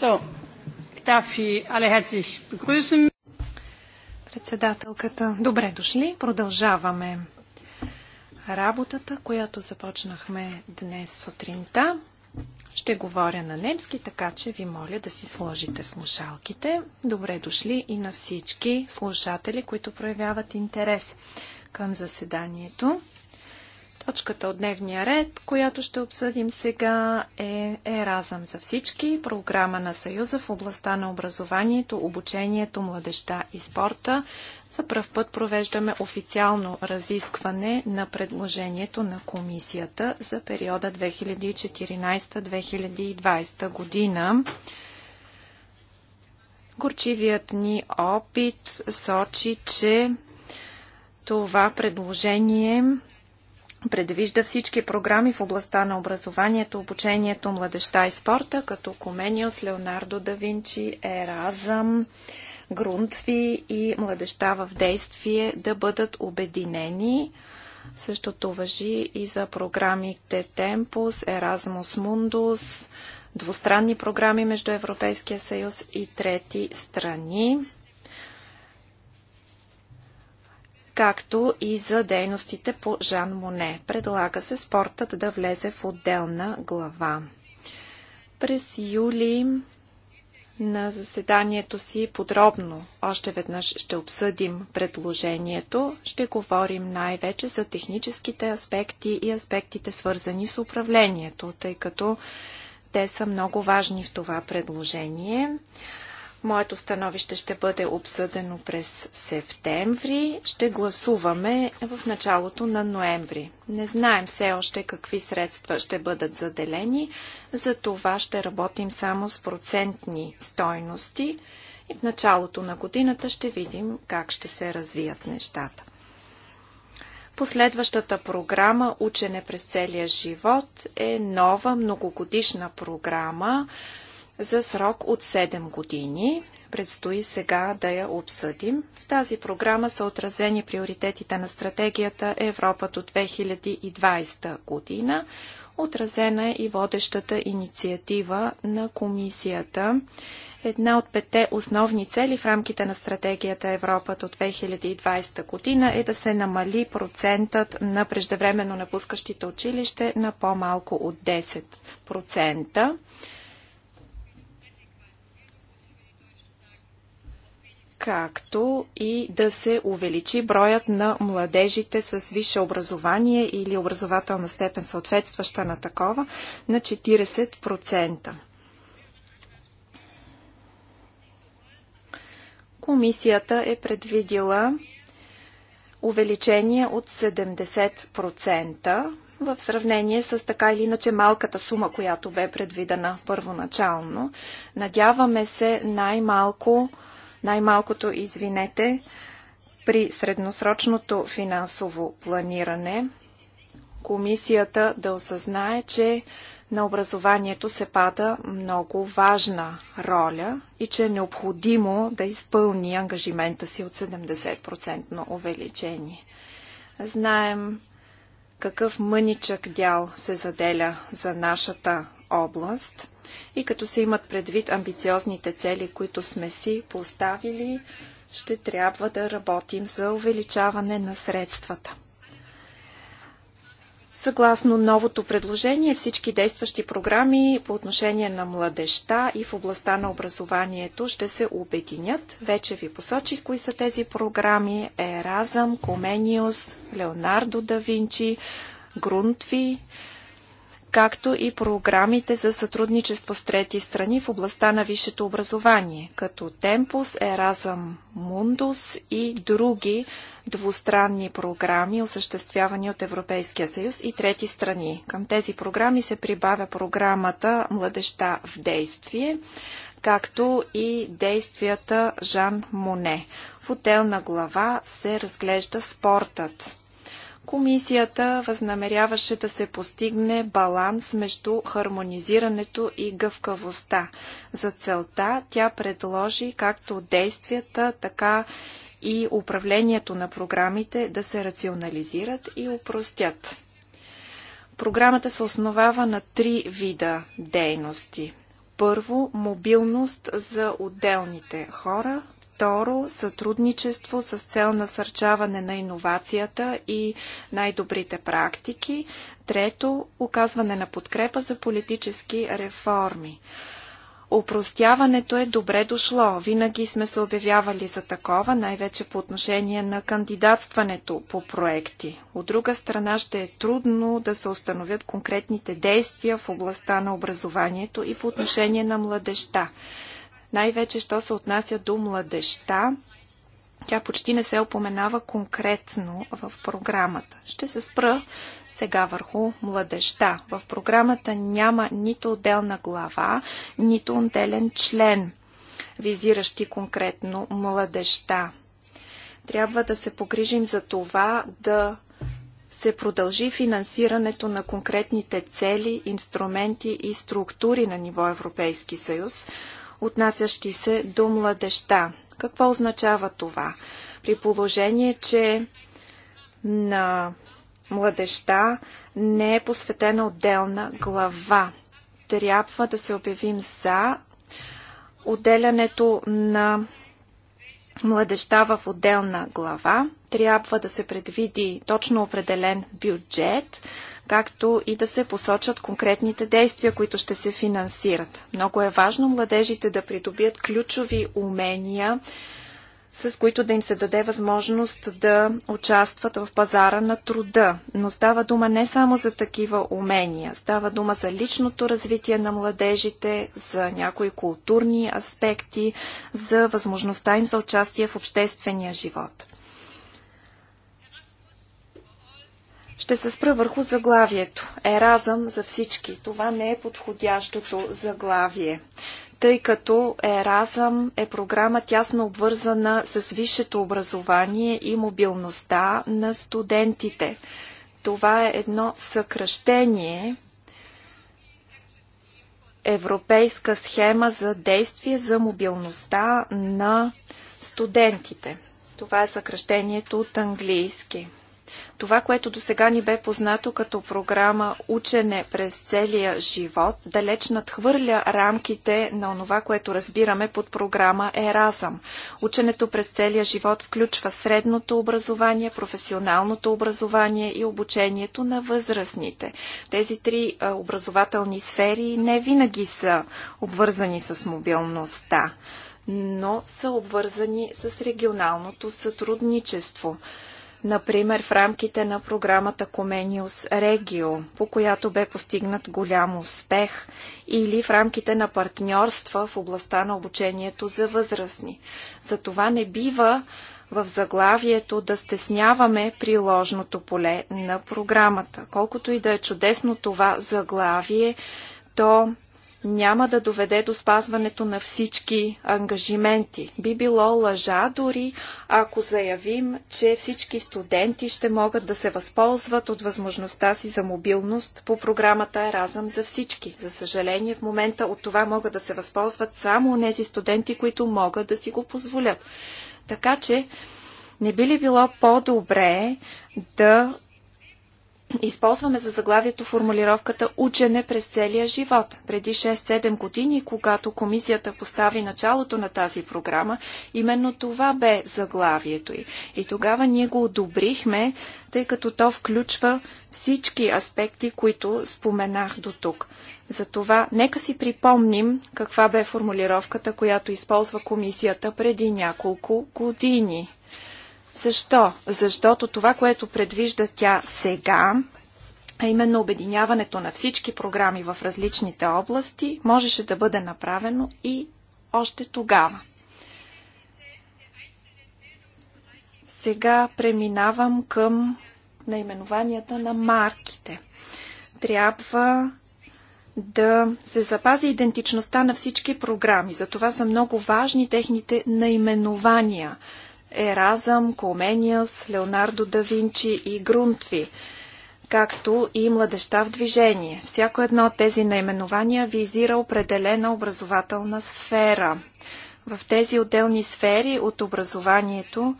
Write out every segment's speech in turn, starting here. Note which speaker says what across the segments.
Speaker 1: So, darf alle herzlich begrüßen.
Speaker 2: Председателката, добре дошли. Продължаваме работата, която започнахме днес сутринта. Ще говоря на немски, така че ви моля да си сложите слушалките. Добре дошли и на всички слушатели, които проявяват интерес към заседанието. Точката от дневния ред, която ще обсъдим сега е Еразъм за всички, програма на Съюза в областта на образованието, обучението, младеща и спорта. За пръв път провеждаме официално разискване на предложението на комисията за периода 2014-2020 година. Горчивият ни опит сочи, че това предложение предвижда всички програми в областта на образованието, обучението, младеща и спорта, като Комениус, Леонардо да Винчи, Еразъм, Грунтви и Младеща в действие да бъдат обединени. Същото въжи и за програмите Темпус, Еразмус Мундус, двустранни програми между Европейския съюз и трети страни. както и за дейностите по Жан Моне. Предлага се спортът да влезе в отделна глава. През юли на заседанието си подробно още веднъж ще обсъдим предложението. Ще говорим най-вече за техническите аспекти и аспектите свързани с управлението, тъй като те са много важни в това предложение. Моето становище ще бъде обсъдено през септември. Ще гласуваме в началото на ноември. Не знаем все още какви средства ще бъдат заделени, за това ще работим само с процентни стойности и в началото на годината ще видим как ще се развият нещата. Последващата програма Учене през целия живот е нова многогодишна програма, за срок от 7 години. Предстои сега да я обсъдим. В тази програма са отразени приоритетите на стратегията Европа до 2020 година. Отразена е и водещата инициатива на комисията. Една от пете основни цели в рамките на стратегията Европа до 2020 година е да се намали процентът на преждевременно напускащите училище на по-малко от 10%. както и да се увеличи броят на младежите с висше образование или образователна степен съответстваща на такова на 40%. Комисията е предвидила увеличение от 70% в сравнение с така или иначе малката сума, която бе предвидена първоначално. Надяваме се най-малко най-малкото, извинете, при средносрочното финансово планиране комисията да осъзнае, че на образованието се пада много важна роля и че е необходимо да изпълни ангажимента си от 70% увеличение. Знаем какъв мъничък дял се заделя за нашата област – и като се имат предвид амбициозните цели, които сме си поставили, ще трябва да работим за увеличаване на средствата. Съгласно новото предложение, всички действащи програми по отношение на младеща и в областта на образованието ще се обединят. Вече ви посочих кои са тези програми. Еразъм, Комениус, Леонардо да Винчи, Грунтви, както и програмите за сътрудничество с трети страни в областта на висшето образование, като Темпус, Еразъм Мундус и други двустранни програми, осъществявани от Европейския съюз и трети страни. Към тези програми се прибавя програмата Младеща в действие, както и действията Жан Моне. В отделна глава се разглежда спортът. Комисията възнамеряваше да се постигне баланс между хармонизирането и гъвкавостта. За целта тя предложи както действията, така и управлението на програмите да се рационализират и упростят. Програмата се основава на три вида дейности. Първо, мобилност за отделните хора. Второ, сътрудничество с цел насърчаване на иновацията и най-добрите практики. Трето, оказване на подкрепа за политически реформи. Опростяването е добре дошло. Винаги сме се обявявали за такова, най-вече по отношение на кандидатстването по проекти. От друга страна ще е трудно да се установят конкретните действия в областта на образованието и по отношение на младеща най-вече, що се отнася до младеща, тя почти не се опоменава конкретно в програмата. Ще се спра сега върху младеща. В програмата няма нито отделна глава, нито отделен член, визиращи конкретно младеща. Трябва да се погрижим за това да се продължи финансирането на конкретните цели, инструменти и структури на ниво Европейски съюз, отнасящи се до младеща. Какво означава това? При положение, че на младеща не е посветена отделна глава. Трябва да се обявим за отделянето на младеща в отделна глава. Трябва да се предвиди точно определен бюджет, както и да се посочат конкретните действия, които ще се финансират. Много е важно младежите да придобият ключови умения, с които да им се даде възможност да участват в пазара на труда. Но става дума не само за такива умения, става дума за личното развитие на младежите, за някои културни аспекти, за възможността им за участие в обществения живот. Ще се спра върху заглавието. Еразъм за всички. Това не е подходящото заглавие тъй като Еразъм е програма тясно обвързана с висшето образование и мобилността на студентите. Това е едно съкръщение, европейска схема за действие за мобилността на студентите. Това е съкръщението от английски. Това, което до сега ни бе познато като програма Учене през целия живот, далеч надхвърля рамките на онова, което разбираме под програма Еразъм. Ученето през целия живот включва средното образование, професионалното образование и обучението на възрастните. Тези три образователни сфери не винаги са обвързани с мобилността но са обвързани с регионалното сътрудничество например в рамките на програмата Comenius Regio, по която бе постигнат голям успех, или в рамките на партньорства в областта на обучението за възрастни. За това не бива в заглавието да стесняваме приложното поле на програмата. Колкото и да е чудесно това заглавие, то няма да доведе до спазването на всички ангажименти. Би било лъжа дори ако заявим, че всички студенти ще могат да се възползват от възможността си за мобилност по програмата Разъм за всички. За съжаление, в момента от това могат да се възползват само тези студенти, които могат да си го позволят. Така че, не би ли било по-добре да използваме за заглавието формулировката учене през целия живот. Преди 6-7 години, когато комисията постави началото на тази програма, именно това бе заглавието й. И тогава ние го одобрихме, тъй като то включва всички аспекти, които споменах до тук. Затова нека си припомним каква бе формулировката, която използва комисията преди няколко години. Защо? Защото това, което предвижда тя сега, а именно обединяването на всички програми в различните области, можеше да бъде направено и още тогава. Сега преминавам към наименованията на марките. Трябва да се запази идентичността на всички програми. Затова са много важни техните наименования – Еразъм, Комениус, Леонардо да Винчи и Грунтви, както и Младеща в движение. Всяко едно от тези наименования визира определена образователна сфера. В тези отделни сфери от образованието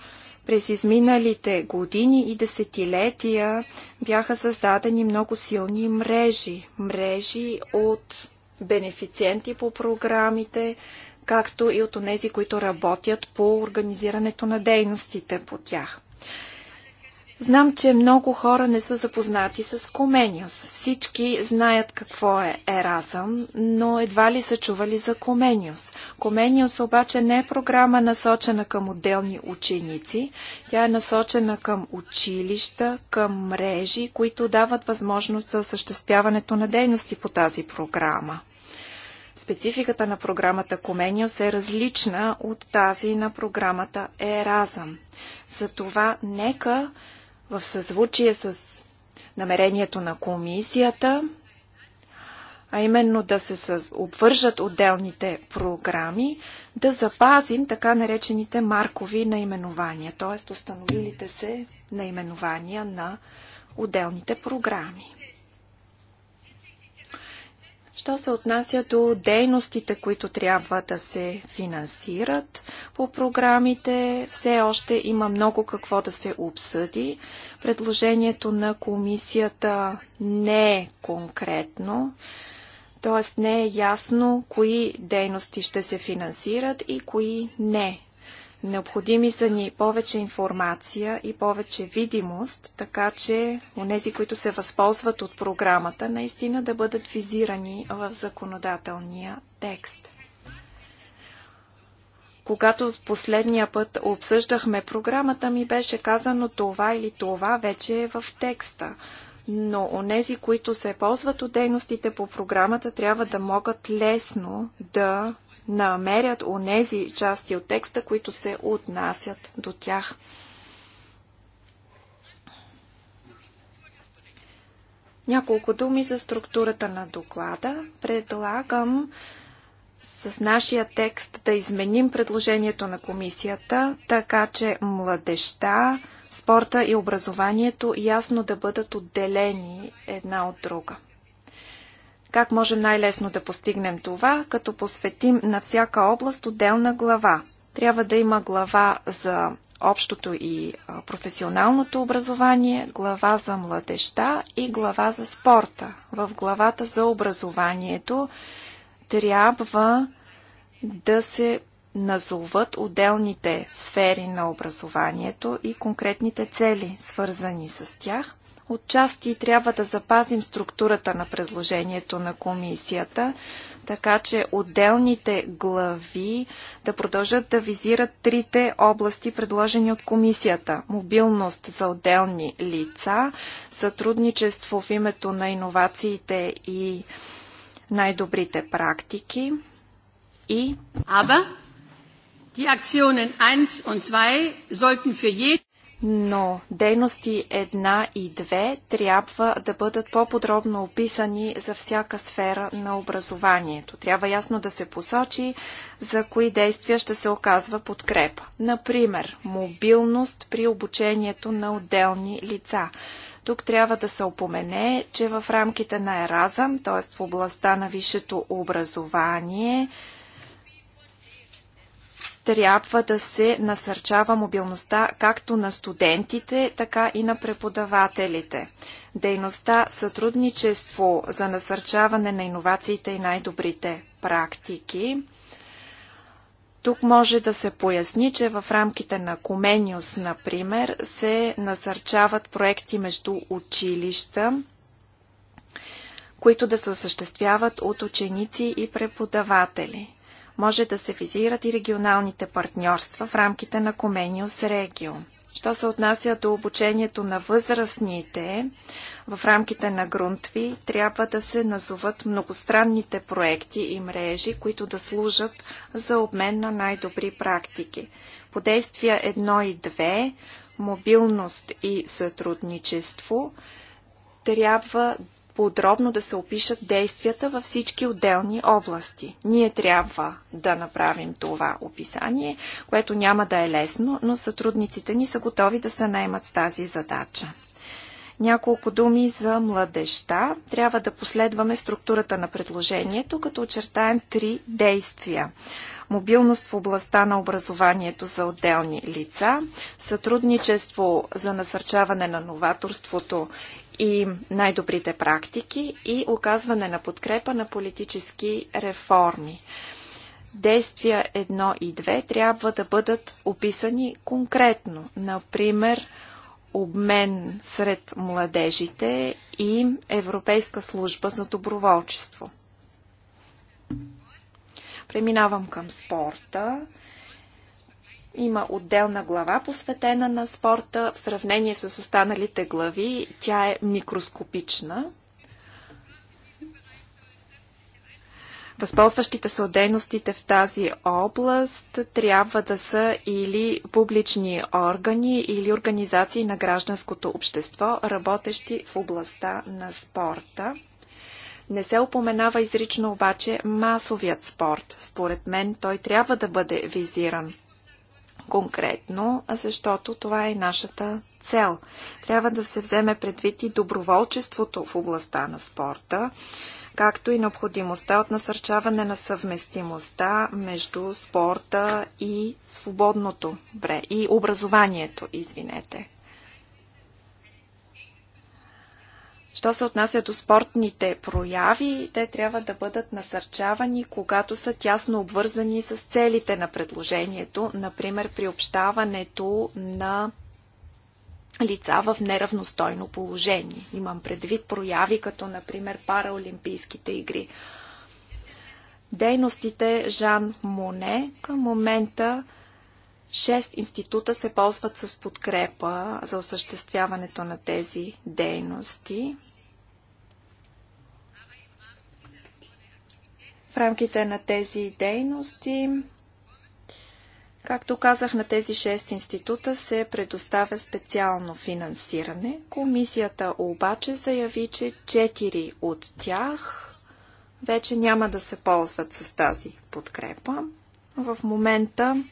Speaker 2: през изминалите години и десетилетия бяха създадени много силни мрежи. Мрежи от бенефициенти по програмите, както и от онези, които работят по организирането на дейностите по тях. Знам, че много хора не са запознати с Комениус. Всички знаят какво е Еразъм, но едва ли са чували за Комениус. Комениус обаче не е програма насочена към отделни ученици. Тя е насочена към училища, към мрежи, които дават възможност за осъществяването на дейности по тази програма. Спецификата на програмата Comenius е различна от тази на програмата Еразъм. Затова нека в съзвучие с намерението на комисията, а именно да се обвържат отделните програми, да запазим така наречените маркови наименования, т.е. установилите се наименования на отделните програми. Що се отнася до дейностите, които трябва да се финансират по програмите, все още има много какво да се обсъди. Предложението на комисията не е конкретно, т.е. не е ясно кои дейности ще се финансират и кои не. Необходими са ни повече информация и повече видимост, така че онези, които се възползват от програмата, наистина да бъдат визирани в законодателния текст. Когато последния път обсъждахме програмата, ми беше казано това или това вече е в текста но онези, които се ползват от дейностите по програмата, трябва да могат лесно да намерят онези части от текста, които се отнасят до тях. Няколко думи за структурата на доклада. Предлагам с нашия текст да изменим предложението на комисията, така че младеща, спорта и образованието ясно да бъдат отделени една от друга. Как можем най-лесно да постигнем това, като посветим на всяка област отделна глава? Трябва да има глава за общото и професионалното образование, глава за младеща и глава за спорта. В главата за образованието трябва да се назоват отделните сфери на образованието и конкретните цели, свързани с тях. Отчасти трябва да запазим структурата на предложението на комисията, така че отделните глави да продължат да визират трите области, предложени от комисията. Мобилност за отделни лица, сътрудничество в името на иновациите и най-добрите практики
Speaker 1: и... Aber die Aktionen 1 und 2 sollten für jeden
Speaker 2: но дейности 1 и 2 трябва да бъдат по-подробно описани за всяка сфера на образованието. Трябва ясно да се посочи за кои действия ще се оказва подкрепа. Например, мобилност при обучението на отделни лица. Тук трябва да се опомене, че в рамките на Еразъм, т.е. в областта на висшето образование, трябва да се насърчава мобилността както на студентите, така и на преподавателите. Дейността сътрудничество за насърчаване на иновациите и най-добрите практики. Тук може да се поясни, че в рамките на Комениус, например, се насърчават проекти между училища, които да се осъществяват от ученици и преподаватели. Може да се визират и регионалните партньорства в рамките на Комениус Регио. Що се отнася до обучението на възрастните, в рамките на Грунтви трябва да се назоват многостранните проекти и мрежи, които да служат за обмен на най-добри практики. По действия 1 и 2, мобилност и сътрудничество, трябва да подробно да се опишат действията във всички отделни области. Ние трябва да направим това описание, което няма да е лесно, но сътрудниците ни са готови да се наймат с тази задача. Няколко думи за младеща. Трябва да последваме структурата на предложението, като очертаем три действия. Мобилност в областта на образованието за отделни лица, сътрудничество за насърчаване на новаторството и най-добрите практики и оказване на подкрепа на политически реформи. Действия 1 и 2 трябва да бъдат описани конкретно. Например, обмен сред младежите и Европейска служба за доброволчество. Преминавам към спорта. Има отделна глава, посветена на спорта. В сравнение с останалите глави, тя е микроскопична. Възползващите се от дейностите в тази област трябва да са или публични органи, или организации на гражданското общество, работещи в областта на спорта. Не се упоменава изрично обаче масовият спорт. Според мен той трябва да бъде визиран конкретно, защото това е нашата цел. Трябва да се вземе предвид и доброволчеството в областта на спорта, както и необходимостта от насърчаване на съвместимостта между спорта и свободното време и образованието, извинете. Що се отнася до спортните прояви, те трябва да бъдат насърчавани, когато са тясно обвързани с целите на предложението, например приобщаването на лица в неравностойно положение. Имам предвид прояви, като например параолимпийските игри. Дейностите Жан Моне към момента Шест института се ползват с подкрепа за осъществяването на тези дейности. В рамките на тези дейности, както казах, на тези шест института се предоставя специално финансиране. Комисията обаче заяви, че четири от тях вече няма да се ползват с тази подкрепа. В момента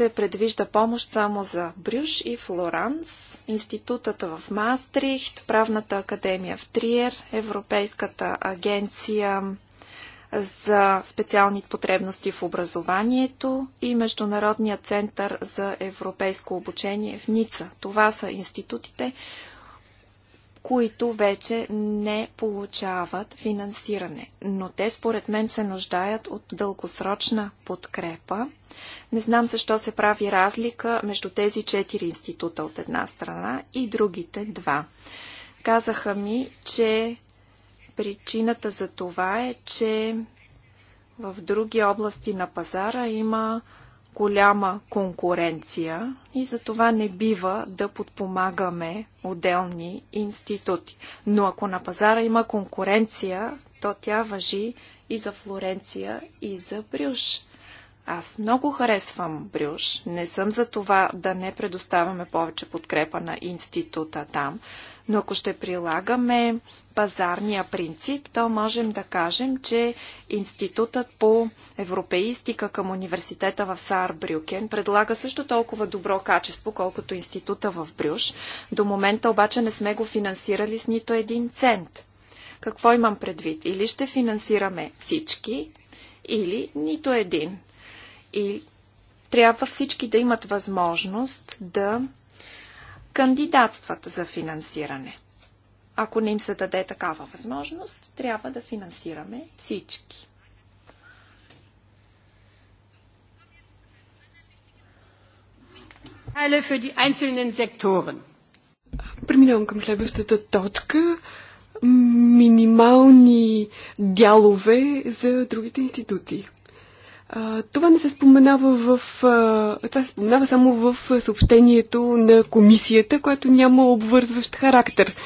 Speaker 2: се предвижда помощ само за Брюш и Флоранс, институтът в Мастрихт, Правната академия в Триер, Европейската агенция за специални потребности в образованието и Международният център за европейско обучение в Ница. Това са институтите, които вече не получават финансиране. Но те според мен се нуждаят от дългосрочна подкрепа. Не знам защо се прави разлика между тези четири института от една страна и другите два. Казаха ми, че причината за това е, че в други области на пазара има голяма конкуренция и за това не бива да подпомагаме отделни институти. Но ако на пазара има конкуренция, то тя въжи и за Флоренция, и за Брюш. Аз много харесвам Брюш. Не съм за това да не предоставяме повече подкрепа на института там, но ако ще прилагаме пазарния принцип, то можем да кажем, че Институтът по европеистика към университета в Брюкен предлага също толкова добро качество, колкото Института в Брюш. До момента обаче не сме го финансирали с нито един цент. Какво имам предвид? Или ще финансираме всички, или нито един. И трябва всички да имат възможност да кандидатстват за финансиране. Ако не им се даде такава възможност, трябва да финансираме всички.
Speaker 3: Преминавам към следващата точка. Минимални дялове за другите институции. Това не се споменава в... Това се споменава само в съобщението на комисията, което няма обвързващ характер.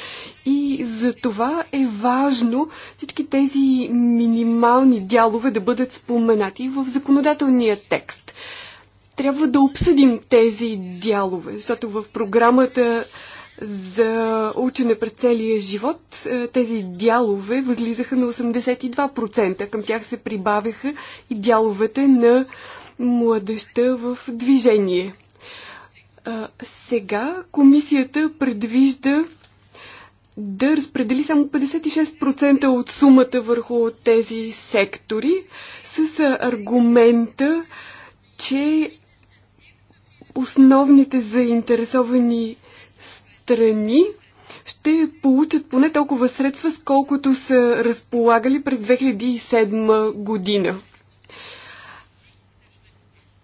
Speaker 3: И за това е важно всички тези минимални дялове да бъдат споменати в законодателния текст. Трябва да обсъдим тези дялове, защото в програмата за учене пред целия живот, е, тези дялове възлизаха на 82%. Към тях се прибавяха и дяловете на младеща в движение. Сега комисията предвижда да разпредели само 56% от сумата върху тези сектори с аргумента, че основните заинтересовани страни ще получат поне толкова средства, сколкото са разполагали през 2007 година.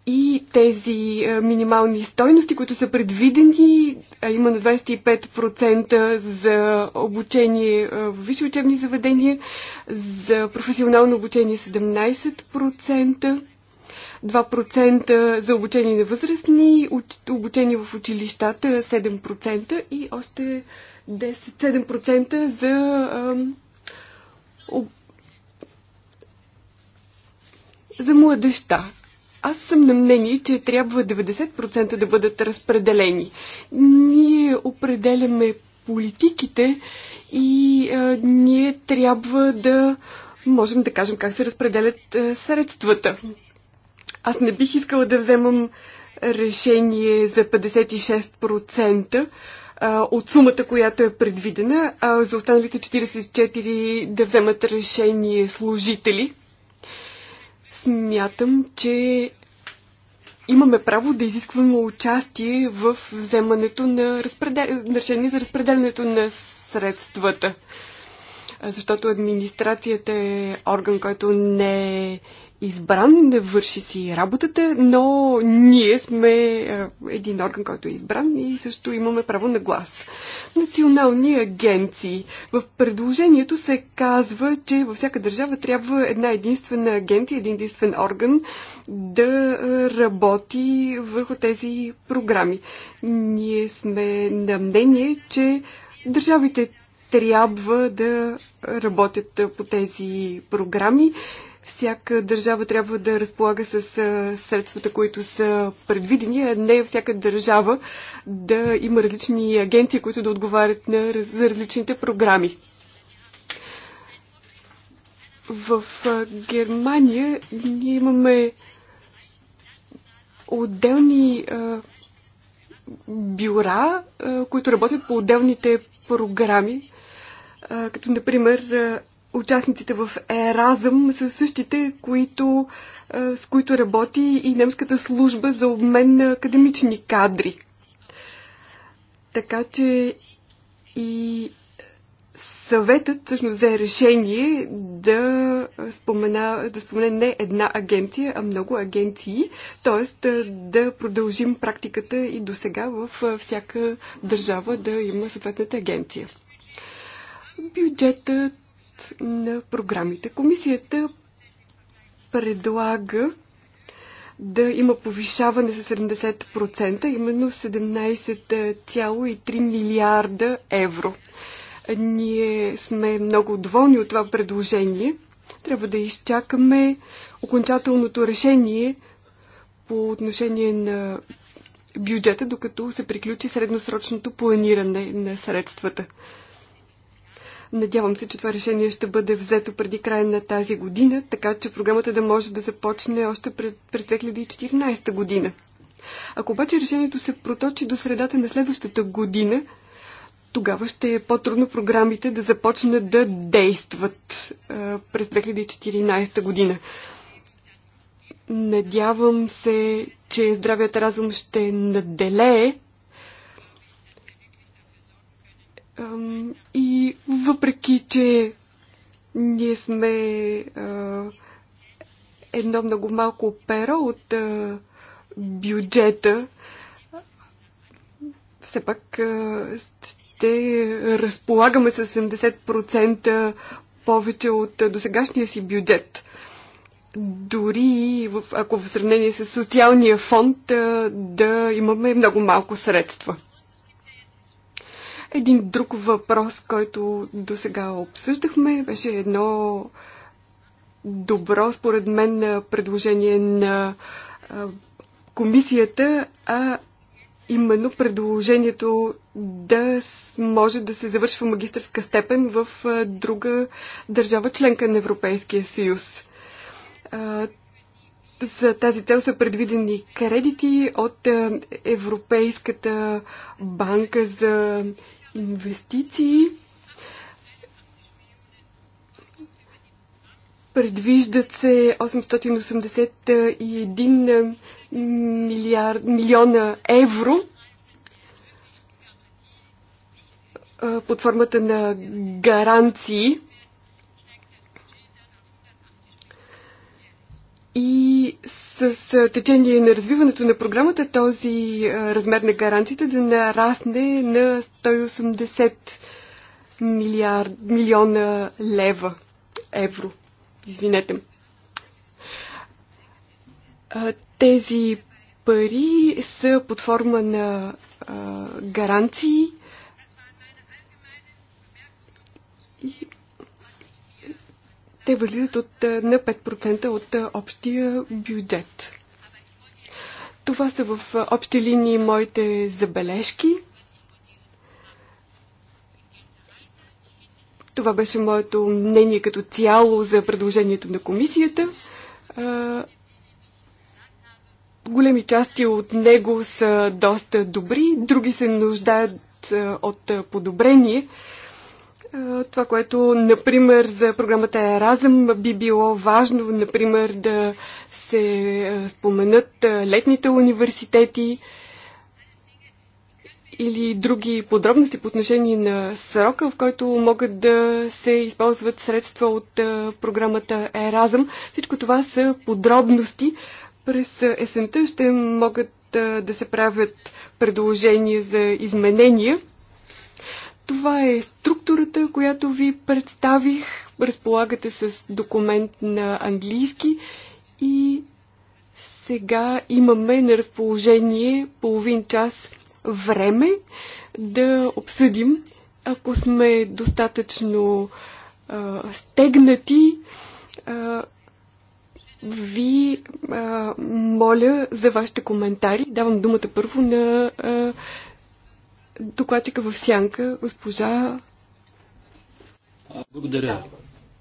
Speaker 3: И тези е, минимални стойности, които са предвидени, а на 25% за обучение е, в висши учебни заведения, за професионално обучение 17%, 2% за обучение на възрастни, обучение в училищата 7% и още 10, 7% за за младеща. Аз съм на мнение, че трябва 90% да бъдат разпределени. Ние определяме политиките и а, ние трябва да можем да кажем как се разпределят а, средствата. Аз не бих искала да вземам решение за 56% от сумата, която е предвидена, а за останалите 44% да вземат решение служители. Смятам, че имаме право да изискваме участие в вземането на, разпредел... на решение за разпределянето на средствата. Защото администрацията е орган, който не е избран, върши си работата, но ние сме е, един орган, който е избран и също имаме право на глас. Национални агенции. В предложението се казва, че във всяка държава трябва една единствена агенция, един единствен орган да е, работи върху тези програми. Ние сме на мнение, че държавите трябва да работят е, по тези програми всяка държава трябва да разполага с средствата, които са предвидени, а не всяка държава да има различни агенции, които да отговарят на, за различните програми. В Германия ние имаме отделни бюра, които работят по отделните програми, като например участниците в Еразъм са същите, които, с които работи и немската служба за обмен на академични кадри. Така че и съветът всъщност взе решение да спомена, да спомена не една агенция, а много агенции, т.е. да продължим практиката и до сега в всяка държава да има съответната агенция. Бюджетът на програмите. Комисията предлага да има повишаване с 70%, именно 17,3 милиарда евро. Ние сме много доволни от това предложение. Трябва да изчакаме окончателното решение по отношение на бюджета, докато се приключи средносрочното планиране на средствата. Надявам се, че това решение ще бъде взето преди края на тази година, така че програмата да може да започне още пред, през 2014 година. Ако обаче решението се проточи до средата на следващата година, тогава ще е по-трудно програмите да започнат да действат а, през 2014 година. Надявам се, че здравият разум ще наделее И въпреки, че ние сме едно много малко опера от бюджета, все пак ще разполагаме с 70% повече от досегашния си бюджет. Дори ако в сравнение с социалния фонд да имаме много малко средства. Един друг въпрос, който до сега обсъждахме, беше едно добро, според мен, предложение на комисията, а именно предложението да може да се завършва магистърска степен в друга държава, членка на Европейския съюз. За тази цел са предвидени кредити от Европейската банка за инвестиции. Предвиждат се 881 милиард, милиона евро под формата на гаранции И с течение на развиването на програмата този размер на гаранцията да нарасне на 180 милиард, милиона лева, евро. Извинете. Тези пари са под форма на гаранции те възлизат от, е, на 5% от е, общия бюджет. Това са в е, общи линии моите забележки. Това беше моето мнение като цяло за предложението на комисията. Големи части от него са доста добри, други се нуждаят от подобрение. Това, което, например, за програмата Еразъм би било важно, например, да се споменат летните университети или други подробности по отношение на срока, в който могат да се използват средства от програмата Еразъм. Всичко това са подробности. През есента ще могат да се правят предложения за изменения това е структурата, която ви представих. Разполагате с документ на английски и сега имаме на разположение половин час време да обсъдим, ако сме достатъчно а, стегнати. А, ви а, моля за вашите коментари. Давам думата първо на а, докладчика в сянка, госпожа.
Speaker 4: Благодаря.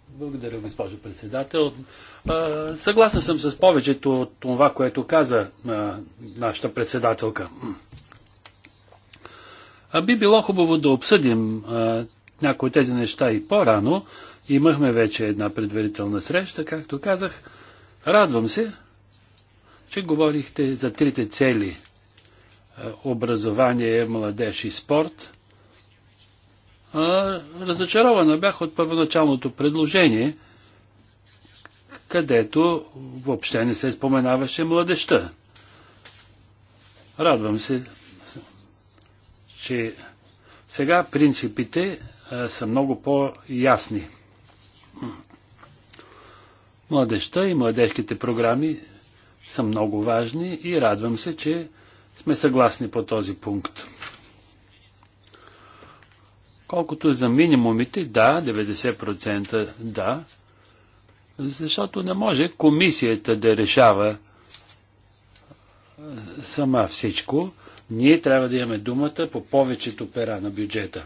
Speaker 4: Благодаря, госпожо председател. Съгласна съм с повечето от това, което каза нашата председателка. Би било хубаво да обсъдим някои от тези неща и по-рано. Имахме вече една предварителна среща, както казах. Радвам се, че говорихте за трите цели – образование, младеж и спорт. Разочарована бях от първоначалното предложение, където въобще не се споменаваше младеща. Радвам се, че сега принципите а, са много по-ясни. Младеща и младежките програми са много важни и радвам се, че сме съгласни по този пункт. Колкото за минимумите, да, 90% да, защото не може комисията да решава сама всичко. Ние трябва да имаме думата по повечето пера на бюджета.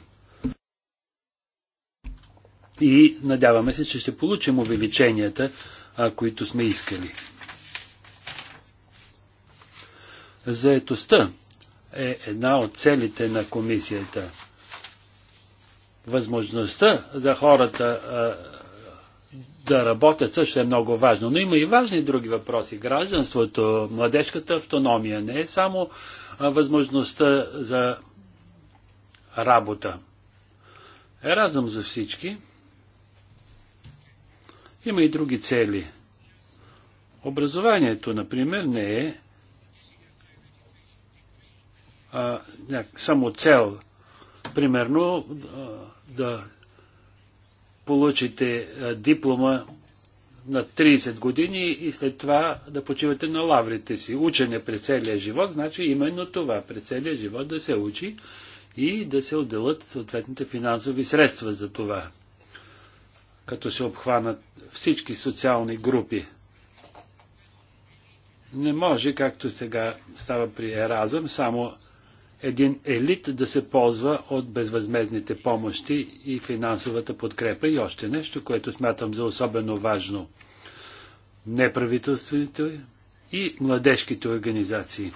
Speaker 4: И надяваме се, че ще получим увеличенията, които сме искали. Заетостта е една от целите на комисията. Възможността за хората а, да работят също е много важно. Но има и важни други въпроси. Гражданството, младежката автономия не е само а, възможността за работа. Е разъм за всички. Има и други цели. Образованието, например, не е а, само цел. Примерно а, да получите а, диплома на 30 години и след това да почивате на лаврите си. Учене през целия живот, значи именно това, през целия живот да се учи и да се отделят съответните финансови средства за това, като се обхванат всички социални групи. Не може, както сега става при Еразъм, само един елит да се ползва от безвъзмезните помощи и финансовата подкрепа. И още нещо, което смятам за особено важно. Неправителствените и младежките организации.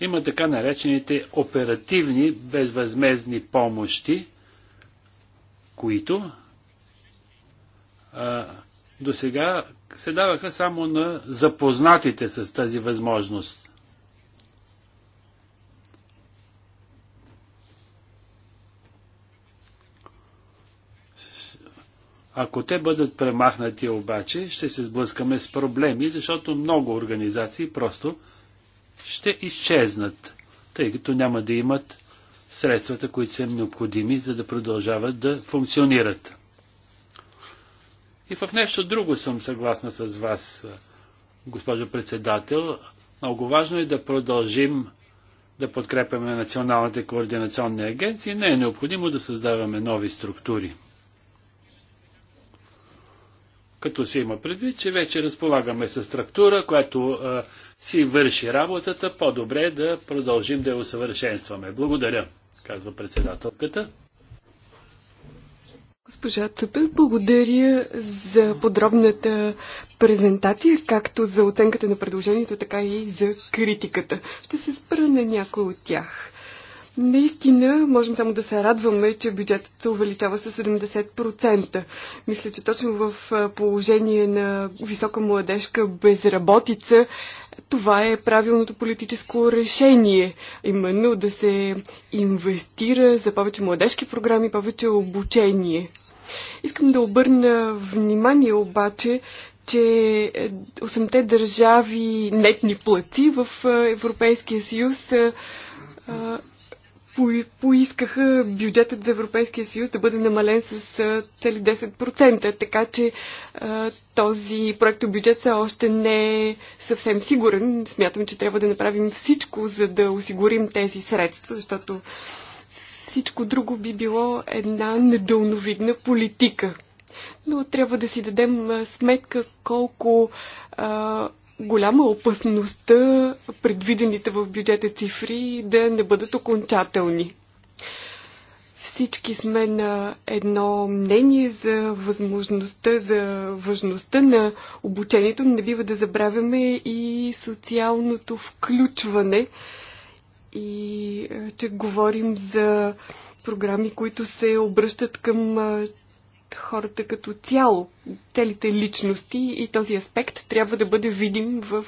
Speaker 4: Има така наречените оперативни безвъзмезни помощи, които а, до сега се даваха само на запознатите с тази възможност. Ако те бъдат премахнати обаче, ще се сблъскаме с проблеми, защото много организации просто ще изчезнат, тъй като няма да имат средствата, които са необходими, за да продължават да функционират. И в нещо друго съм съгласна с вас, госпожо председател. Много важно е да продължим да подкрепяме националните координационни агенции. Не е необходимо да създаваме нови структури. Като се има предвид, че вече разполагаме с структура, която а, си върши работата, по-добре да продължим да я усъвършенстваме. Благодаря, казва председателката.
Speaker 3: Госпожа Цъпел, благодаря за подробната презентация, както за оценката на предложението, така и за критиката. Ще се спра на някои от тях. Наистина, можем само да се радваме, че бюджетът се увеличава с 70%. Мисля, че точно в положение на висока младежка безработица, това е правилното политическо решение. Именно да се инвестира за повече младежки програми, повече обучение. Искам да обърна внимание обаче, че 8-те е, държави нетни плати в Европейския съюз по, поискаха бюджетът за Европейския съюз да бъде намален с цели 10%, така че а, този бюджет все още не е съвсем сигурен. Смятам, че трябва да направим всичко, за да осигурим тези средства, защото всичко друго би било една недълновидна политика. Но трябва да си дадем сметка колко а, голяма е опасността предвидените в бюджета цифри да не бъдат окончателни. Всички сме на едно мнение за възможността, за важността на обучението. Не бива да забравяме и социалното включване и е, че говорим за програми, които се обръщат към е, хората като цяло. Целите личности и този аспект трябва да бъде видим в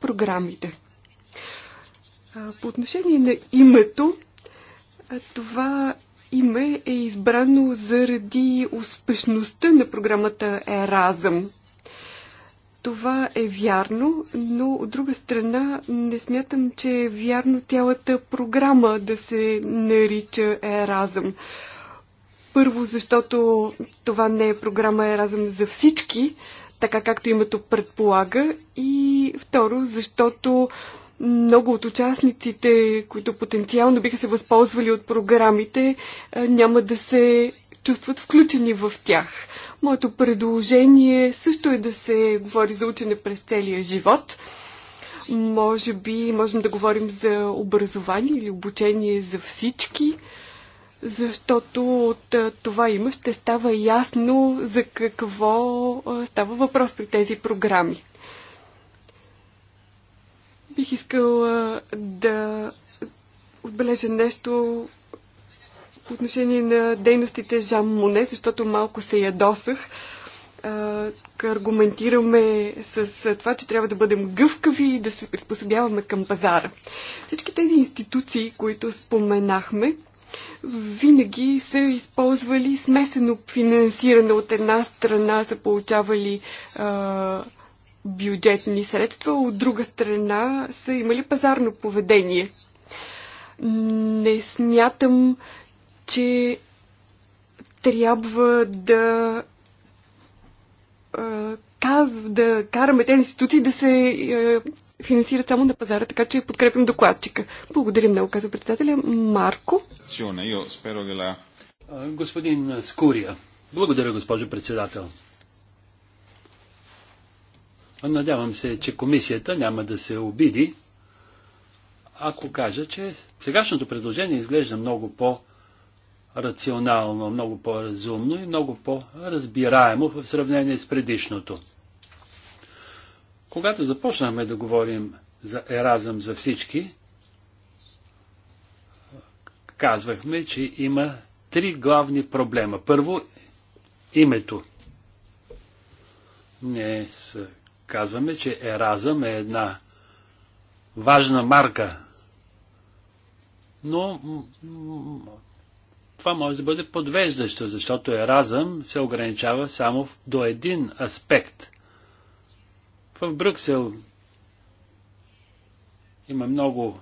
Speaker 3: програмите. По отношение на името, това име е избрано заради успешността на програмата Еразъм. Това е вярно, но от друга страна не смятам, че е вярно цялата програма да се нарича Еразъм. Първо, защото това не е програма Еразъм за всички, така както името предполага. И второ, защото много от участниците, които потенциално биха се възползвали от програмите, е, няма да се чувстват включени в тях. Моето предложение също е да се говори за учене през целия живот. Може би можем да говорим за образование или обучение за всички защото от това има ще става ясно за какво става въпрос при тези програми. Бих искала да отбележа нещо по отношение на дейностите Жан Моне, защото малко се ядосах. Аргументираме с това, че трябва да бъдем гъвкави и да се приспособяваме към пазара. Всички тези институции, които споменахме, винаги са използвали смесено финансиране от една страна са получавали а, бюджетни средства, от друга страна са имали пазарно поведение. Не смятам, че трябва да а, казв, да караме тези институции да се а, финансират само на пазара, така че подкрепим докладчика. Благодарим много, каза председателя. Марко.
Speaker 4: Господин Скурия. Благодаря, госпожо председател. Надявам се, че комисията няма да се обиди, ако кажа, че сегашното предложение изглежда много по- рационално, много по-разумно и много по-разбираемо в сравнение с предишното. Когато започнахме да говорим за еразъм за всички, казвахме, че има три главни проблема. Първо, името. Ние казваме, че еразъм е една важна марка, но това може да бъде подвеждащо, защото еразъм се ограничава само до един аспект. В Брюксел има много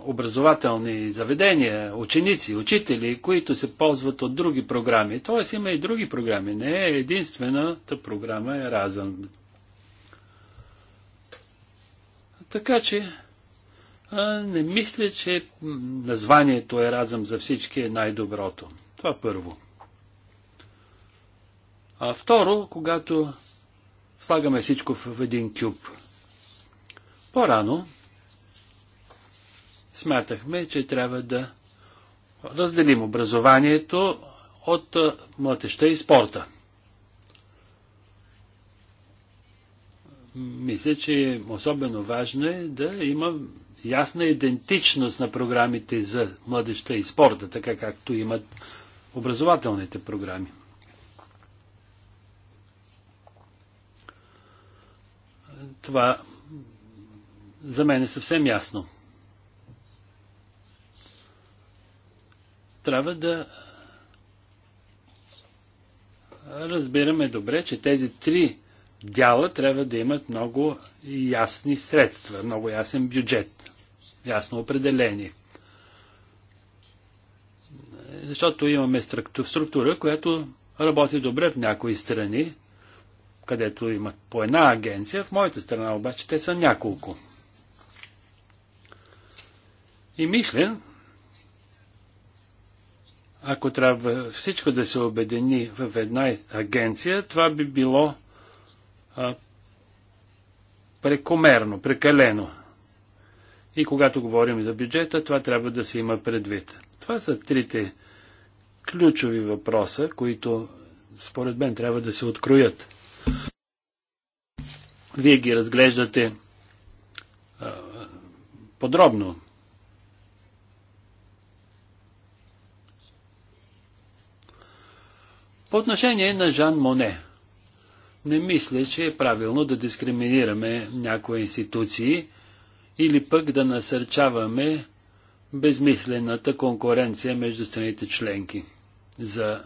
Speaker 4: образователни заведения, ученици, учители, които се ползват от други програми. Тоест има и други програми. Не е единствената програма е разъм. Така че не мисля, че названието е разъм за всички е най-доброто. Това първо. А второ, когато слагаме всичко в един кюб. По-рано смятахме, че трябва да разделим образованието от младеща и спорта. Мисля, че особено важно е да има ясна идентичност на програмите за младеща и спорта, така както имат образователните програми. Това за мен е съвсем ясно. Трябва да разбираме добре, че тези три дяла трябва да имат много ясни средства, много ясен бюджет, ясно определение. Защото имаме структура, която работи добре в някои страни, където имат по една агенция, в моята страна обаче те са няколко. И мисля, ако трябва всичко да се обедини в една агенция, това би било а, прекомерно, прекалено. И когато говорим за бюджета, това трябва да се има предвид. Това са трите ключови въпроса, които според мен трябва да се откроят. Вие ги разглеждате а, подробно. По отношение на Жан Моне, не мисля, че е правилно да дискриминираме някои институции или пък да насърчаваме безмислената конкуренция между страните членки за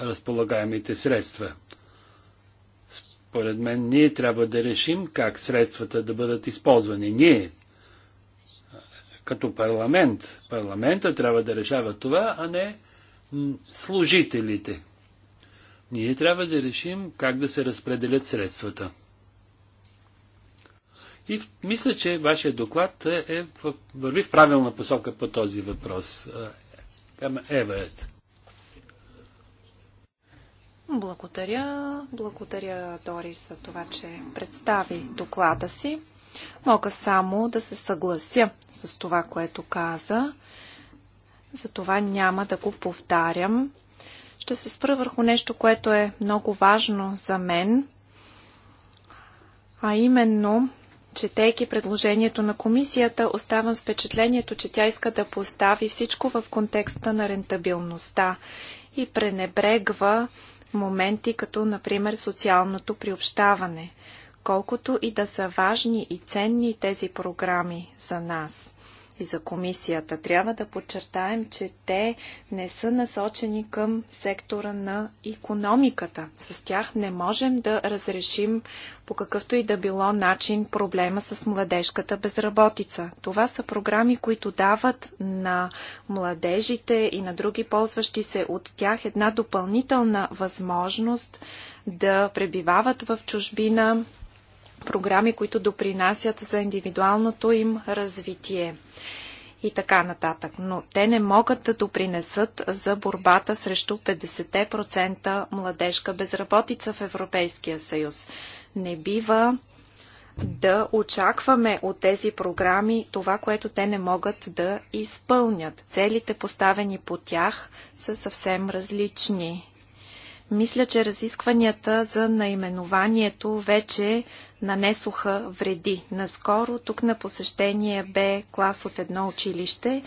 Speaker 4: разполагаемите средства. Поред мен ние трябва да решим как средствата да бъдат използвани. Ние, като парламент, парламента трябва да решава това, а не служителите. Ние трябва да решим как да се разпределят средствата. И мисля, че вашия доклад е, е върви в правилна посока по този въпрос. Ева,
Speaker 2: благодаря. Благодаря, Дорис, за това, че представи доклада си. Мога само да се съглася с това, което каза. Затова няма да го повтарям. Ще се спра върху нещо, което е много важно за мен, а именно, четейки предложението на комисията, оставам с впечатлението, че тя иска да постави всичко в контекста на рентабилността и пренебрегва моменти, като например социалното приобщаване. Колкото и да са важни и ценни тези програми за нас, и за комисията. Трябва да подчертаем, че те не са насочени към сектора на економиката. С тях не можем да разрешим по какъвто и да било начин проблема с младежката безработица. Това са програми, които дават на младежите и на други ползващи се от тях една допълнителна възможност да пребивават в чужбина, програми, които допринасят за индивидуалното им развитие и така нататък. Но те не могат да допринесат за борбата срещу 50% младежка безработица в Европейския съюз. Не бива да очакваме от тези програми това, което те не могат да изпълнят. Целите, поставени по тях, са съвсем различни. Мисля, че разискванията за наименованието вече нанесоха вреди. Наскоро тук на посещение бе клас от едно училище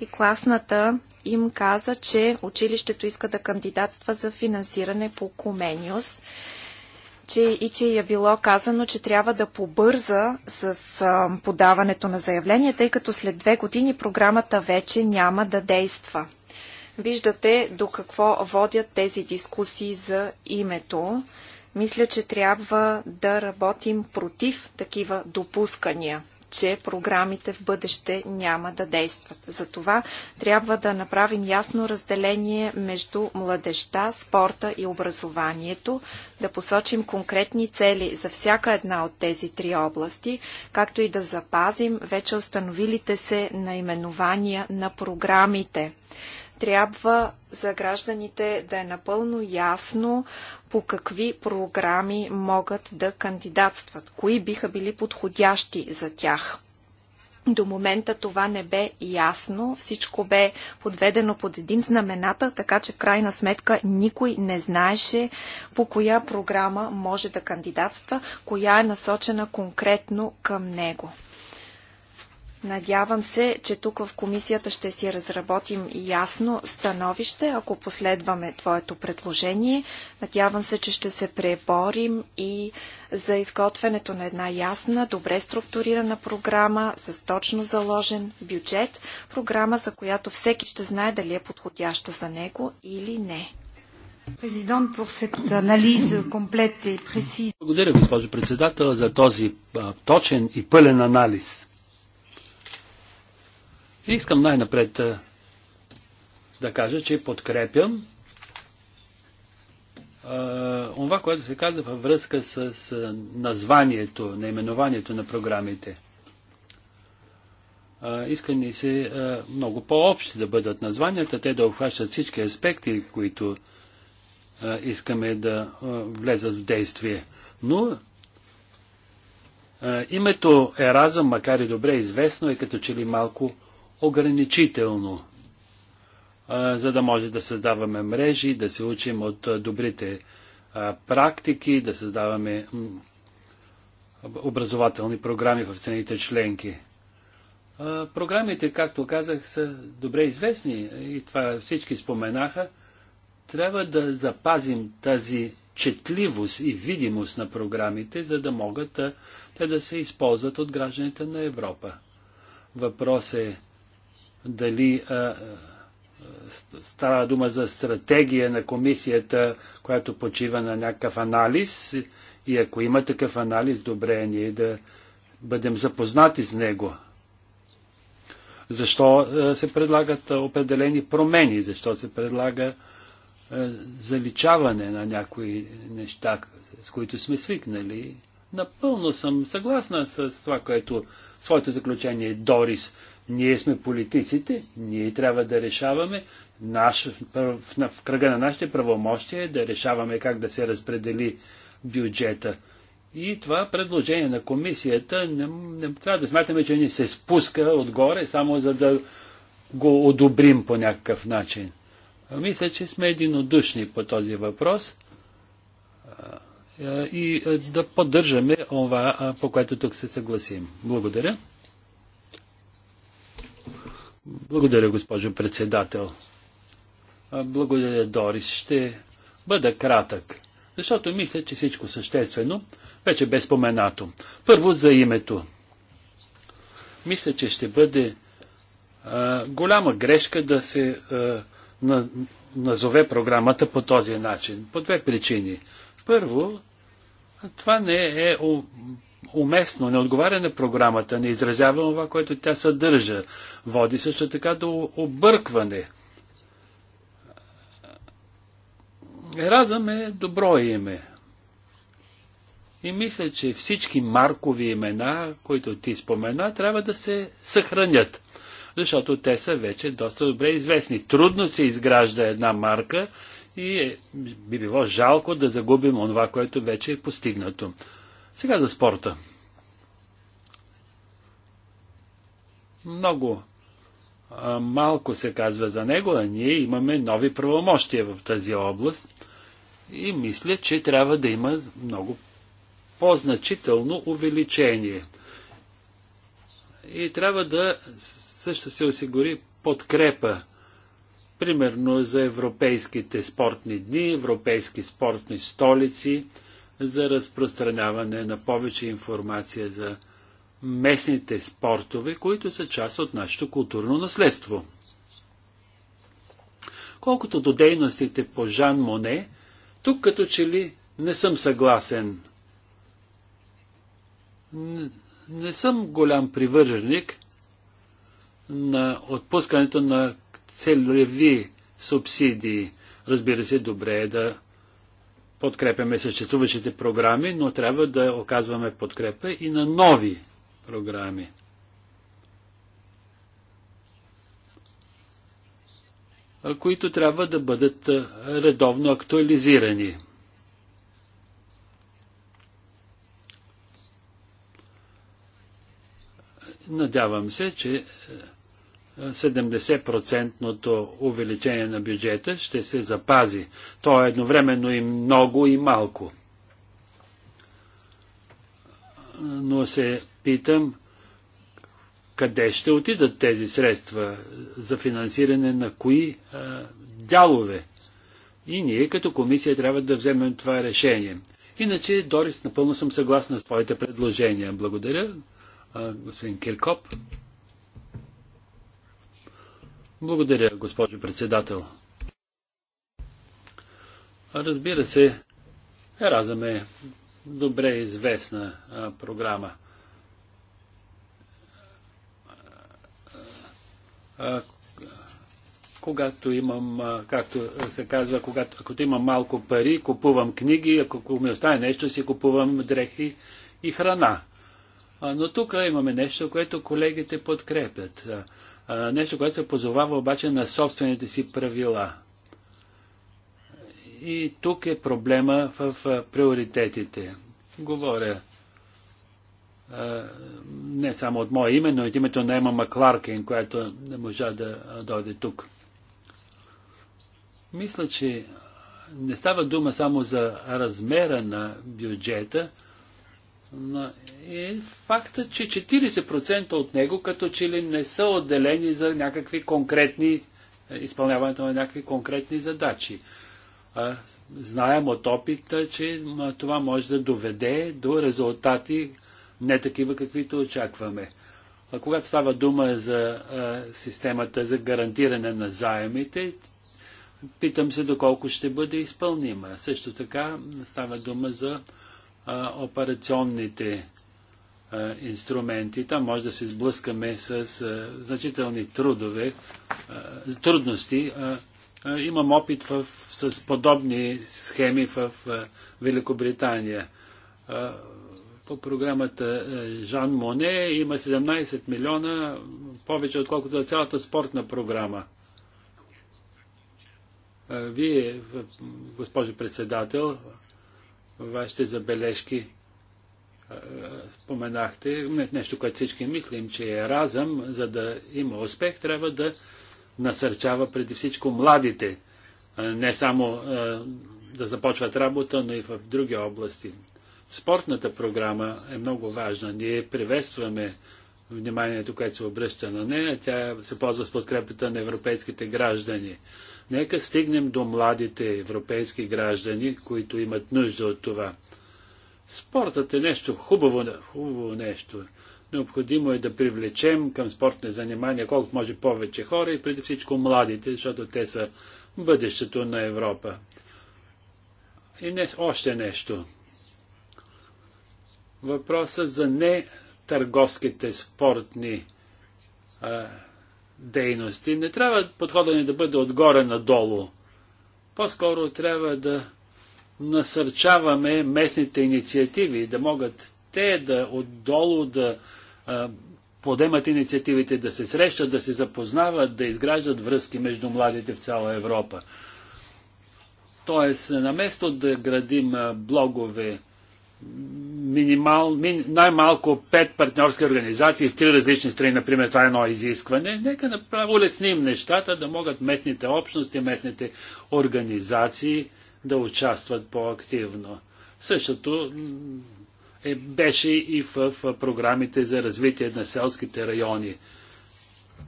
Speaker 2: и класната им каза, че училището иска да кандидатства за финансиране по Комениус че, и че е било казано, че трябва да побърза с а, подаването на заявление, тъй като след две години програмата вече няма да действа. Виждате до какво водят тези дискусии за името. Мисля, че трябва да работим против такива допускания че програмите в бъдеще няма да действат. Затова трябва да направим ясно разделение между младеща, спорта и образованието, да посочим конкретни цели за всяка една от тези три области, както и да запазим вече установилите се наименования на програмите трябва за гражданите да е напълно ясно по какви програми могат да кандидатстват, кои биха били подходящи за тях. До момента това не бе ясно, всичко бе подведено под един знамената, така че в крайна сметка никой не знаеше по коя програма може да кандидатства, коя е насочена конкретно към него. Надявам се, че тук в комисията ще си разработим ясно становище, ако последваме твоето предложение. Надявам се, че ще се преборим и за изготвянето на една ясна, добре структурирана програма с точно заложен бюджет, програма, за която всеки ще знае дали е подходяща за него или не. Президент,
Speaker 4: Благодаря, госпожо председател, за този а, точен и пълен анализ. Искам най-напред да кажа, че подкрепям това, което се казва във връзка с названието, наименованието на програмите. Искани ни се много по-общи да бъдат названията, те да обхващат всички аспекти, които искаме да влезат в действие. Но името Еразъм, макар и добре известно, е като че ли малко ограничително, за да може да създаваме мрежи, да се учим от добрите практики, да създаваме образователни програми в страните членки. Програмите, както казах, са добре известни и това всички споменаха. Трябва да запазим тази четливост и видимост на програмите, за да могат те да се използват от гражданите на Европа. Въпрос е дали става дума за стратегия на комисията, която почива на някакъв анализ и ако има такъв анализ, добре е ние да бъдем запознати с него. Защо се предлагат определени промени, защо се предлага заличаване на някои неща, с които сме свикнали. Напълно съм съгласна с това, което своето заключение Дорис ние сме политиците, ние трябва да решаваме наш, в, в кръга на нашите правомощия да решаваме как да се разпредели бюджета. И това предложение на комисията не, не трябва да смятаме, че ни се спуска отгоре, само за да го одобрим по някакъв начин. Мисля, че сме единодушни по този въпрос и да поддържаме това, по което тук се съгласим. Благодаря. Благодаря, госпожо председател. Благодаря, Дорис. Ще бъда кратък, защото мисля, че всичко съществено вече бе споменато. Първо за името. Мисля, че ще бъде а, голяма грешка да се а, на, назове програмата по този начин. По две причини. Първо, това не е уместно, не отговаря на програмата, не изразява това, което тя съдържа. Води също така до объркване. Еразъм е добро име. И мисля, че всички маркови имена, които ти спомена, трябва да се съхранят. Защото те са вече доста добре известни. Трудно се изгражда една марка и е, би било жалко да загубим онова, което вече е постигнато. Сега за спорта. Много а, малко се казва за него, а ние имаме нови правомощия в тази област и мисля, че трябва да има много по-значително увеличение. И трябва да също се осигури подкрепа, примерно за европейските спортни дни, европейски спортни столици – за разпространяване на повече информация за местните спортове, които са част от нашето културно наследство. Колкото до дейностите по Жан Моне, тук като че ли не съм съгласен. Не, не съм голям привърженик на отпускането на целеви субсидии. Разбира се, добре е да подкрепяме съществуващите програми, но трябва да оказваме подкрепа и на нови програми. които трябва да бъдат редовно актуализирани. Надявам се, че 70 увеличение на бюджета ще се запази. То е едновременно и много и малко. Но се питам, къде ще отидат тези средства за финансиране на кои а, дялове. И ние като комисия трябва да вземем това решение. Иначе, Дорис, напълно съм съгласна с твоите предложения. Благодаря, а, господин Киркоп. Благодаря, госпожо председател. Разбира се, Еразъм е добре известна а, програма. А, когато имам, а, както се казва, когато, ако имам малко пари, купувам книги, ако ми остане нещо, си купувам дрехи и храна. А, но тук имаме нещо, което колегите подкрепят нещо, което се позовава обаче на собствените си правила. И тук е проблема в приоритетите. Говоря не само от мое име, но и от името на Ема Макларкин, която не можа да дойде тук. Мисля, че не става дума само за размера на бюджета, но е факта, че 40% от него като че ли не са отделени за някакви конкретни, е, изпълняването на някакви конкретни задачи. А, знаем от опита, че това може да доведе до резултати не такива, каквито очакваме. А когато става дума за а, системата за гарантиране на заемите, питам се доколко ще бъде изпълнима. Също така става дума за а, операционните а, инструменти. Там може да се сблъскаме с а, значителни трудове, а, трудности. А, а, имам опит в, с подобни схеми в а, Великобритания. А, по програмата Жан Моне има 17 милиона, повече отколкото за цялата спортна програма. Вие, госпожо председател, вашите забележки. Споменахте нещо, което всички мислим, че е разъм, за да има успех, трябва да насърчава преди всичко младите. Не само да започват работа, но и в други области. Спортната програма е много важна. Ние приветстваме вниманието, което се обръща на нея. Тя се ползва с подкрепата на европейските граждани. Нека стигнем до младите европейски граждани, които имат нужда от това. Спортът е нещо хубаво, хубаво нещо. Необходимо е да привлечем към спортни занимания колкото може повече хора и преди всичко младите, защото те са бъдещето на Европа. И не, още нещо. Въпросът за не търговските спортни а, дейности. Не трябва подхода ни да бъде отгоре надолу. По-скоро трябва да насърчаваме местните инициативи, да могат те да отдолу да а, подемат инициативите, да се срещат, да се запознават, да изграждат връзки между младите в цяла Европа. Тоест, наместо да градим блогове, минимал, мин, най-малко пет партньорски организации в три различни страни, например, това е едно изискване. Нека направо улесним нещата, да могат местните общности, местните организации да участват по-активно. Същото е, беше и в, в програмите за развитие на селските райони.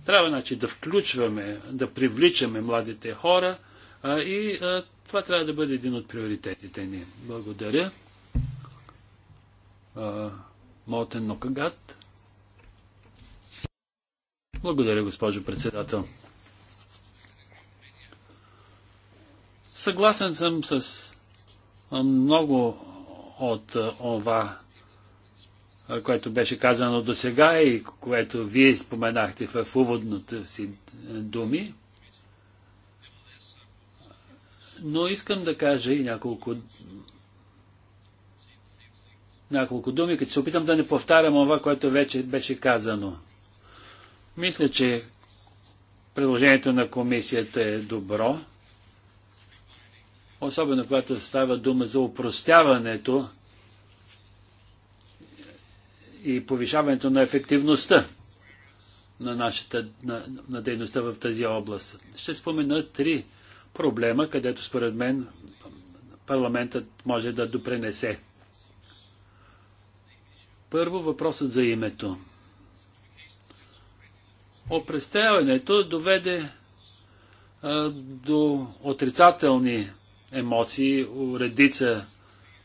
Speaker 4: Трябва значи, да включваме, да привличаме младите хора а, и а, това трябва да бъде един от приоритетите ни. Благодаря. Мотен Нокагат. Благодаря, госпожо председател. Съгласен съм с много от това, което беше казано до сега и което вие споменахте в уводното си думи. Но искам да кажа и няколко няколко думи, като се опитам да не повтарям това, което вече беше казано. Мисля, че предложението на комисията е добро, особено когато става дума за упростяването и повишаването на ефективността на, нашата, на, на дейността в тази област. Ще спомена три проблема, където според мен парламентът може да допренесе. Първо въпросът за името. Опрестяването доведе а, до отрицателни емоции у редица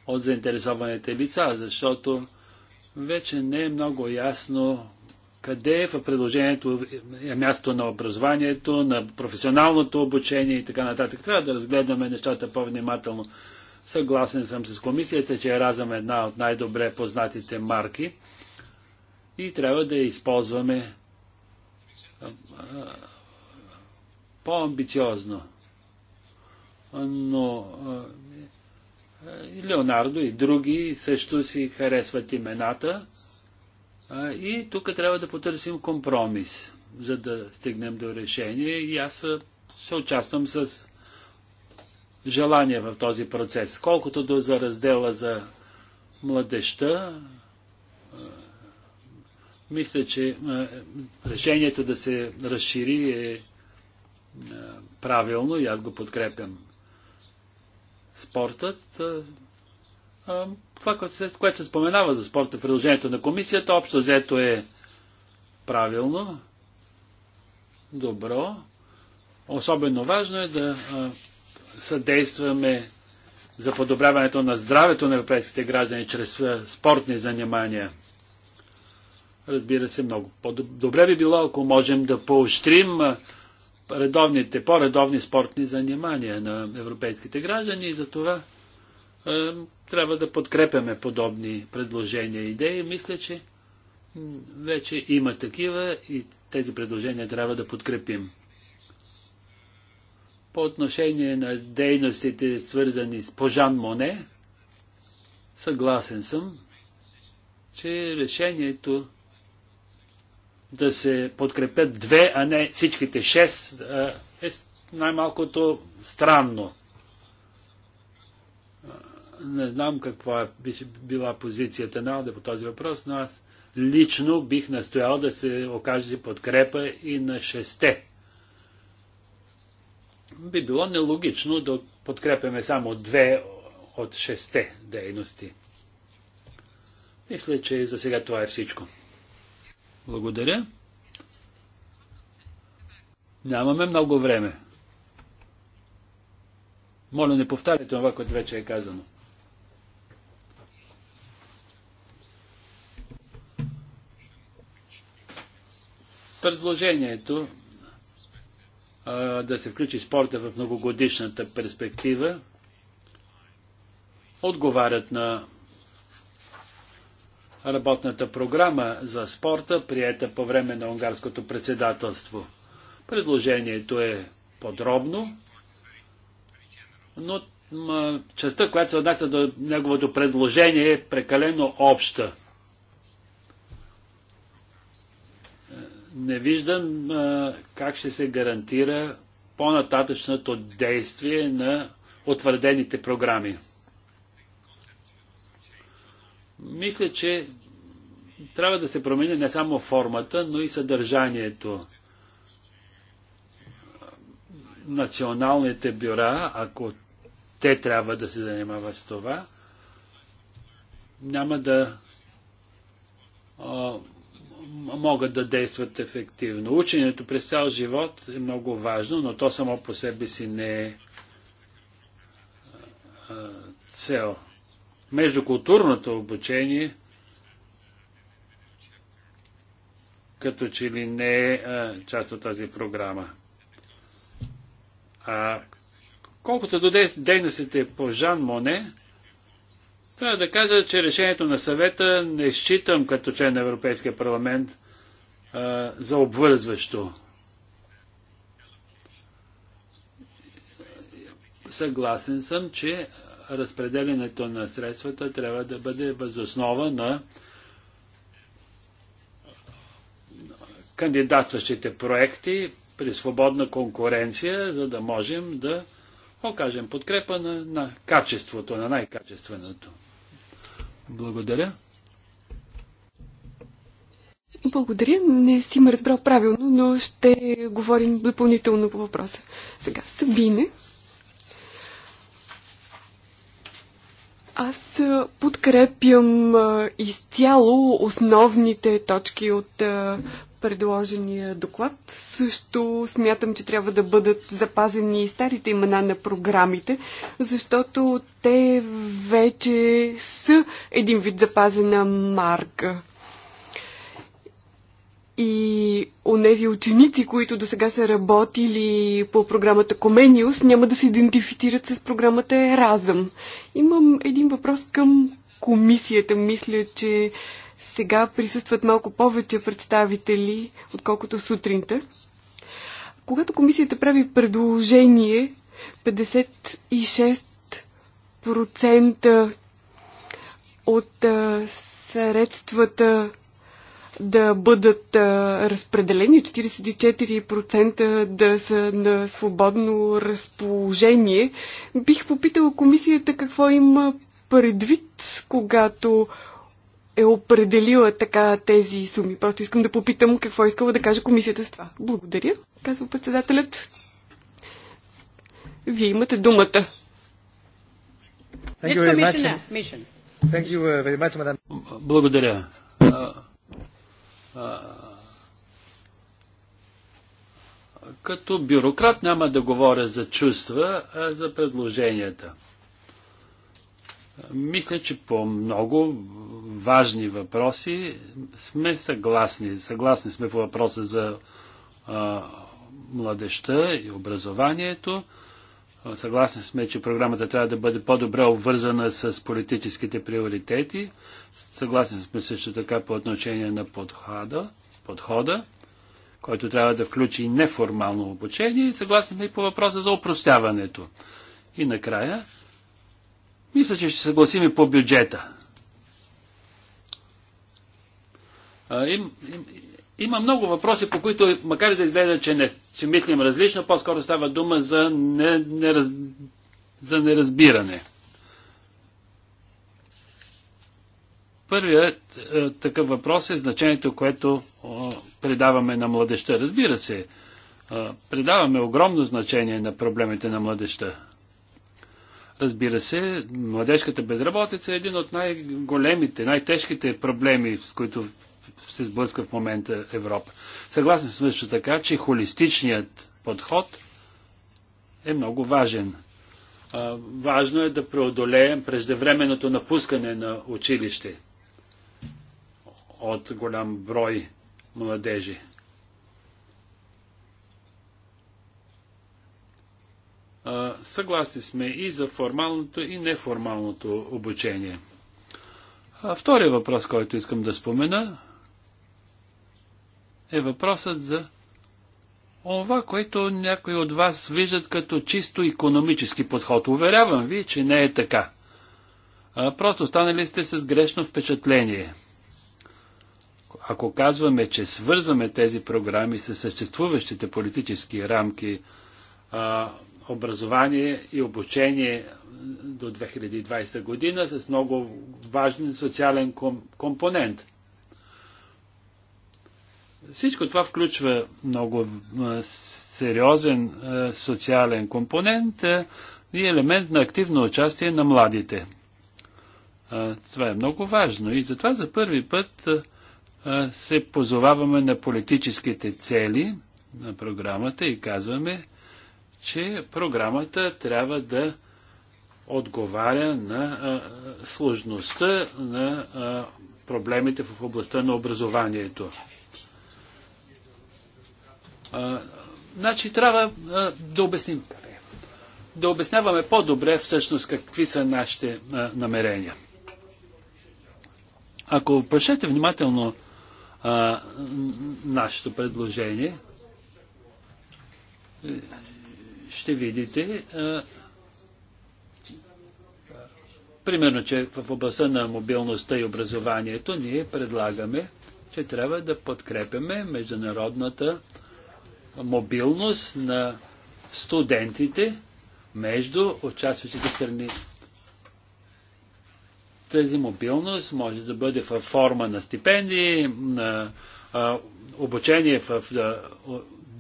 Speaker 4: от заинтересованите лица, защото вече не е много ясно къде е в предложението е място на образованието, на професионалното обучение и така нататък. Трябва да разгледаме нещата по-внимателно. Съгласен съм с комисията, че Еразъм е една от най-добре познатите марки и трябва да я използваме по-амбициозно. Но и е, Леонардо и други също си харесват имената. И тук трябва да потърсим компромис, за да стигнем до решение. И аз се участвам с желание в този процес. Колкото до за раздела за младеща, мисля, че решението да се разшири е правилно и аз го подкрепям. Спортът, това, което се, което се споменава за спорта в приложението на комисията, общо взето е правилно, добро. Особено важно е да съдействаме за подобряването на здравето на европейските граждани чрез е, спортни занимания. Разбира се, много по-добре би било, ако можем да поощрим е, редовните, по-редовни спортни занимания на европейските граждани и за това е, трябва да подкрепяме подобни предложения и идеи. Мисля, че вече има такива и тези предложения трябва да подкрепим по отношение на дейностите, свързани с Пожан Моне, съгласен съм, че решението да се подкрепят две, а не всичките шест, е най-малкото странно. Не знам каква е била позицията на по този въпрос, но аз лично бих настоял да се окаже подкрепа и на шесте би било нелогично да подкрепяме само две от шесте дейности. Мисля, че за сега това е всичко. Благодаря. Нямаме много време. Моля, не повтаряйте това, което вече е казано. Предложението да се включи спорта в многогодишната перспектива, отговарят на работната програма за спорта, приета по време на унгарското председателство. Предложението е подробно, но частта, която се отнася до неговото предложение, е прекалено обща. не виждам а, как ще се гарантира по-нататъчното действие на утвърдените програми. Мисля, че трябва да се промени не само формата, но и съдържанието. Националните бюра, ако те трябва да се занимават с това, няма да могат да действат ефективно. Ученето през цял живот е много важно, но то само по себе си не е цел. Междукултурното обучение като че ли не е част от тази програма. А колкото до дейностите по Жан Моне, трябва да кажа, че решението на съвета не считам като член на Европейския парламент а, за обвързващо. Съгласен съм, че разпределенето на средствата трябва да бъде възоснова на кандидатстващите проекти при свободна конкуренция, за да можем да окажем подкрепа на, на качеството, на най-качественото. Благодаря.
Speaker 3: Благодаря. Не си ме разбрал правилно, но ще говорим допълнително по въпроса. Сега, Сабине. Аз подкрепям изцяло основните точки от предложения доклад. Също смятам, че трябва да бъдат запазени и старите имена на програмите, защото те вече са един вид запазена марка. И онези ученици, които до сега са работили по програмата Комениус, няма да се идентифицират с програмата Разъм. Имам един въпрос към комисията. Мисля, че сега присъстват малко повече представители, отколкото сутринта. Когато комисията прави предложение, 56% от средствата да бъдат а, разпределени, 44% да са на свободно разположение. Бих попитала комисията какво има предвид, когато е определила така тези суми. Просто искам да попитам какво е искала да каже комисията с това. Благодаря, казва председателят. Вие имате думата.
Speaker 4: Благодаря. като бюрократ няма да говоря за чувства, а за предложенията. Мисля, че по много важни въпроси сме съгласни. Съгласни сме по въпроса за а, младеща и образованието. Съгласни сме, че програмата трябва да бъде по-добре обвързана с политическите приоритети. Съгласни сме също така по отношение на подхода, подхода който трябва да включи неформално обучение. Съгласни сме и по въпроса за упростяването. И накрая, мисля, че ще се съгласим и по бюджета. Им, им, има много въпроси, по които, макар и да изглежда, че, не, че мислим различно, по-скоро става дума за, не, не раз, за неразбиране. Първият е, такъв въпрос е значението, което е, предаваме на младеща. Разбира се, е, предаваме огромно значение на проблемите на младеща. Разбира се, младежката безработица е един от най-големите, най-тежките проблеми, с които се сблъска в момента Европа. Съгласен съм също така, че холистичният подход е много важен. А, важно е да преодолеем преждевременното напускане на училище от голям брой младежи. Съгласни сме и за формалното и неформалното обучение. А втория въпрос, който искам да спомена, е въпросът за това, което някои от вас виждат като чисто економически подход. Уверявам ви, че не е така. А, просто станали сте с грешно впечатление. Ако казваме, че свързваме тези програми с съществуващите политически рамки, а, образование и обучение до 2020 година с много важен социален компонент. Всичко това включва много сериозен социален компонент и елемент на активно участие на младите. Това е много важно и затова за първи път се позоваваме на политическите цели на програмата и казваме, че програмата трябва да отговаря на а, сложността на а, проблемите в областта на образованието. А, значи трябва а, да обясним. Да обясняваме по-добре всъщност какви са нашите а, намерения. Ако прочете внимателно а, нашето предложение, ще видите, а, примерно, че в областта на мобилността и образованието ние предлагаме, че трябва да подкрепяме международната мобилност на студентите между участващите страни. Тази мобилност може да бъде във форма на стипендии, на а, обучение в а,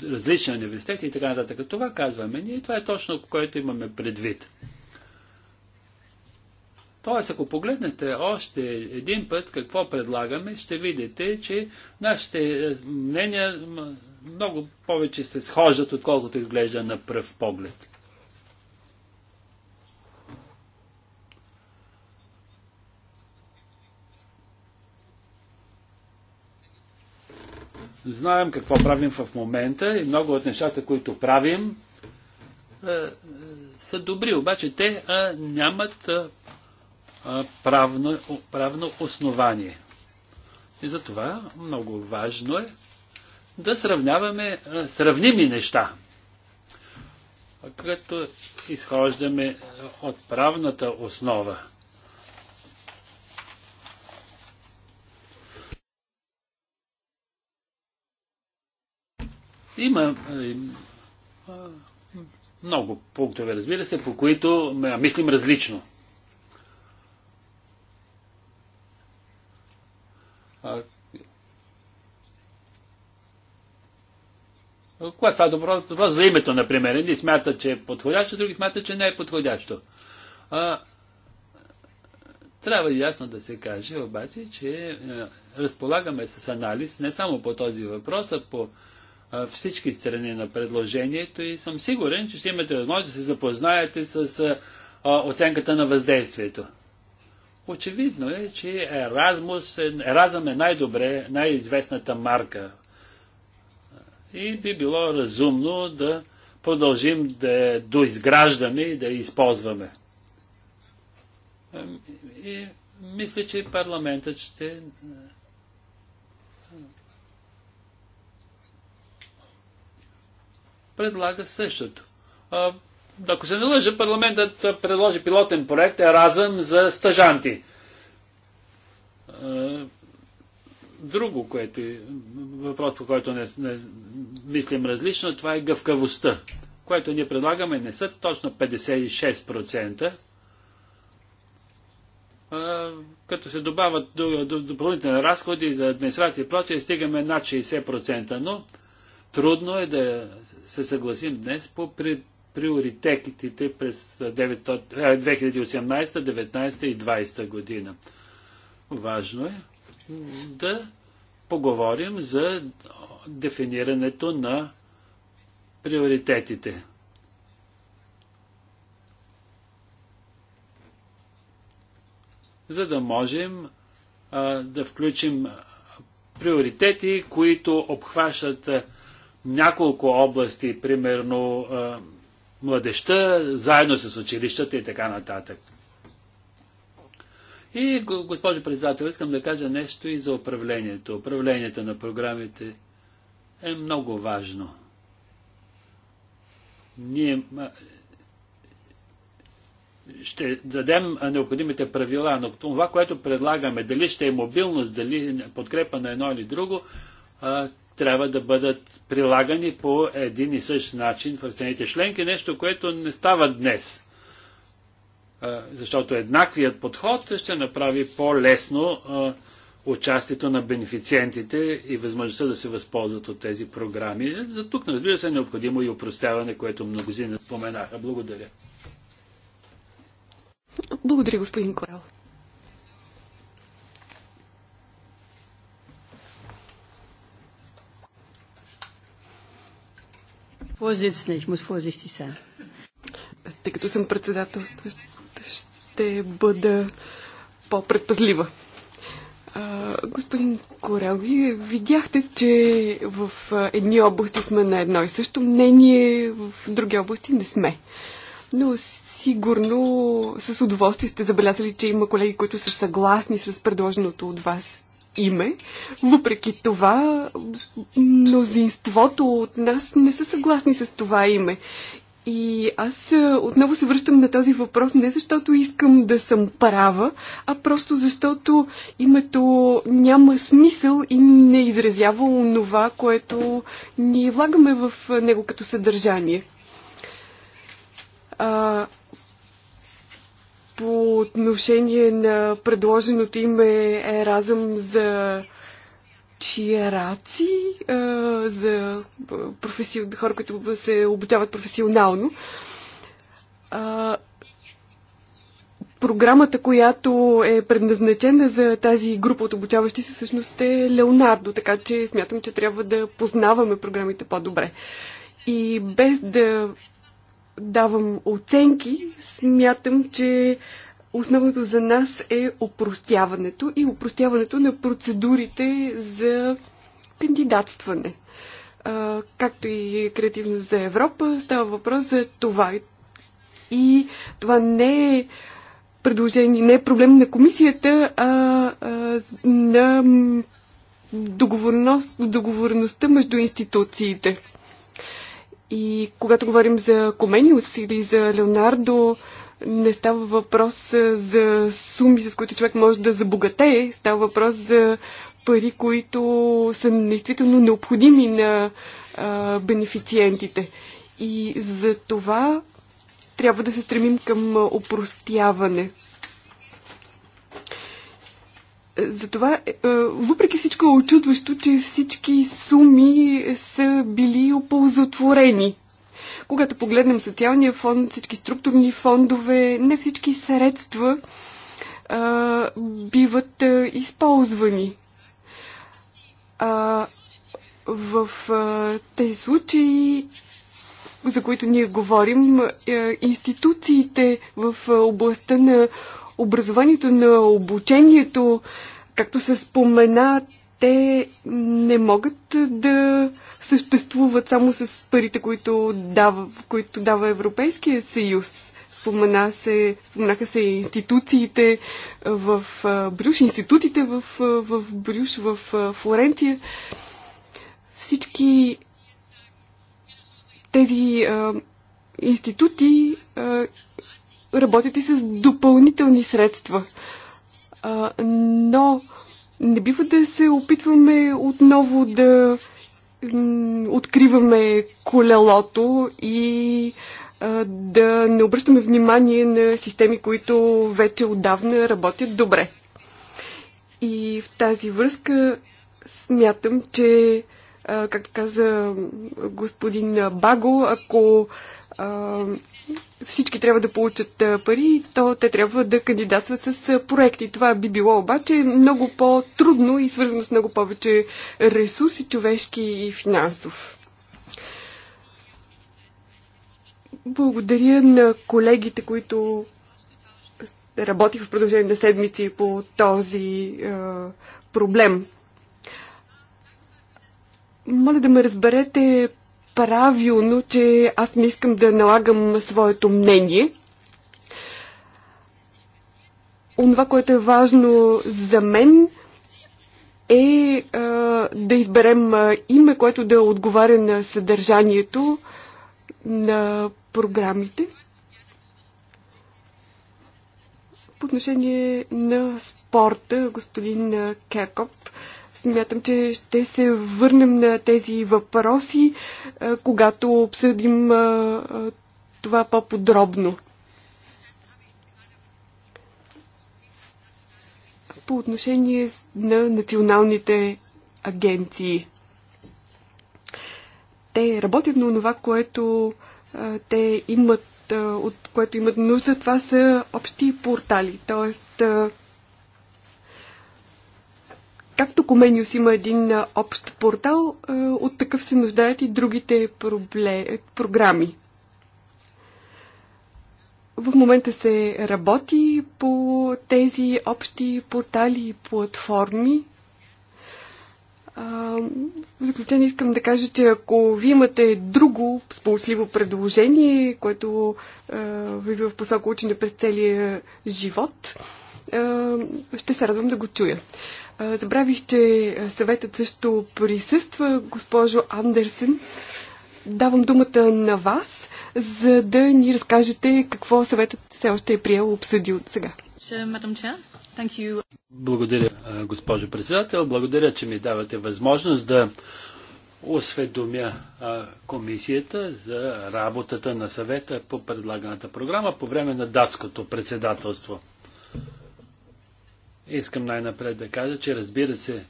Speaker 4: различни университети и така нататък. Това казваме ние и това е точно което имаме предвид. Тоест, ако погледнете още един път какво предлагаме, ще видите, че нашите е, мнения много повече се схождат, отколкото изглежда на пръв поглед. Знаем какво правим в момента и много от нещата, които правим, е, е, са добри, обаче те е, нямат правно, правно основание. И затова много важно е да сравняваме сравними неща. Като изхождаме от правната основа. Има много пунктове, разбира се, по които мислим различно. Кое това е добро, добро за името, например? Едни смятат, че е подходящо, други смятат, че не е подходящо. А, трябва ясно да се каже обаче, че е, разполагаме с анализ не само по този въпрос, а по всички страни на предложението и съм сигурен, че ще имате възможност да се запознаете с оценката на въздействието. Очевидно е, че Еразмус, е, Еразъм е най-добре, най-известната марка. И би било разумно да продължим да доизграждаме и да използваме. И мисля, че парламентът ще предлага същото. А, ако се не лъжа, парламентът предложи пилотен проект Еразъм за стъжанти. А, друго, което е въпрос, по който не, не мислим различно, това е гъвкавостта. Което ние предлагаме не са точно 56%, а, като се добавят допълнителни разходи за администрация и прочие, стигаме над 60%, но Трудно е да се съгласим днес по приоритетите през 2018, 2019 е, и 2020 година. Важно е да поговорим за дефинирането на приоритетите. За да можем а, да включим приоритети, които обхващат няколко области, примерно младеща, заедно с училищата и така нататък. И, госпожо председател, искам да кажа нещо и за управлението. Управлението на програмите е много важно. Ние ще дадем необходимите правила, но това, което предлагаме, дали ще е мобилност, дали е подкрепа на едно или друго, трябва да бъдат прилагани по един и същ начин в страните членки, нещо, което не става днес. Защото еднаквият подход ще направи по-лесно участието на бенефициентите и възможността да се възползват от тези програми. За тук, разбира се, е необходимо и упростяване, което не споменаха. Благодаря.
Speaker 3: Благодаря, господин Корел.
Speaker 1: Тъй като съм председател,
Speaker 3: ще бъда по-предпазлива. господин Корел, вие видяхте, че в едни области сме на едно и също мнение, в други области не сме. Но сигурно с удоволствие сте забелязали, че има колеги, които са съгласни с предложеното от вас име. Въпреки това, мнозинството от нас не са съгласни с това име. И аз е, отново се връщам на този въпрос не защото искам да съм права, а просто защото името няма смисъл и не изразява онова, което ние влагаме в него като съдържание. А, по отношение на предложеното име разъм за чираци, за професи... хора, които се обучават професионално. Програмата, която е предназначена за тази група от обучаващи се, всъщност е Леонардо, така че смятам, че трябва да познаваме програмите по-добре. И без да давам оценки, смятам, че основното за нас е опростяването и опростяването на процедурите за кандидатстване. А, както и креативност за Европа, става въпрос за това. И това не е предложение, не е проблем на комисията, а, а на договорност, договорността между институциите. И когато говорим за Комениус или за Леонардо, не става въпрос за суми, с които човек може да забогатее. Става въпрос за пари, които са действително необходими на а, бенефициентите. И за това трябва да се стремим към опростяване. Затова, е, е, въпреки всичко е очудващо, че всички суми са били оползотворени. Когато погледнем социалния фонд, всички структурни фондове, не всички средства а, е, биват а, използвани. А, в а, тези случаи, за които ние говорим, а, институциите в областта на образованието, на обучението, както се спомена, те не могат да съществуват само с парите, които дава, които дава Европейския съюз. Спомена се, споменаха се институциите в Брюш, институтите в, в Брюш, в Флоренция. Всички тези а, институти а, работят и с допълнителни средства. А, но не бива да се опитваме отново да откриваме колелото и а, да не обръщаме внимание на системи, които вече отдавна работят добре. И в тази връзка смятам, че, а, както каза господин Баго, ако а, всички трябва да получат пари, то те трябва да кандидатстват с проекти. Това би било обаче много по-трудно и свързано с много повече ресурси, човешки и финансов. Благодаря на колегите, които работих в продължение на седмици по този е, проблем. Моля да ме разберете правилно, че аз не искам да налагам своето мнение. Онова, което е важно за мен, е да изберем име, което да отговаря на съдържанието на програмите. По отношение на спорта, господин Керкоп, Смятам, че ще се върнем на тези въпроси, когато обсъдим това по-подробно. По отношение на националните агенции. Те работят на това, което те имат, от което имат нужда. Това са общи портали, т.е. Както Комениус има един общ портал, от такъв се нуждаят и другите програми. В момента се работи по тези общи портали и платформи. В заключение искам да кажа, че ако ви имате друго сполучливо предложение, което ви в посока учене през целия живот, ще се радвам да го чуя. Забравих, че съветът също присъства, госпожо Андерсен. Давам думата на вас, за да ни разкажете какво съветът все още е приел, обсъдил сега.
Speaker 4: Благодаря, госпожо председател. Благодаря, че ми давате възможност да осведомя комисията за работата на съвета по предлаганата програма по време на датското председателство. Искам най-напред да кажа, че разбира се,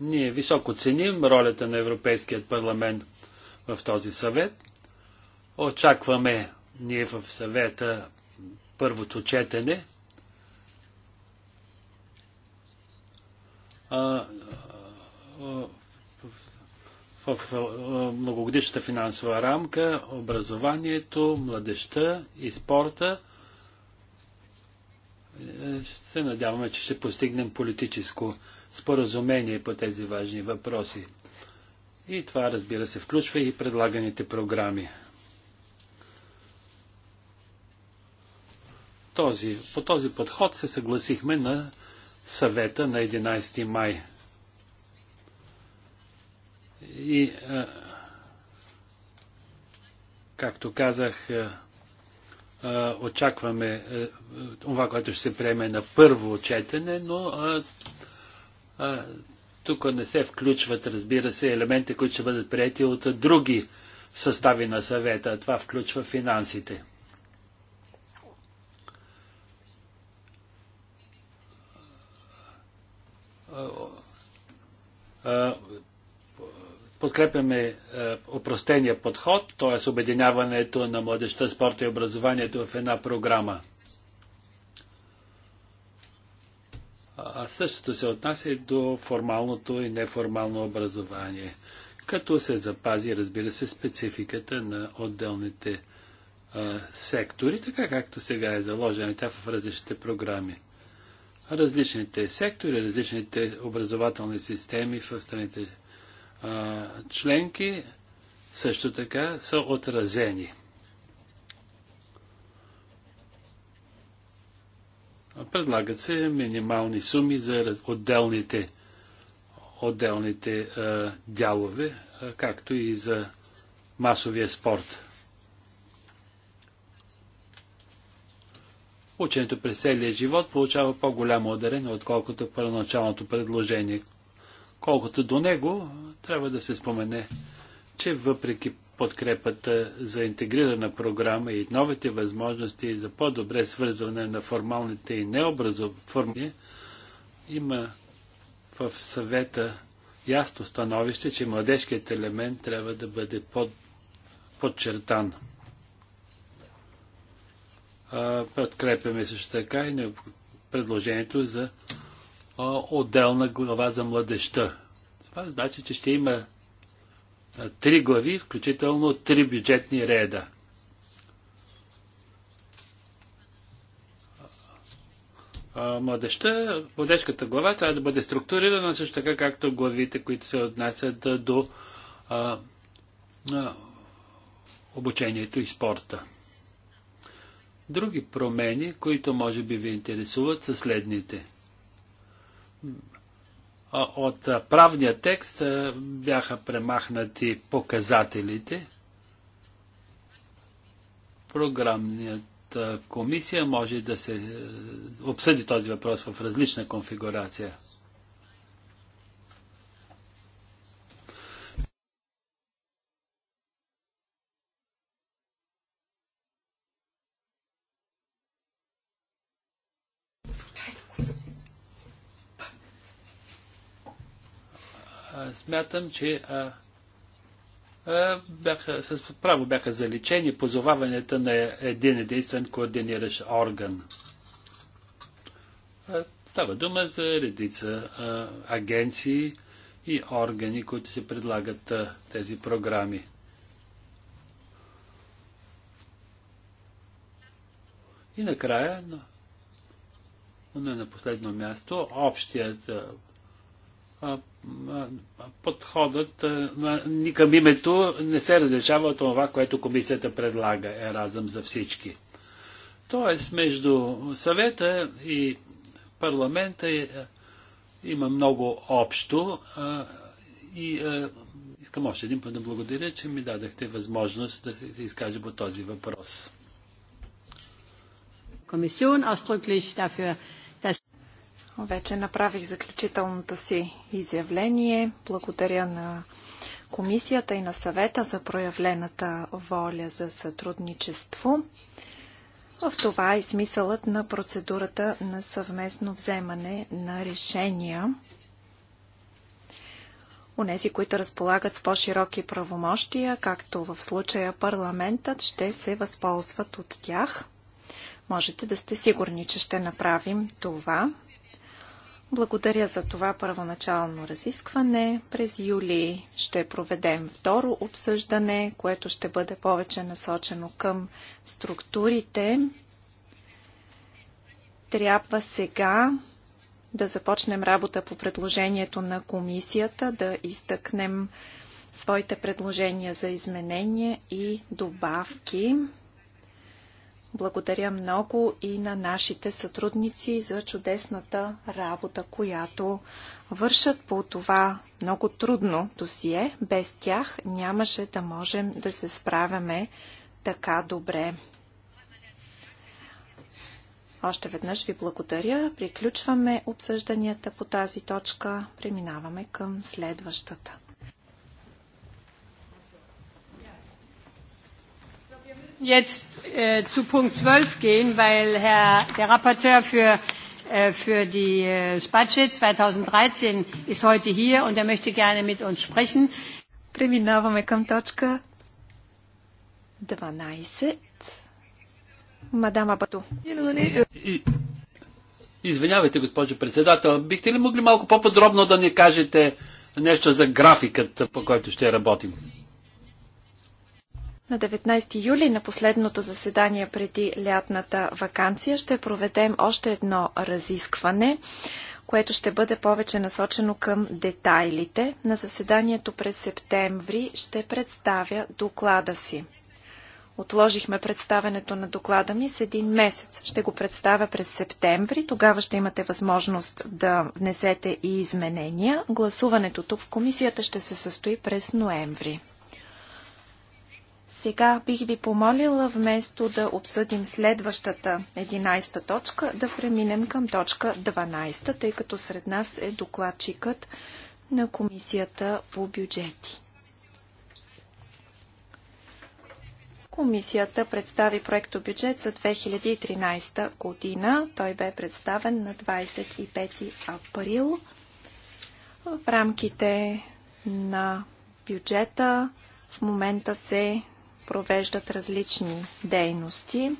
Speaker 4: ние високо ценим ролята на Европейският парламент в този съвет. Очакваме ние в съвета първото четене. А, в многогодишната финансова рамка образованието, младеща и спорта е, се надяваме, че ще постигнем политическо споразумение по тези важни въпроси. И това, разбира се, включва и предлаганите програми. Този, по този подход се съгласихме на съвета на 11 май. И, е, както казах, е, очакваме това, е, е, което ще се приеме на първо четене, но тук не се включват, разбира се, елементи, които ще бъдат прияти от други състави на съвета. Това включва финансите. Подкрепяме е, опростения подход, т.е. обединяването на младеща, спорта и образованието в една програма. А същото се отнася и до формалното и неформално образование, като се запази, разбира се, спецификата на отделните а, е, сектори, така както сега е заложена тя в различните програми. Различните сектори, различните образователни системи в страните а, членки също така са отразени. Предлагат се минимални суми за отделните, отделните а, дялове, а, както и за масовия спорт. Ученето през целия живот получава по-голямо ударение, отколкото първоначалното предложение. Колкото до него, трябва да се спомене, че въпреки подкрепата за интегрирана програма и новите възможности за по-добре свързване на формалните и необразовани, има в съвета ясно становище, че младежкият елемент трябва да бъде под, подчертан. А, подкрепяме също така и предложението за отделна глава за младеща. Това значи, че ще има три глави, включително три бюджетни реда. младеща, младежката глава трябва да бъде структурирана също така, както главите, които се отнасят до а, а, обучението и спорта. Други промени, които може би ви интересуват, са следните – от правния текст бяха премахнати показателите. Програмният комисия може да се обсъди този въпрос в различна конфигурация. смятам, че а, а, бяха, с право бяха заличени позоваванията на един единствен координиращ орган. става дума за редица а, агенции и органи, които се предлагат а, тези програми. И накрая, но, но на последно място, общият а, подходът на, ни към името не се различава от това, което комисията предлага е разъм за всички. Тоест, между съвета и парламента е, е, има много общо и искам още един път да благодаря, че ми дадахте възможност да се изкажа по този въпрос.
Speaker 1: Комисион ausdrücklich dafür вече направих заключителното си изявление.
Speaker 2: Благодаря на комисията и на съвета за проявлената воля за сътрудничество. В това е смисълът на процедурата на съвместно вземане на решения. Онези, които разполагат с по-широки правомощия, както в случая парламентът, ще се възползват от тях. Можете да сте сигурни, че ще направим това. Благодаря за това първоначално разискване. През юли ще проведем второ обсъждане, което ще бъде повече насочено към структурите. Трябва сега да започнем работа по предложението на комисията, да изтъкнем своите предложения за изменения и добавки. Благодаря много и на нашите сътрудници за чудесната работа, която вършат по това много трудно досие. Без тях нямаше да можем да се справяме така добре. Още веднъж ви благодаря. Приключваме обсъжданията по тази точка. Преминаваме към
Speaker 1: следващата. jetzt äh, zu Punkt 12 gehen, weil Herr, der Rapporteur für, äh, für die, äh, das Budget 2013 ist heute hier und er möchte gerne mit uns sprechen. Преминаваме към точка 12. Мадама Бату.
Speaker 4: Извинявайте, госпожо председател, бихте ли могли малко по-подробно да ни кажете нещо за графикът, по който ще работим?
Speaker 2: На 19 юли на последното заседание преди лятната вакансия ще проведем още едно разискване, което ще бъде повече насочено към детайлите. На заседанието през септември ще представя доклада си. Отложихме представенето на доклада ми с един месец. Ще го представя през септември. Тогава ще имате възможност да внесете и изменения. Гласуването тук в комисията ще се състои през ноември. Сега бих ви помолила вместо да обсъдим следващата 11-та точка, да преминем към точка 12-та, тъй като сред нас е докладчикът на Комисията по бюджети. Комисията представи проекто бюджет за 2013 година. Той бе представен на 25 април. В рамките на бюджета в момента се провеждат различни дейности.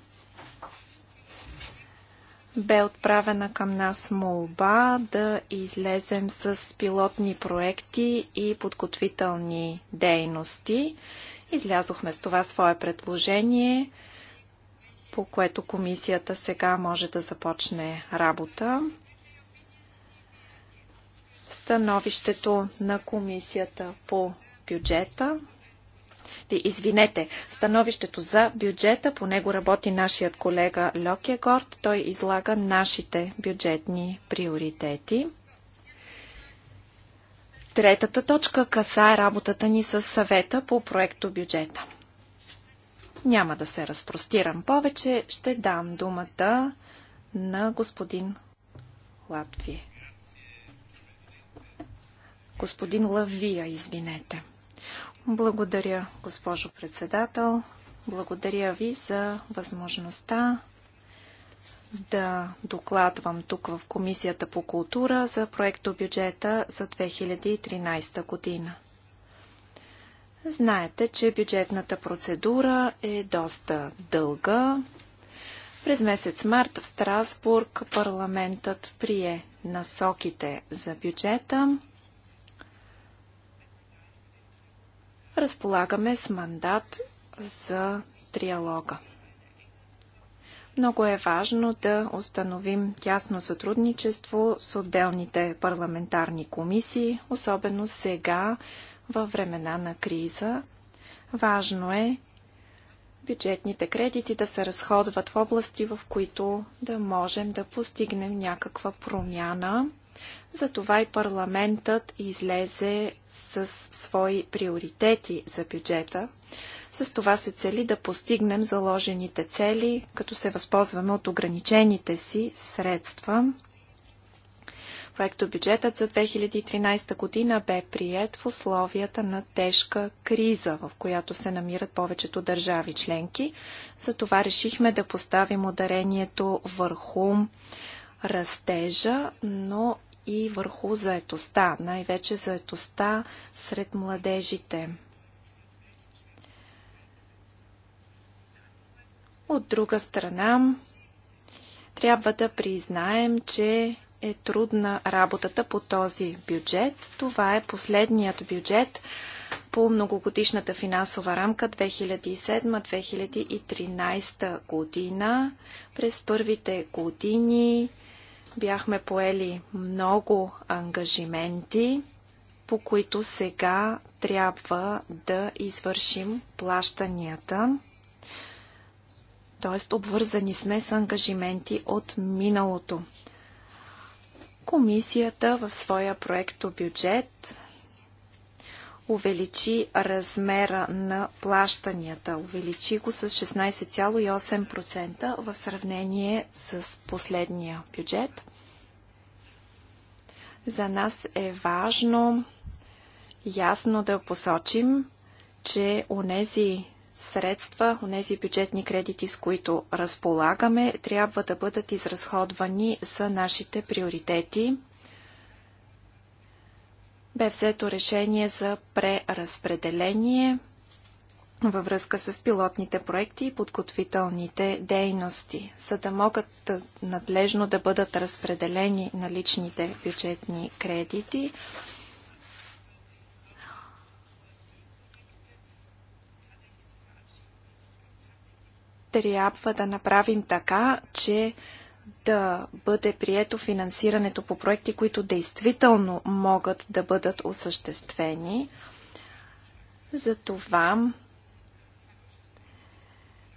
Speaker 2: Бе отправена към нас молба да излезем с пилотни проекти и подготвителни дейности. Излязохме с това свое предложение, по което комисията сега може да започне работа. Становището на комисията по бюджета Извинете, становището за бюджета, по него работи нашият колега Льокегорд. Той излага нашите бюджетни приоритети. Третата точка е работата ни с съвета по проекто бюджета. Няма да се разпростирам повече. Ще дам думата на господин Латвия. Господин Лавия, извинете. Благодаря, госпожо председател. Благодаря ви за възможността да докладвам тук в Комисията по култура за проекто бюджета за 2013 година. Знаете, че бюджетната процедура е доста дълга. През месец март в Страсбург парламентът прие насоките за бюджета. разполагаме с мандат за триалога. Много е важно да установим тясно сътрудничество с отделните парламентарни комисии, особено сега, във времена на криза. Важно е бюджетните кредити да се разходват в области, в които да можем да постигнем някаква промяна – затова и парламентът излезе с свои приоритети за бюджета. С това се цели да постигнем заложените цели, като се възползваме от ограничените си средства. Проекто бюджетът за 2013 година бе прият в условията на тежка криза, в която се намират повечето държави членки. Затова решихме да поставим ударението върху растежа, но и върху заетостта, най-вече заетостта сред младежите. От друга страна, трябва да признаем, че е трудна работата по този бюджет. Това е последният бюджет по многогодишната финансова рамка 2007-2013 година. През първите години бяхме поели много ангажименти, по които сега трябва да извършим плащанията. Тоест, обвързани сме с ангажименти от миналото. Комисията в своя проекто бюджет увеличи размера на плащанията. Увеличи го с 16,8% в сравнение с последния бюджет. За нас е важно ясно да посочим, че онези средства, онези бюджетни кредити, с които разполагаме, трябва да бъдат изразходвани за нашите приоритети бе взето решение за преразпределение във връзка с пилотните проекти и подготвителните дейности, за да могат надлежно да бъдат разпределени наличните бюджетни кредити. Трябва да направим така, че да бъде прието финансирането по проекти, които действително могат да бъдат осъществени. Затова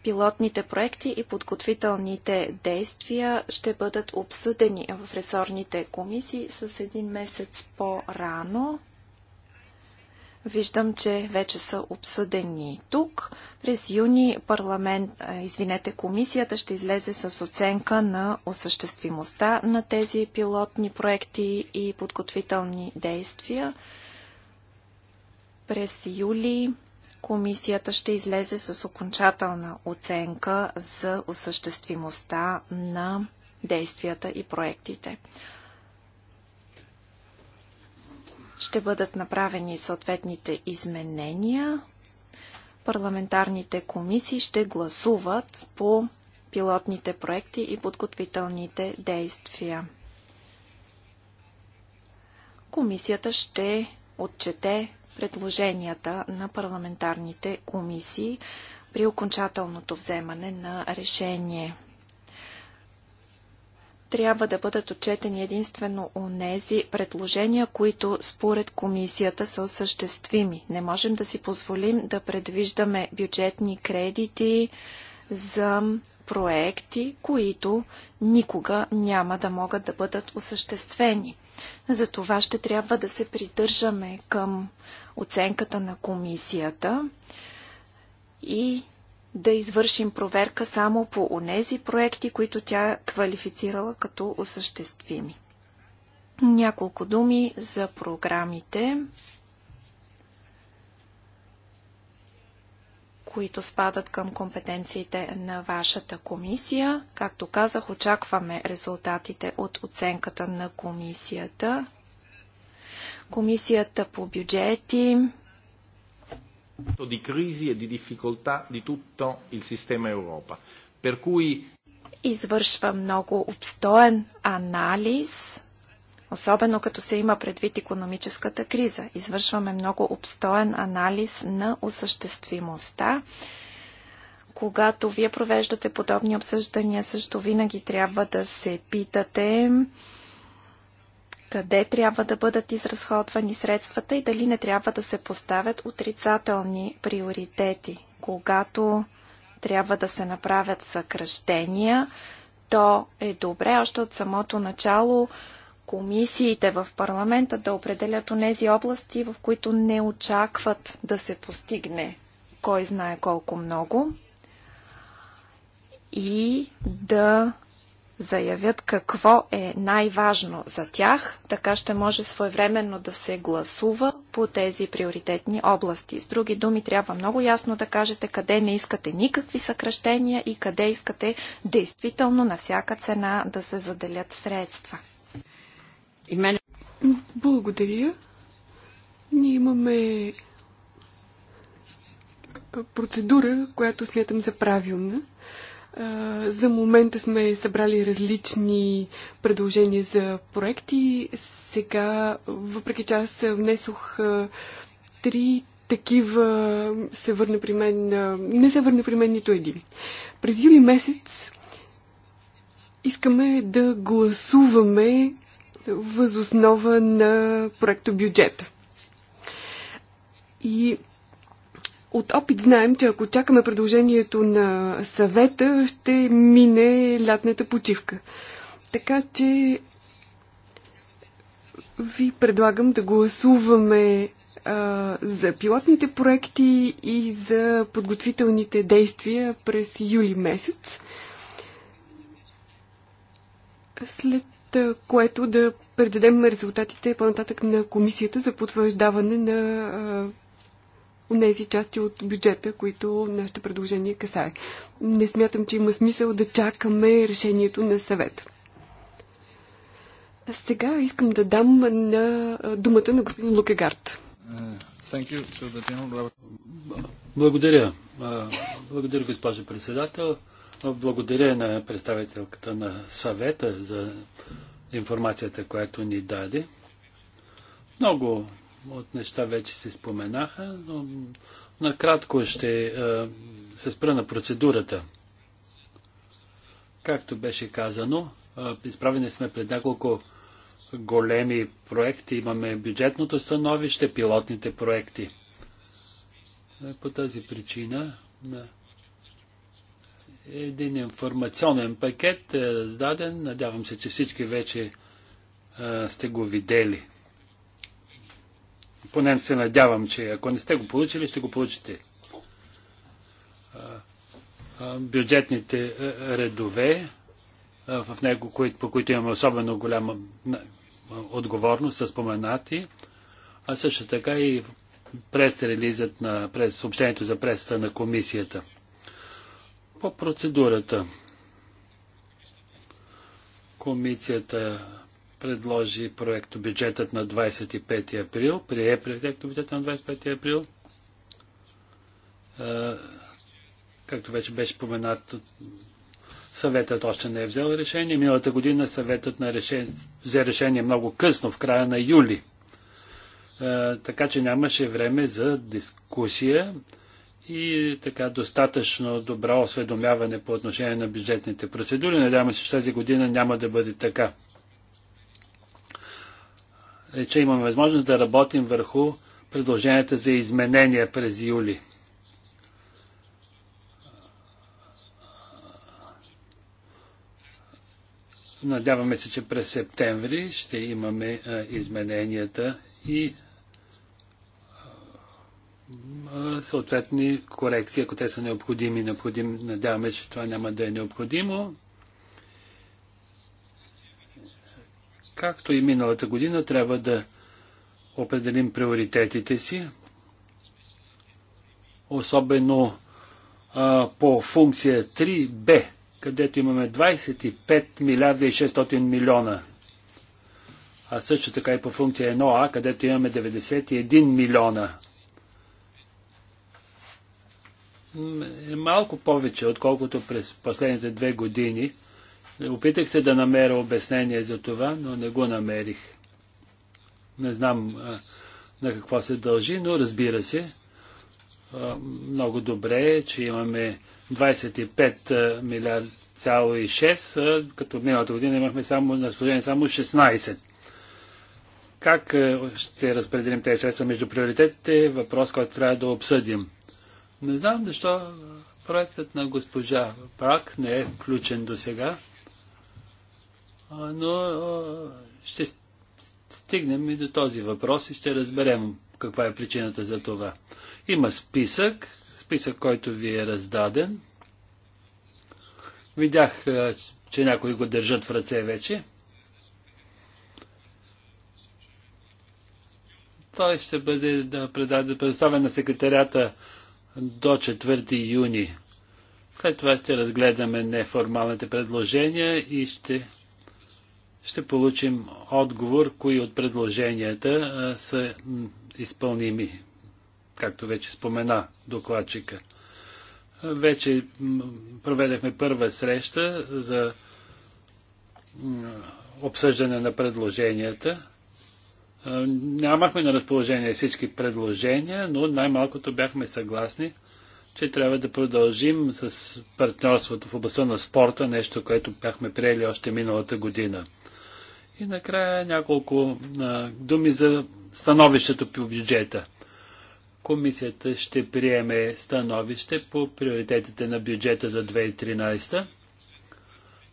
Speaker 2: пилотните проекти и подготвителните действия ще бъдат обсъдени в ресорните комисии с един месец по-рано. Виждам, че вече са обсъдени тук. През юни парламент, извинете, комисията ще излезе с оценка на осъществимостта на тези пилотни проекти и подготвителни действия. През юли комисията ще излезе с окончателна оценка за осъществимостта на действията и проектите ще бъдат направени съответните изменения. Парламентарните комисии ще гласуват по пилотните проекти и подготвителните действия. Комисията ще отчете предложенията на парламентарните комисии при окончателното вземане на решение трябва да бъдат отчетени единствено у нези предложения, които според комисията са осъществими. Не можем да си позволим да предвиждаме бюджетни кредити за проекти, които никога няма да могат да бъдат осъществени. За това ще трябва да се придържаме към оценката на комисията и да извършим проверка само по онези проекти, които тя квалифицирала като осъществими. Няколко думи за програмите, които спадат към компетенциите на вашата комисия. Както казах, очакваме резултатите от оценката на комисията. Комисията по бюджети
Speaker 4: di crisi e di difficoltà di tutto il sistema Europa. Per cui...
Speaker 2: Извършва много обстоен анализ, особено като се има предвид економическата криза. Извършваме много обстоен анализ на осъществимостта. Когато вие провеждате подобни обсъждания, също винаги трябва да се питате къде трябва да бъдат изразходвани средствата и дали не трябва да се поставят отрицателни приоритети. Когато трябва да се направят съкръщения, то е добре още от самото начало комисиите в парламента да определят онези области, в които не очакват да се постигне кой знае колко много и да заявят какво е най-важно за тях, така ще може своевременно да се гласува по тези приоритетни области. С други думи, трябва много ясно да кажете къде не искате никакви съкръщения и къде искате действително на всяка цена да се заделят средства. Благодаря.
Speaker 3: Ние имаме процедура, която смятам за правилна. За момента сме събрали различни предложения за проекти. Сега, въпреки че аз внесох три такива, се върна при мен, не се върна при мен нито един. През юли месец искаме да гласуваме възоснова на проекто бюджет. И от опит знаем, че ако чакаме предложението на съвета, ще мине лятната почивка. Така че ви предлагам да гласуваме а, за пилотните проекти и за подготвителните действия през юли месец, след което да предадем резултатите по-нататък на комисията за потвърждаване на а, тези части от бюджета, които нашите предложения касае. Не смятам, че има смисъл да чакаме решението на съвет. Сега искам да дам на думата на господин Лукегард.
Speaker 4: Благодаря. Благодаря, госпожо председател. Благодаря на представителката на съвета за информацията, която ни даде. Много от неща вече се споменаха, но накратко ще се спра на процедурата. Както беше казано, изправени сме пред няколко големи проекти. Имаме бюджетното становище, пилотните проекти. По тази причина един информационен пакет е раздаден. Надявам се, че всички вече сте го видели поне се надявам, че ако не сте го получили, ще го получите. Бюджетните редове, в него, по които имаме особено голяма отговорност, са споменати, а също така и през релизът на през съобщението за преста на комисията. По процедурата комисията предложи проекто бюджетът на 25 април, прие проекто бюджетът на 25 април. както вече беше споменат, съветът още не е взел решение. Миналата година съветът на решение, взе решение много късно, в края на юли. така че нямаше време за дискусия и така достатъчно добро осведомяване по отношение на бюджетните процедури. Надявам се, че тази година няма да бъде така. Е, че имаме възможност да работим върху предложенията за изменения през юли. Надяваме се, че през септември ще имаме е, измененията и е, съответни корекции, ако те са необходими. Необходим, надяваме, че това няма да е необходимо. Както и миналата година, трябва да определим приоритетите си, особено а, по функция 3b, където имаме 25 милиарда и 600 милиона. А също така и по функция 1а, където имаме 91 милиона. Е малко повече, отколкото през последните две години – Опитах се да намеря обяснение за това, но не го намерих. Не знам а, на какво се дължи, но разбира се, а, много добре е, че имаме 25 милиард цяло и 6, като миналата година имахме само, на само 16. Как ще разпределим тези средства между приоритетите е въпрос, който трябва да обсъдим. Не знам защо проектът на госпожа Прак не е включен до сега но ще стигнем и до този въпрос и ще разберем каква е причината за това. Има списък, списък, който ви е раздаден. Видях, че някои го държат в ръце вече. Той ще бъде да предаден, предоставен на секретарята до 4 юни. След това ще разгледаме неформалните предложения и ще ще получим отговор, кои от предложенията са изпълними, както вече спомена докладчика. Вече проведахме първа среща за обсъждане на предложенията. Нямахме на разположение всички предложения, но най-малкото бяхме съгласни – че трябва да продължим с партньорството в областта на спорта, нещо, което бяхме приели още миналата година. И накрая няколко а, думи за становището по бюджета. Комисията ще приеме становище по приоритетите на бюджета за 2013.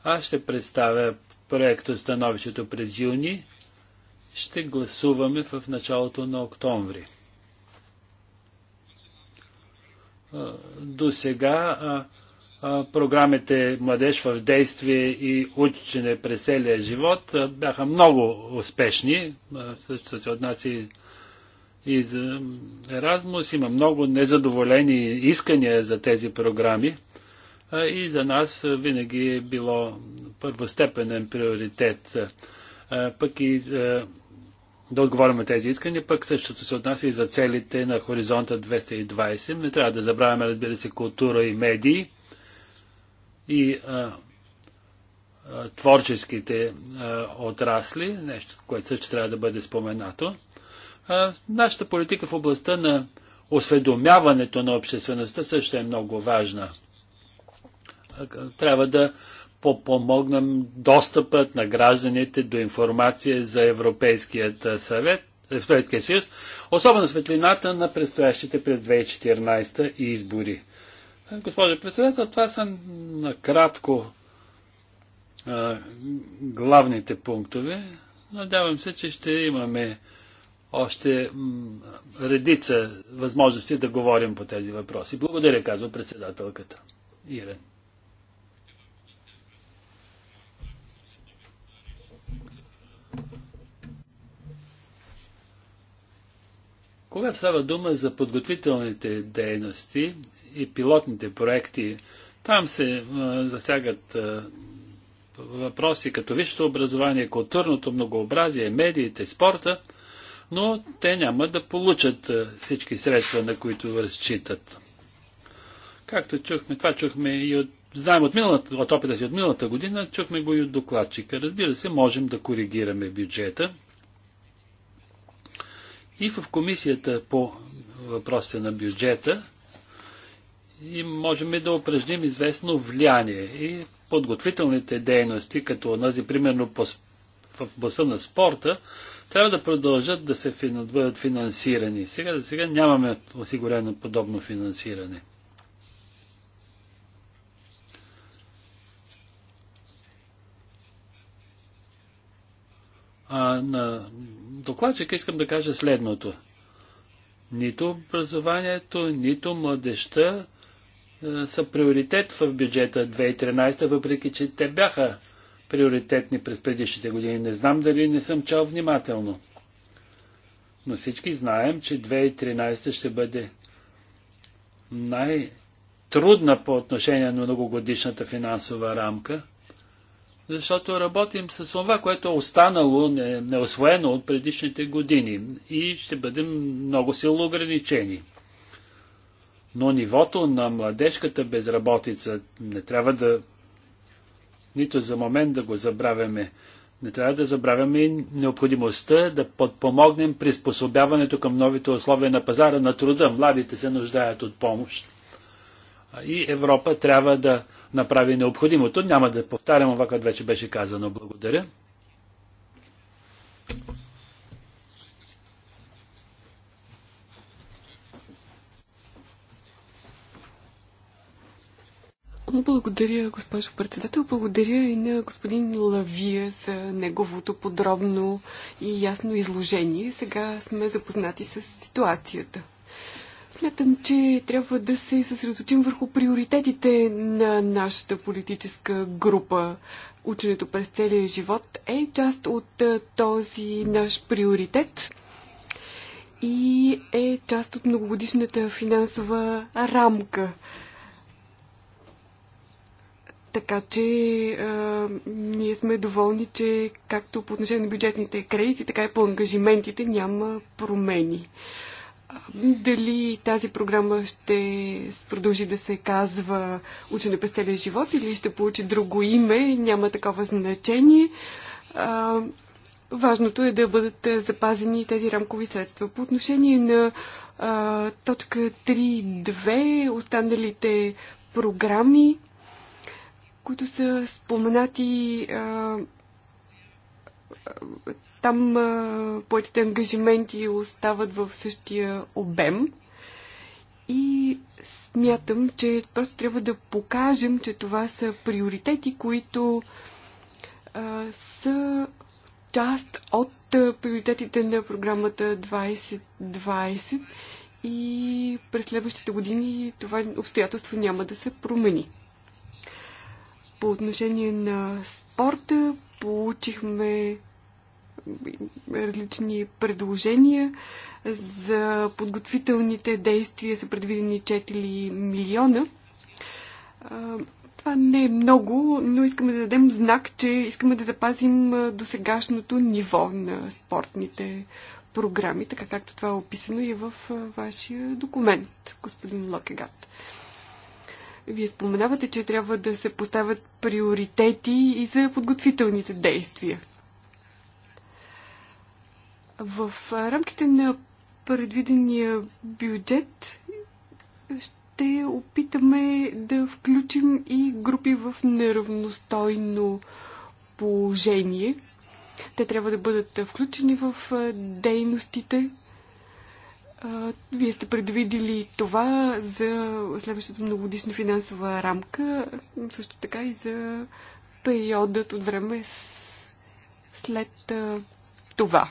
Speaker 4: Аз ще представя проекта становището през юни. Ще гласуваме в началото на октомври. До сега програмите Младеж в действие и учене през целия живот бяха много успешни. Също се отнася и за Еразмус има много незадоволени искания за тези програми и за нас винаги е било първостепенен приоритет. Пък и да отговорим на тези искания, пък същото се отнася и за целите на хоризонта 220. Не трябва да забравяме, разбира се, култура и медии и а, а, творческите а, отрасли, нещо, което също трябва да бъде споменато. А, нашата политика в областта на осведомяването на обществеността също е много важна. Трябва да помогнем достъпът на гражданите до информация за Европейският съвет, Европейския съюз, особено светлината на предстоящите през 2014 избори. Госпожо председател, това са накратко главните пунктове. Надявам се, че ще имаме още редица възможности да говорим по тези въпроси. Благодаря, казва председателката. Ирен. Когато става дума за подготвителните дейности и пилотните проекти, там се а, засягат а, въпроси като висшето образование, културното многообразие, медиите, спорта, но те няма да получат а, всички средства, на които разчитат. Както чухме, това чухме и от, знаем от, миналата, от опита си от миналата година, чухме го и от докладчика. Разбира се, можем да коригираме бюджета – и в комисията по въпросите на бюджета и можем да упражним известно влияние и подготвителните дейности, като онази примерно по, в баса на спорта, трябва да продължат да се фин, бъдат финансирани. Сега за сега нямаме осигурено подобно финансиране. А, на докладчика искам да кажа следното. Нито образованието, нито младеща е, са приоритет в бюджета 2013, въпреки че те бяха приоритетни през предишните години. Не знам дали не съм чал внимателно. Но всички знаем, че 2013 ще бъде най-трудна по отношение на многогодишната финансова рамка – защото работим с това, което е останало неосвоено от предишните години и ще бъдем много силно ограничени. Но нивото на младежката безработица не трябва да нито за момент да го забравяме. Не трябва да забравяме и необходимостта да подпомогнем приспособяването към новите условия на пазара на труда. Младите се нуждаят от помощ. И Европа трябва да направи необходимото. Няма да повтарям това, което вече беше казано. Благодаря.
Speaker 3: Благодаря, госпожо председател. Благодаря и на господин Лавия за неговото подробно и ясно изложение. Сега сме запознати с ситуацията. Смятам, че трябва да се съсредоточим върху приоритетите на нашата политическа група. Ученето през целия живот е част от този наш приоритет и е част от многогодишната финансова рамка. Така че е, ние сме доволни, че както по отношение на бюджетните кредити, така и по ангажиментите няма промени. Дали тази програма ще продължи да се казва Учене целия живот или ще получи друго име, няма такова значение. А, важното е да бъдат запазени тези рамкови средства. По отношение на а, точка 3.2, останалите програми, които са споменати а, там а, поетите ангажименти остават в същия обем. И смятам, че просто трябва да покажем, че това са приоритети, които а, са част от приоритетите на програмата 2020 и през следващите години това обстоятелство няма да се промени. По отношение на спорта получихме различни предложения. За подготвителните действия са предвидени 4 милиона. Това не е много, но искаме да дадем знак, че искаме да запазим досегашното ниво на спортните програми, така както това е описано и в вашия документ, господин Локегат. Вие споменавате, че трябва да се поставят приоритети и за подготвителните действия. В рамките на предвидения бюджет ще опитаме да включим и групи в неравностойно положение. Те трябва да бъдат включени в дейностите. Вие сте предвидили това за следващата многогодишна финансова рамка, също така и за периодът от време след това.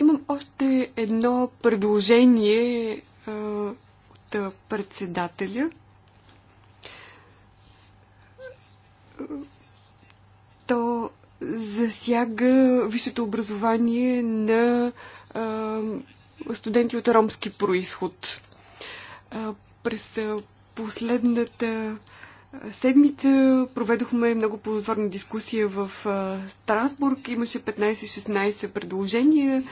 Speaker 3: Имам още едно предложение а, от председателя. То засяга висшето образование на а, студенти от ромски происход. А, през последната а, седмица проведохме много плодотворна дискусия в Страсбург. Имаше 15-16 предложения.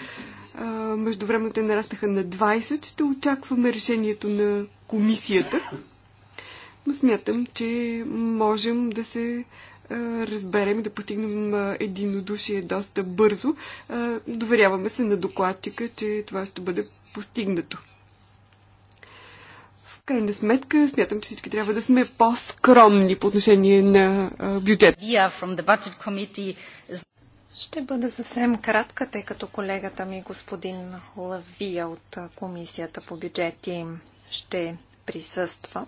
Speaker 3: Между времето нараснаха на 20. Ще очакваме решението на комисията. Но смятам, че можем да се разберем и да постигнем единодушие доста бързо. Доверяваме се на докладчика, че това ще бъде постигнато крайна сметка, смятам, че всички трябва да сме по-скромни по отношение на бюджет.
Speaker 2: Ще бъда съвсем кратка, тъй като колегата ми, господин Лавия от Комисията по бюджети, ще присъства.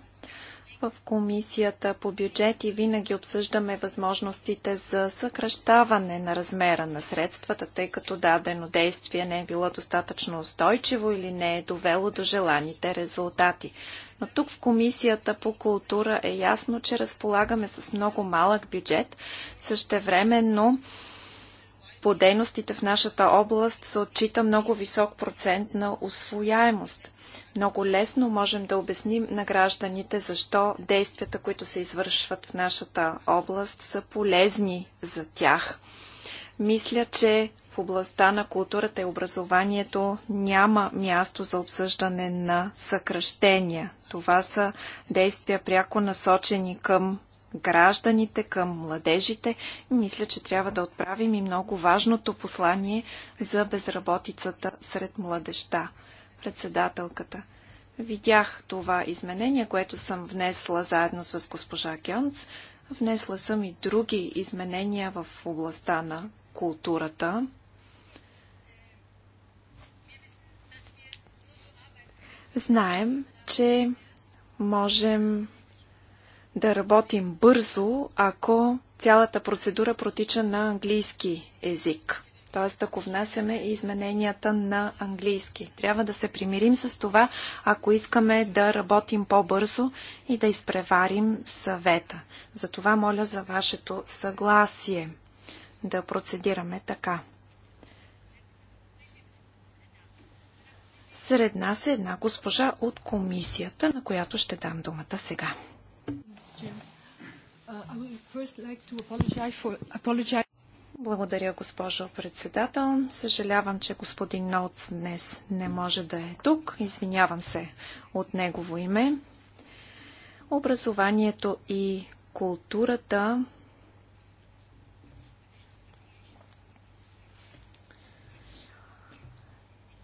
Speaker 2: В Комисията по бюджети винаги обсъждаме възможностите за съкръщаване на размера на средствата, тъй като дадено действие не е било достатъчно устойчиво или не е довело до желаните резултати. Но тук в Комисията по култура е ясно, че разполагаме с много малък бюджет. Същевременно по дейностите в нашата област се отчита много висок процент на освояемост. Много лесно можем да обясним на гражданите защо действията, които се извършват в нашата област, са полезни за тях. Мисля, че в областта на културата и образованието няма място за обсъждане на съкръщения. Това са действия пряко насочени към гражданите, към младежите. Мисля, че трябва да отправим и много важното послание за безработицата сред младеща. Председателката. Видях това изменение, което съм внесла заедно с госпожа Гьонц. Внесла съм и други изменения в областта на културата. Знаем, че можем да работим бързо, ако цялата процедура протича на английски език. Тоест, ако внасяме измененията на английски. Трябва да се примирим с това, ако искаме да работим по-бързо и да изпреварим съвета. Затова моля за вашето съгласие да процедираме така. Сред нас е една госпожа от комисията, на която ще дам думата сега. Благодаря, госпожо председател. Съжалявам, че господин Ноц днес не може да е тук. Извинявам се от негово име. Образованието и културата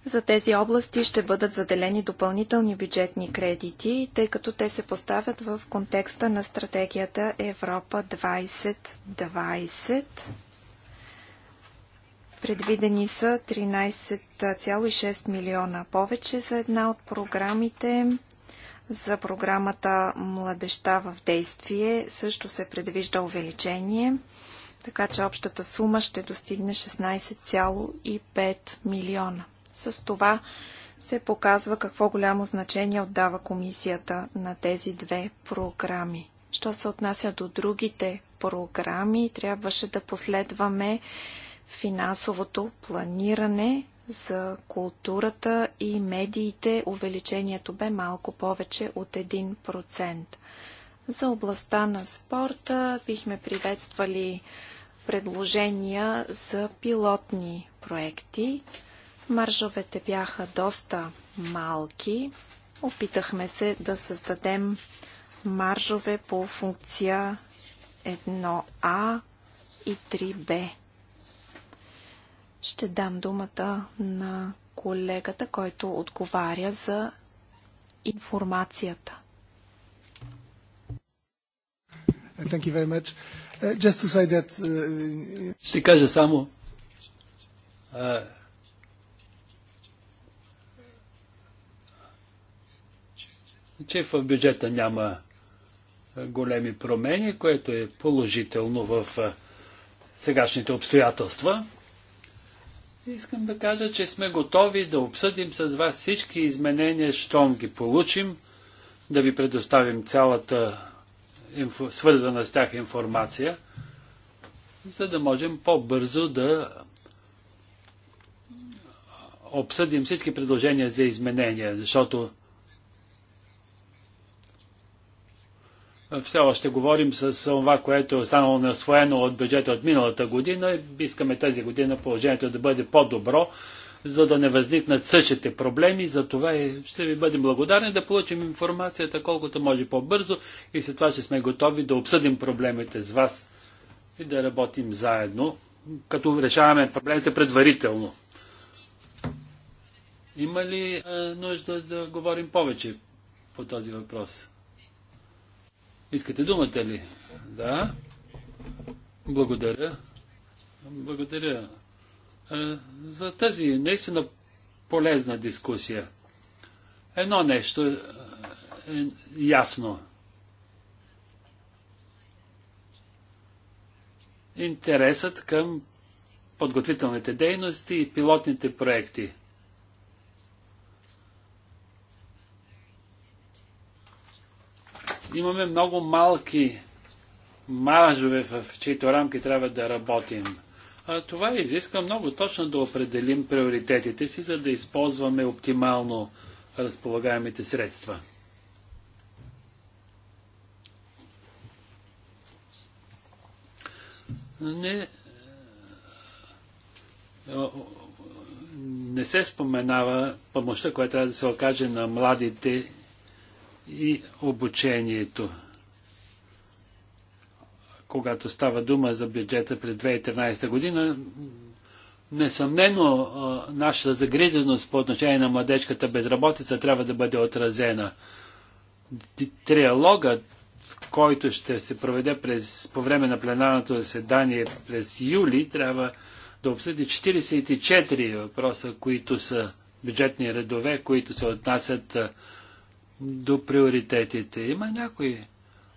Speaker 2: За тези области ще бъдат заделени допълнителни бюджетни кредити, тъй като те се поставят в контекста на стратегията Европа 2020. Предвидени са 13,6 милиона повече за една от програмите. За програмата Младеща в действие също се предвижда увеличение, така че общата сума ще достигне 16,5 милиона. С това се показва какво голямо значение отдава комисията на тези две програми. Що се отнася до другите програми, трябваше да последваме финансовото планиране за културата и медиите. Увеличението бе малко повече от 1%. За областта на спорта бихме приветствали предложения за пилотни проекти. Маржовете бяха доста малки. Опитахме се да създадем маржове по функция 1А и 3Б. Ще дам думата на колегата, който отговаря за информацията.
Speaker 4: Uh, that... Uh, Ще кажа само, uh, че в бюджета няма големи промени, което е положително в сегашните обстоятелства. Искам да кажа, че сме готови да обсъдим с вас всички изменения, щом ги получим, да ви предоставим цялата свързана с тях информация, за да можем по-бързо да обсъдим всички предложения за изменения, защото все още говорим с това, което е останало насвоено от бюджета от миналата година. Искаме тази година положението да бъде по-добро, за да не възникнат същите проблеми. За това ще ви бъдем благодарни да получим информацията колкото може по-бързо и след това ще сме готови да обсъдим проблемите с вас и да работим заедно, като решаваме проблемите предварително. Има ли е, нужда да говорим повече по този въпрос? Искате думата ли? Да. Благодаря. Благодаря за тази наистина полезна дискусия. Едно нещо е ясно. Интересът към подготвителните дейности и пилотните проекти – имаме много малки маржове, в чието рамки трябва да работим. А това изисква много точно да определим приоритетите си, за да използваме оптимално разполагаемите средства. Не, е, не се споменава помощта, която трябва да се окаже на младите и обучението. Когато става дума за бюджета през 2013 година, несъмнено нашата загриженост по отношение на младежката безработица трябва да бъде отразена. Триалогът, който ще се проведе през, по време на пленарното заседание през юли, трябва да обсъди 44 въпроса, които са бюджетни редове, които се отнасят до приоритетите. Има някои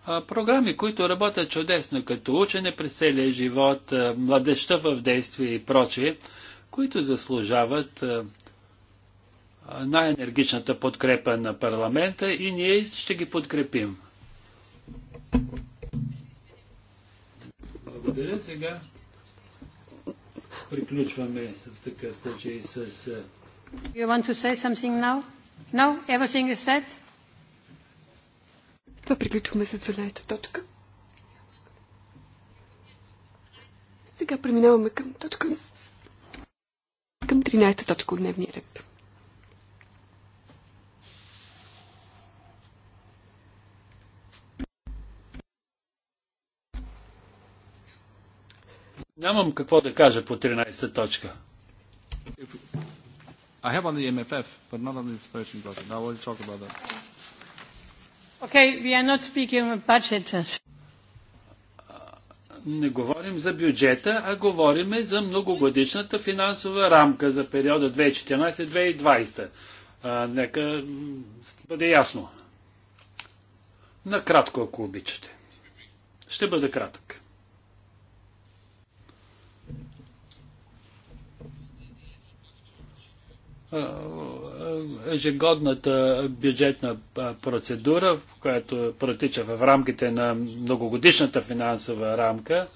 Speaker 4: а, програми, които работят чудесно, като учене през целия живот, а, младеща в действие и прочие, които заслужават най-енергичната подкрепа на парламента и ние ще ги подкрепим. Благодаря сега. Приключваме в такъв случай с...
Speaker 1: You want to say something now? No? Everything is said?
Speaker 3: това приключваме с 12 та точка. Сега преминаваме към точка към 13 та точка от дневния ред.
Speaker 4: Нямам какво да кажа по 13 та точка. I have on the MFF, but not on the 13 th budget. Now we'll talk about that.
Speaker 1: Okay, we are not speaking of budget.
Speaker 4: Не говорим за бюджета, а говорим за многогодишната финансова рамка за периода 2014-2020. нека бъде ясно. Накратко, ако обичате. Ще бъда кратък. Е, е, ежегодната бюджетна процедура, която протича в рамките на многогодишната финансова рамка,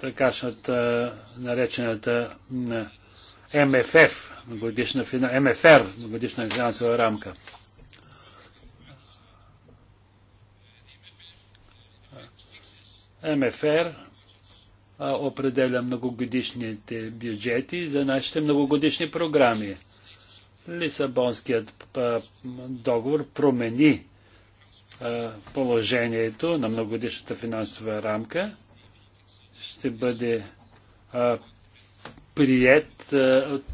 Speaker 4: такашната наречената МФФ, годишна, МФР, годишна финансова рамка. МФР определя многогодишните бюджети за нашите многогодишни програми. Лисабонският договор промени положението на многодишната финансова рамка. Ще бъде прият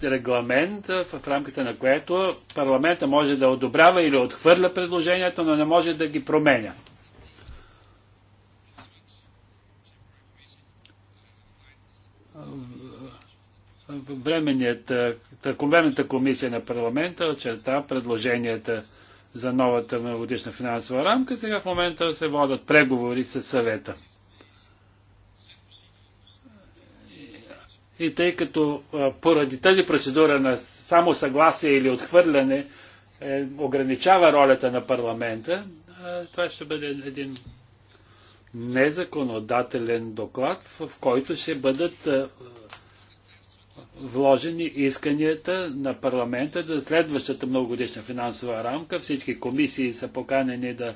Speaker 4: регламент, в рамките на което парламента може да одобрява или отхвърля предложението, но не може да ги променя. Временната, комисия на парламента очерта предложенията за новата многодишна финансова рамка. Сега в момента се водят преговори с съвета. И тъй като поради тази процедура на само съгласие или отхвърляне е, ограничава ролята на парламента, това ще бъде един незаконодателен доклад, в който ще бъдат вложени исканията на парламента за следващата многогодишна финансова рамка. Всички комисии са поканени да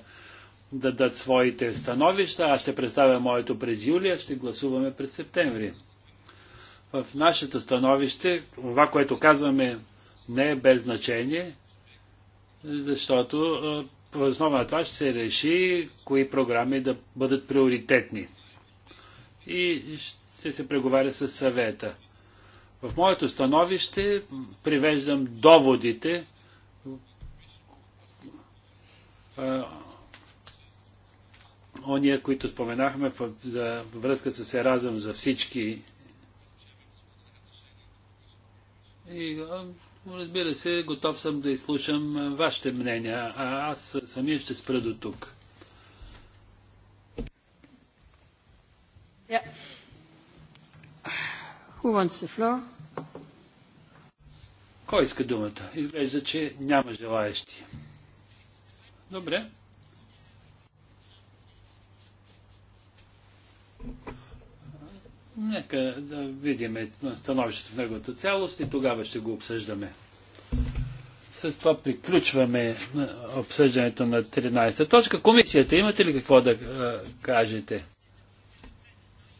Speaker 4: дадат своите становища. Аз ще представя моето през юлия, ще гласуваме през септември. В нашето становище, това, което казваме, не е без значение, защото по основа на това ще се реши кои програми да бъдат приоритетни. И ще се преговаря с съвета. В моето становище привеждам доводите, ония, които споменахме за връзка с Еразъм за всички. И разбира се, готов съм да изслушам вашите мнения, а аз самия ще спра до тук.
Speaker 1: Yeah. Who wants the floor?
Speaker 4: Кой иска думата? Изглежда, че няма желаещи. Добре. Нека да видим становището в неговата цялост и тогава ще го обсъждаме. С това приключваме обсъждането на 13-та точка. Комисията, имате ли какво да а, кажете?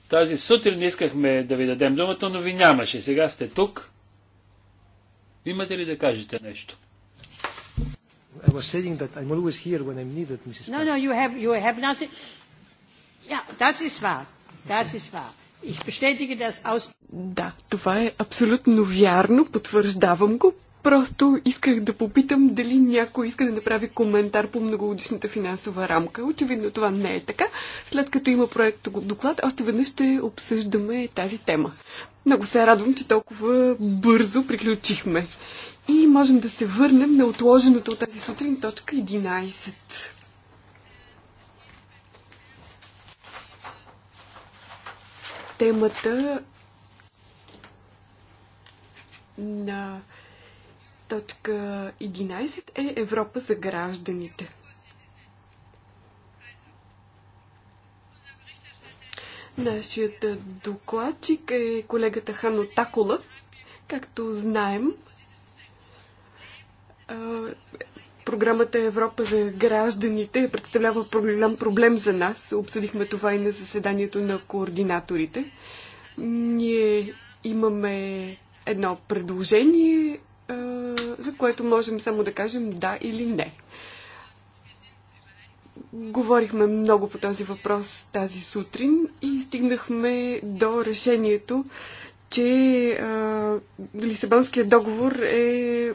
Speaker 4: Тази сутрин искахме да ви дадем думата, но ви нямаше. Сега сте тук. Имате ли да кажете нещо? I was saying that I'm always here when I'm needed, Mrs.
Speaker 1: No, no, you have, you have nothing. Ja, das ist wahr. Das ist wahr. Ich bestätige das aus...
Speaker 3: Да, това е абсолютно вярно, потвърждавам го, Просто исках да попитам дали някой иска да направи коментар по многогодишната финансова рамка. Очевидно това не е така. След като има проект доклад, още веднъж ще обсъждаме тази тема. Много се радвам, че толкова бързо приключихме. И можем да се върнем на отложената от тази сутрин точка 11. Темата на Точка 11 е Европа за гражданите. Нашият докладчик е колегата Хано Такола. Както знаем, програмата Европа за гражданите представлява голям проблем за нас. Обсъдихме това и на заседанието на координаторите. Ние имаме едно предложение за което можем само да кажем да или не. Говорихме много по този въпрос тази сутрин и стигнахме до решението, че а, Лисабонският договор е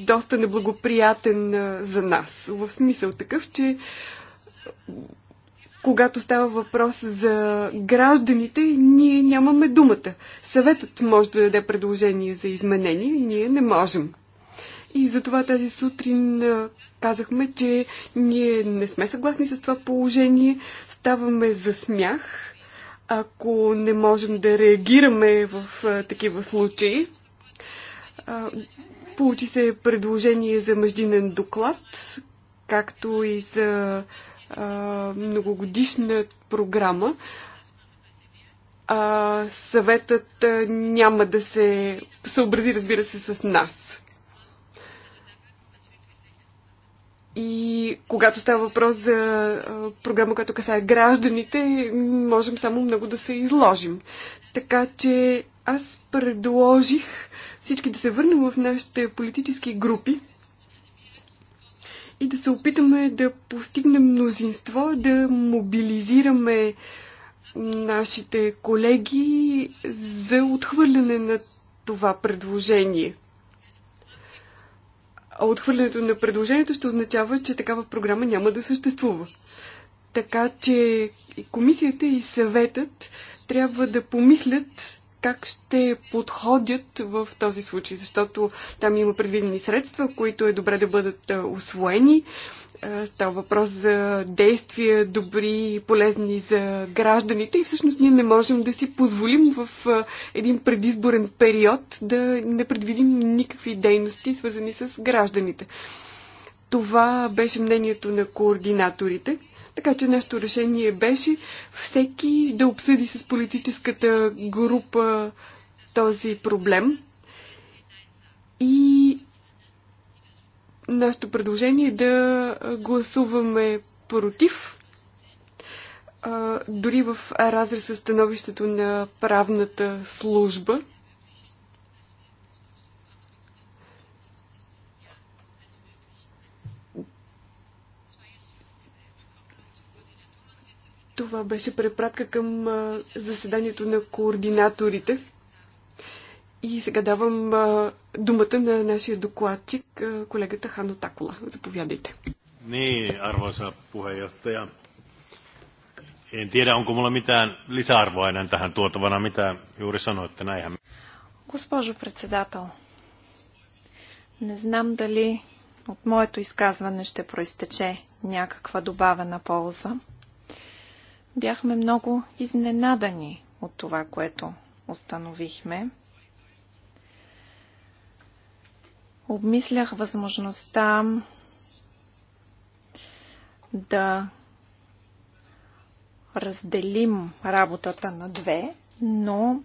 Speaker 3: доста неблагоприятен а, за нас. В смисъл такъв, че когато става въпрос за гражданите, ние нямаме думата. Съветът може да даде предложение за изменение, ние не можем. И затова тази сутрин казахме, че ние не сме съгласни с това положение, ставаме за смях, ако не можем да реагираме в такива случаи. Получи се предложение за междинен доклад, както и за многогодишна програма. А, съветът няма да се съобрази, разбира се, с нас. И когато става въпрос за програма, която касае гражданите, можем само много да се изложим. Така че аз предложих всички да се върнем в нашите политически групи и да се опитаме да постигнем мнозинство, да мобилизираме нашите колеги за отхвърляне на това предложение – отхвърлянето на предложението ще означава, че такава програма няма да съществува. Така че и комисията и съветът трябва да помислят как ще подходят в този случай, защото там има предвидени средства, които е добре да бъдат освоени. Става въпрос за действия добри и полезни за гражданите и всъщност ние не можем да си позволим в един предизборен период да не предвидим никакви дейности, свързани с гражданите. Това беше мнението на координаторите. Така че нашето решение беше всеки да обсъди с политическата група този проблем и нашето предложение е да гласуваме против, дори в разрез с становището на правната служба. Това беше препратка към заседанието на координаторите. И сега давам а, думата на нашия докладчик, а, колегата Хано Такола. Заповядайте.
Speaker 4: Niin, arvoisa puheenjohtaja. En tiedä, onko mulla mitään
Speaker 2: lisäarvoa enää tähän tuotavana, mitä juuri sanoitte näinhän. Госпожо председател, не знам дали от моето изказване ще проистече някаква добавена полза. Бяхме много изненадани от това, което установихме. Обмислях възможността да разделим работата на две, но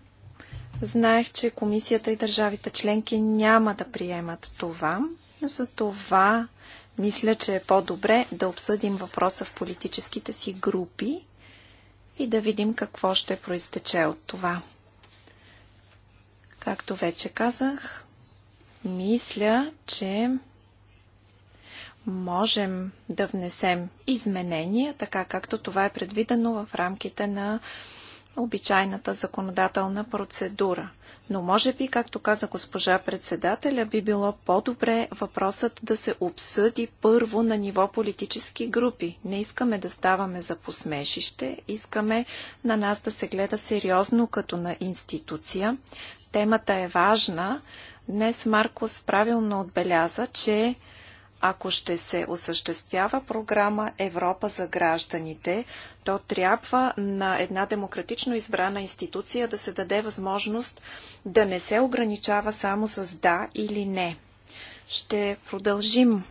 Speaker 2: знаех, че комисията и държавите членки няма да приемат това. Затова мисля, че е по-добре да обсъдим въпроса в политическите си групи и да видим какво ще произтече от това. Както вече казах, мисля, че можем да внесем изменения, така както това е предвидено в рамките на обичайната законодателна процедура. Но може би, както каза госпожа председателя, би било по-добре въпросът да се обсъди първо на ниво политически групи. Не искаме да ставаме за посмешище, искаме на нас да се гледа сериозно като на институция, Темата е важна. Днес Маркос правилно отбеляза, че ако ще се осъществява програма Европа за гражданите, то трябва на една демократично избрана институция да се даде възможност да не се ограничава само с да или не. Ще продължим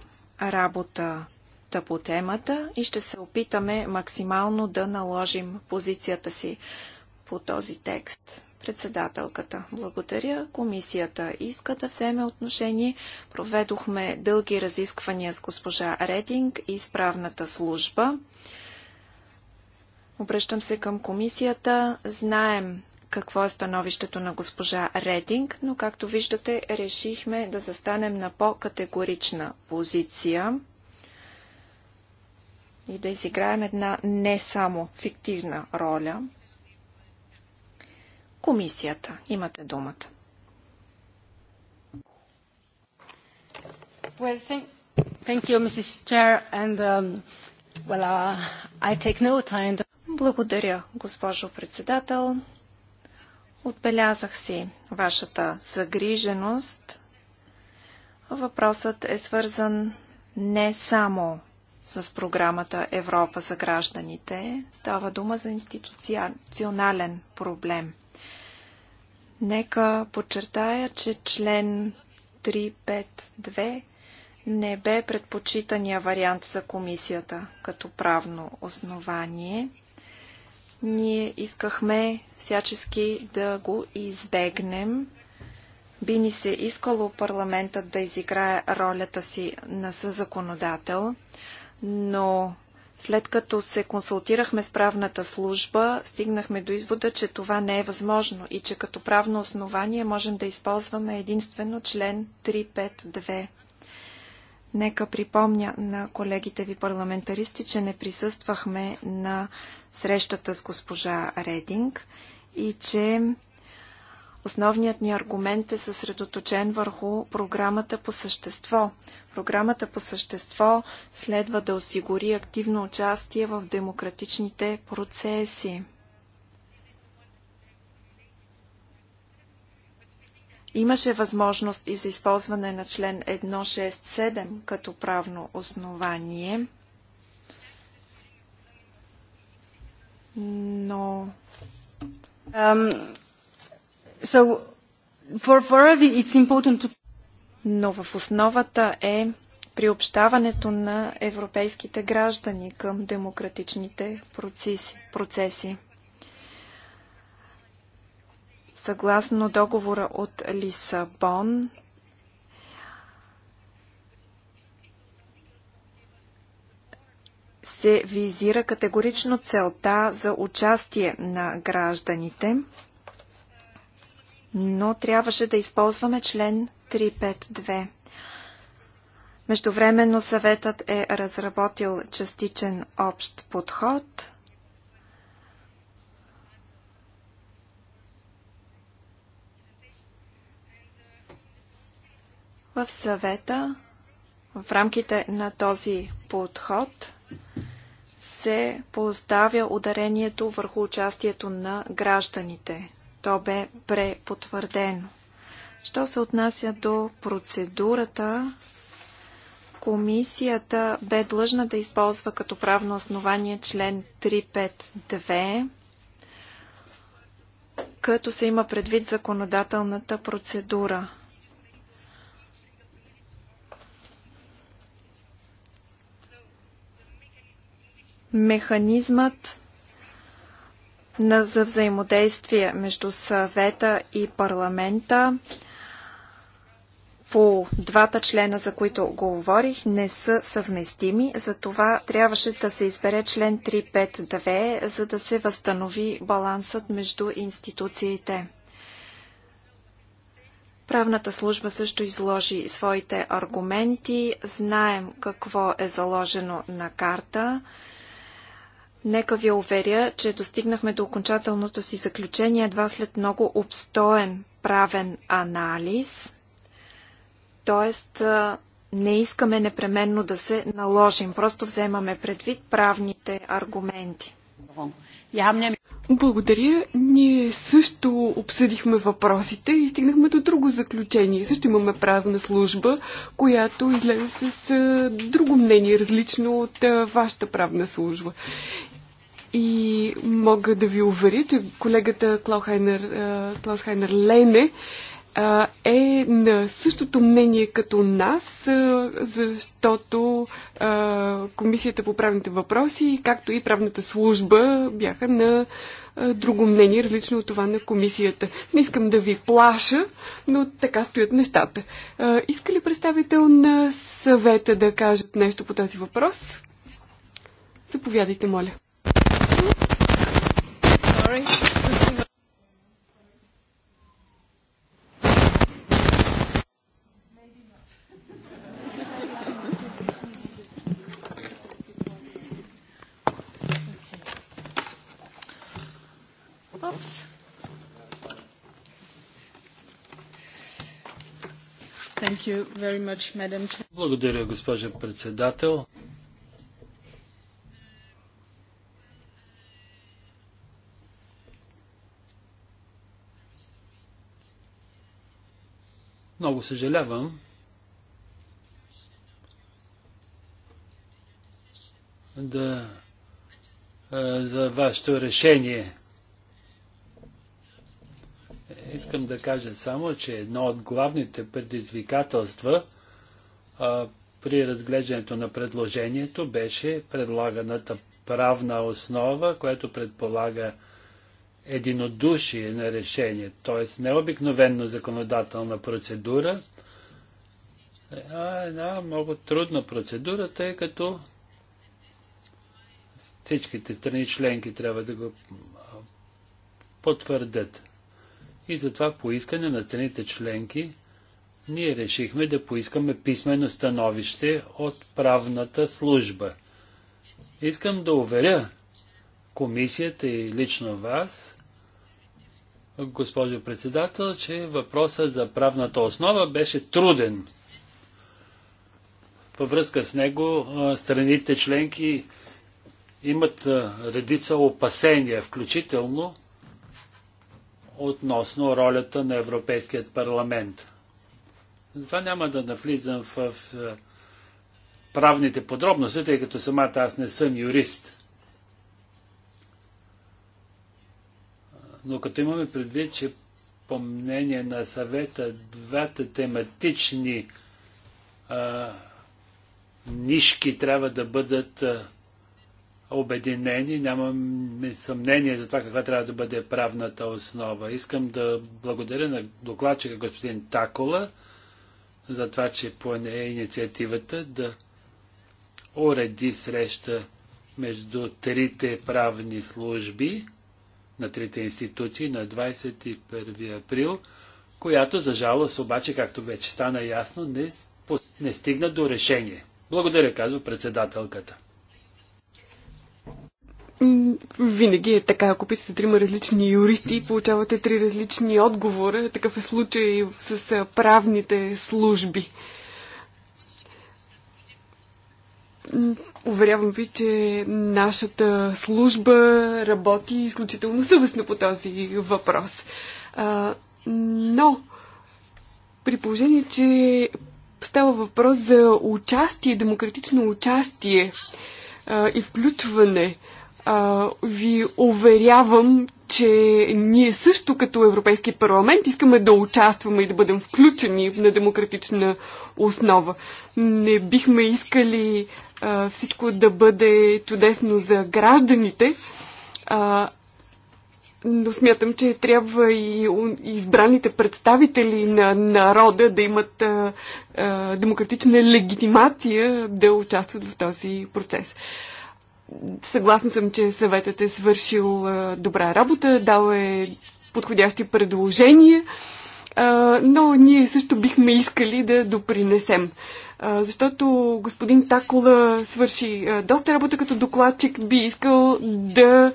Speaker 2: работа по темата и ще се опитаме максимално да наложим позицията си по този текст. Председателката. Благодаря. Комисията иска да вземе отношение. Проведохме дълги разисквания с госпожа Рединг и справната служба. Обръщам се към комисията. Знаем какво е становището на госпожа Рединг, но както виждате, решихме да застанем на по-категорична позиция и да изиграем една не само фиктивна роля – Комисията. Имате думата.
Speaker 1: Well, thank, thank you, Mrs. Chair, and um, well, uh, I take note and... Благодаря, госпожо
Speaker 2: председател. Отбелязах си вашата загриженост. Въпросът е свързан не само с програмата Европа за гражданите. Става дума за институционален проблем – Нека подчертая, че член 352 не бе предпочитания вариант за комисията като правно основание. Ние искахме всячески да го избегнем. Би ни се искало парламентът да изиграе ролята си на съзаконодател, но след като се консултирахме с правната служба, стигнахме до извода, че това не е възможно и че като правно основание можем да използваме единствено член 352. Нека припомня на колегите ви парламентаристи, че не присъствахме на срещата с госпожа Рединг и че Основният ни аргумент е съсредоточен върху програмата по същество. Програмата по същество следва да осигури активно участие в демократичните процеси. Имаше възможност и за използване на член 167 като правно основание,
Speaker 1: но... So, for, for us it's important
Speaker 2: to... Но в основата е приобщаването на европейските граждани към демократичните процеси. процеси. Съгласно договора от Лисабон, се визира категорично целта за участие на гражданите – но трябваше да използваме член 352. Междувременно съветът е разработил частичен общ подход. В съвета, в рамките на този подход, се поставя ударението върху участието на гражданите то бе препотвърдено. Що се отнася до процедурата, комисията бе длъжна да използва като правно основание член 352, като се има предвид законодателната процедура. Механизмът на, за взаимодействие между съвета и парламента по двата члена, за които говорих, не са съвместими. Затова трябваше да се избере член 352, за да се възстанови балансът между институциите. Правната служба също изложи своите аргументи. Знаем какво е заложено на карта. Нека ви уверя, че достигнахме до окончателното си заключение едва след много обстоен правен анализ. Тоест, не искаме непременно да се наложим, просто вземаме предвид правните аргументи. Благодаря.
Speaker 3: Ние също обсъдихме въпросите и стигнахме до друго заключение. Също имаме правна служба, която излезе с друго мнение, различно от вашата правна служба. И мога да ви уверя, че колегата Клаус Хайнер, Клаус Хайнер Лене е на същото мнение като нас, защото Комисията по правните въпроси, както и правната служба, бяха на друго мнение, различно от това на комисията. Не искам да ви плаша, но така стоят нещата. Иска ли представител на съвета да кажат нещо по този въпрос? Заповядайте, моля.
Speaker 1: Sorry. much,
Speaker 4: Благодаря, госпожа председател. Много съжалявам, да, за вашето решение. Искам да кажа само, че едно от главните предизвикателства а, при разглеждането на предложението беше предлаганата правна основа, която предполага единодушие на решение, т.е. необикновенно законодателна процедура, а една много трудна процедура, тъй като всичките страни членки трябва да го потвърдят. И затова по искане на страните членки ние решихме да поискаме писмено становище от правната служба. Искам да уверя комисията и лично вас, госпожо председател, че въпросът за правната основа беше труден. Във връзка с него страните членки имат редица опасения, включително относно ролята на Европейският парламент. Затова няма да навлизам в, е, правните подробности, тъй като самата аз не съм юрист. Но като имаме предвид, че по мнение на съвета, двата тематични а, нишки трябва да бъдат а, обединени, нямам съмнение за това каква трябва да бъде правната основа. Искам да благодаря на докладчика господин Такола за това, че поне е инициативата да уреди среща между трите правни служби на трите институции на 21 април, която за жалост обаче, както вече стана ясно, не, не стигна до решение. Благодаря, казва председателката.
Speaker 3: Винаги е така. Ако питате трима различни юристи, получавате три различни отговора. Такъв е случай с правните служби. Уверявам ви, че нашата служба работи изключително съвестно по този въпрос. А, но, при положение, че става въпрос за участие, демократично участие а, и включване, а, ви уверявам, че ние също като Европейски парламент искаме да участваме и да бъдем включени на демократична основа. Не бихме искали а, всичко да бъде чудесно за гражданите, а, но смятам, че трябва и избраните представители на народа да имат а, а, демократична легитимация да участват в този процес. А, Съгласна съм, че съветът е свършил добра работа, дал е подходящи предложения, но ние също бихме искали да допринесем. Защото господин Такола свърши доста работа като докладчик, би искал да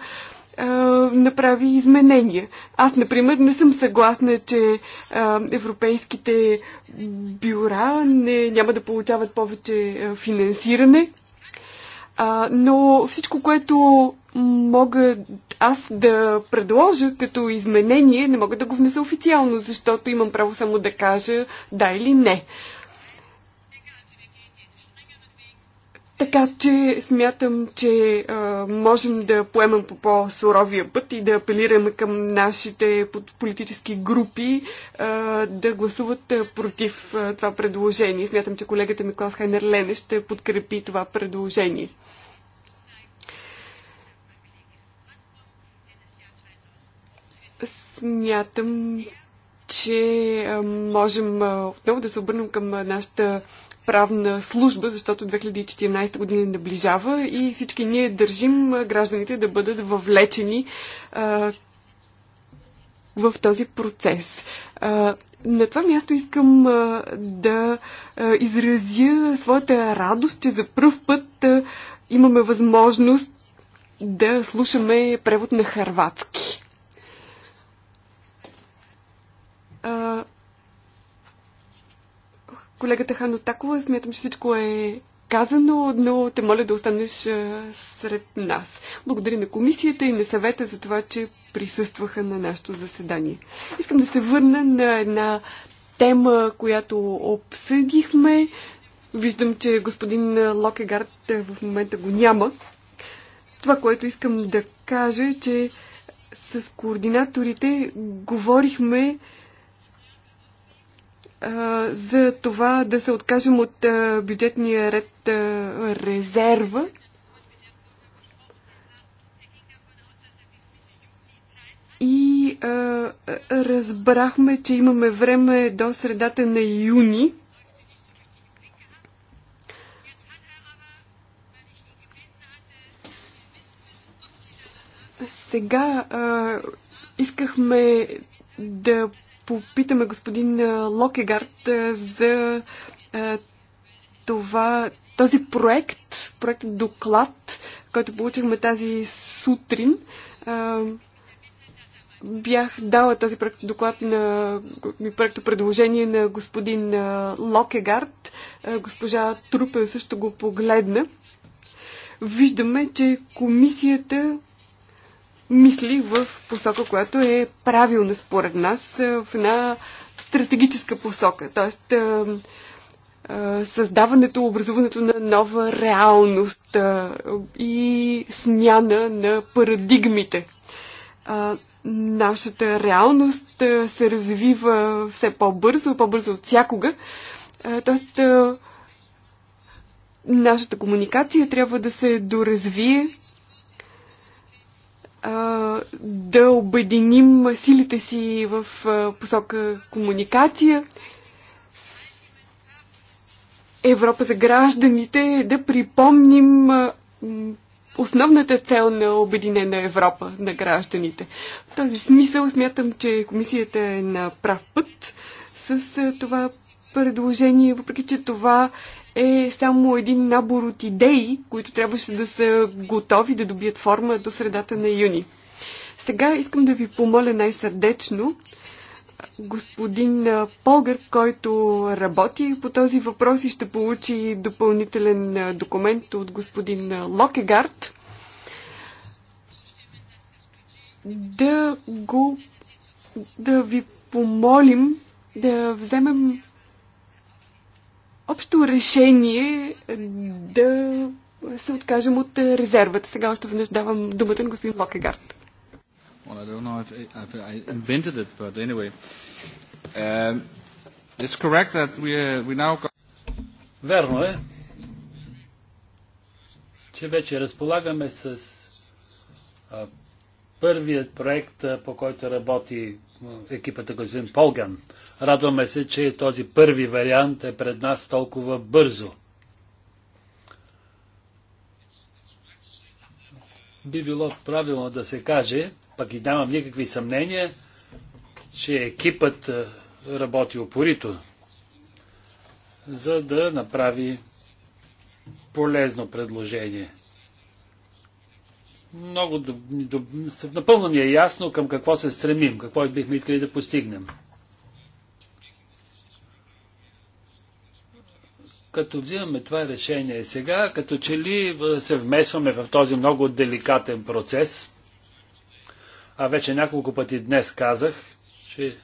Speaker 3: направи изменения. Аз, например, не съм съгласна, че европейските бюра не, няма да получават повече финансиране. А, но всичко, което мога аз да предложа като изменение, не мога да го внеса официално, защото имам право само да кажа да или не. Така че смятам, че а, можем да поемем по по-суровия път и да апелираме към нашите политически групи а, да гласуват а, против а, това предложение. Смятам, че колегата ми Хайнер Лене ще подкрепи това предложение. Смятам, че можем отново да се обърнем към нашата правна служба, защото 2014 година наближава и всички ние държим гражданите да бъдат въвлечени в този процес. на това място искам да изразя своята радост, че за първ път имаме възможност да слушаме превод на харватски. колегата Хано Такова. Смятам, че всичко е казано, но те моля да останеш сред нас. Благодаря на комисията и на съвета за това, че присъстваха на нашето заседание. Искам да се върна на една тема, която обсъдихме. Виждам, че господин Локегард в момента го няма. Това, което искам да кажа, е, че с координаторите говорихме за това да се откажем от бюджетния ред резерва. И а, разбрахме, че имаме време до средата на юни. Сега а, искахме да попитаме господин Локегард за това, този проект, проект доклад, който получихме тази сутрин. Бях дала този проект доклад на проекто предложение на господин Локегард. Госпожа Трупе също го погледна. Виждаме, че комисията мисли в посока, която е правилна според нас, е, в една стратегическа посока. Тоест, е, е, създаването, образуването на нова реалност и смяна на парадигмите. Нашата реалност се развива все по-бързо, по-бързо от всякога. Тоест, нашата комуникация трябва да се доразвие да обединим силите си в посока комуникация. Европа за гражданите, е да припомним основната цел на Обединена Европа на гражданите. В този смисъл смятам, че комисията е на прав път с това предложение, въпреки че това е само един набор от идеи, които трябваше да са готови да добият форма до средата на юни. Сега искам да ви помоля най-сърдечно господин Полгър, който работи по този въпрос и ще получи допълнителен документ от господин Локегард, да го да ви помолим да вземем общо решение е, да се откажем от е, резервата. Сега още веднъж давам думата на господин Локегард.
Speaker 4: Well, I don't know if, if I invented it, but anyway. Um, it's correct that we, uh, we now... Верно е, че вече разполагаме с а, първият проект, а, по който работи екипата господин Полган. Радваме се, че този първи вариант е пред нас толкова бързо. Би било правилно да се каже, пък и нямам никакви съмнения, че екипът е, работи опорито, за да направи полезно предложение много напълно ни е ясно към какво се стремим, какво бихме искали да постигнем. Като взимаме това решение сега, като че ли се вмесваме в този много деликатен процес, а вече няколко пъти днес казах, че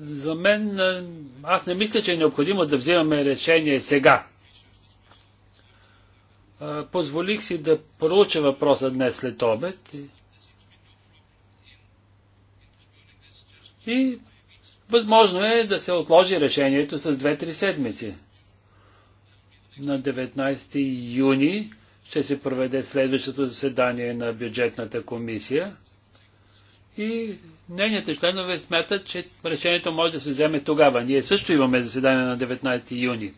Speaker 4: за мен аз не мисля, че е необходимо да взимаме решение сега позволих си да проуча въпроса днес след обед и, и възможно е да се отложи решението с 2-3 седмици. На 19 юни ще се проведе следващото заседание на бюджетната комисия и нейните членове смятат, че решението може да се вземе тогава. Ние също имаме заседание на 19 юни.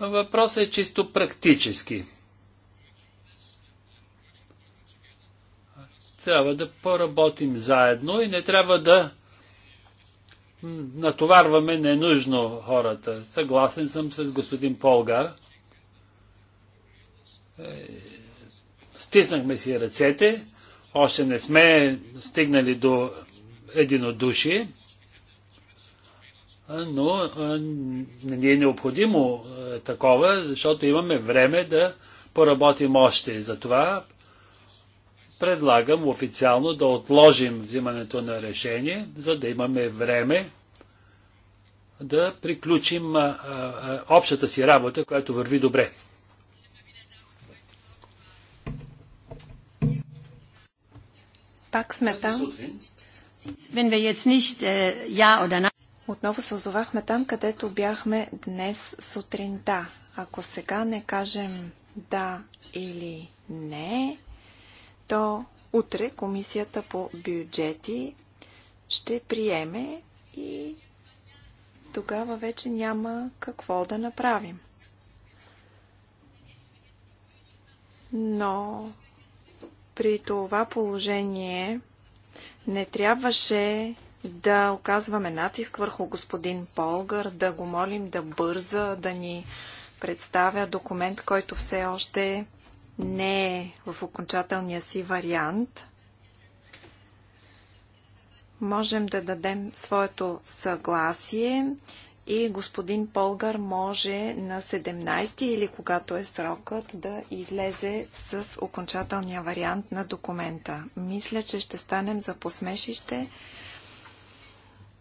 Speaker 4: Въпросът е чисто практически. Трябва да поработим заедно и не трябва да натоварваме ненужно хората. Съгласен съм с господин Полгар. Е, стиснахме си ръцете, още не сме стигнали до единодушие но не е необходимо такова, защото имаме време да поработим още. Затова предлагам официално да отложим взимането на решение, за да имаме време да приключим общата си работа, която върви добре.
Speaker 1: Пак сме там. Wenn wir jetzt nicht äh, ja oder nein
Speaker 2: отново се озовахме там, където бяхме днес сутринта. Ако сега не кажем да или не, то утре комисията по бюджети ще приеме и тогава вече няма какво да направим. Но при това положение не трябваше да оказваме натиск върху господин Полгар, да го молим да бърза, да ни представя документ, който все още не е в окончателния си вариант. Можем да дадем своето съгласие и господин Полгар може на 17 или когато е срокът да излезе с окончателния вариант на документа. Мисля, че ще станем за посмешище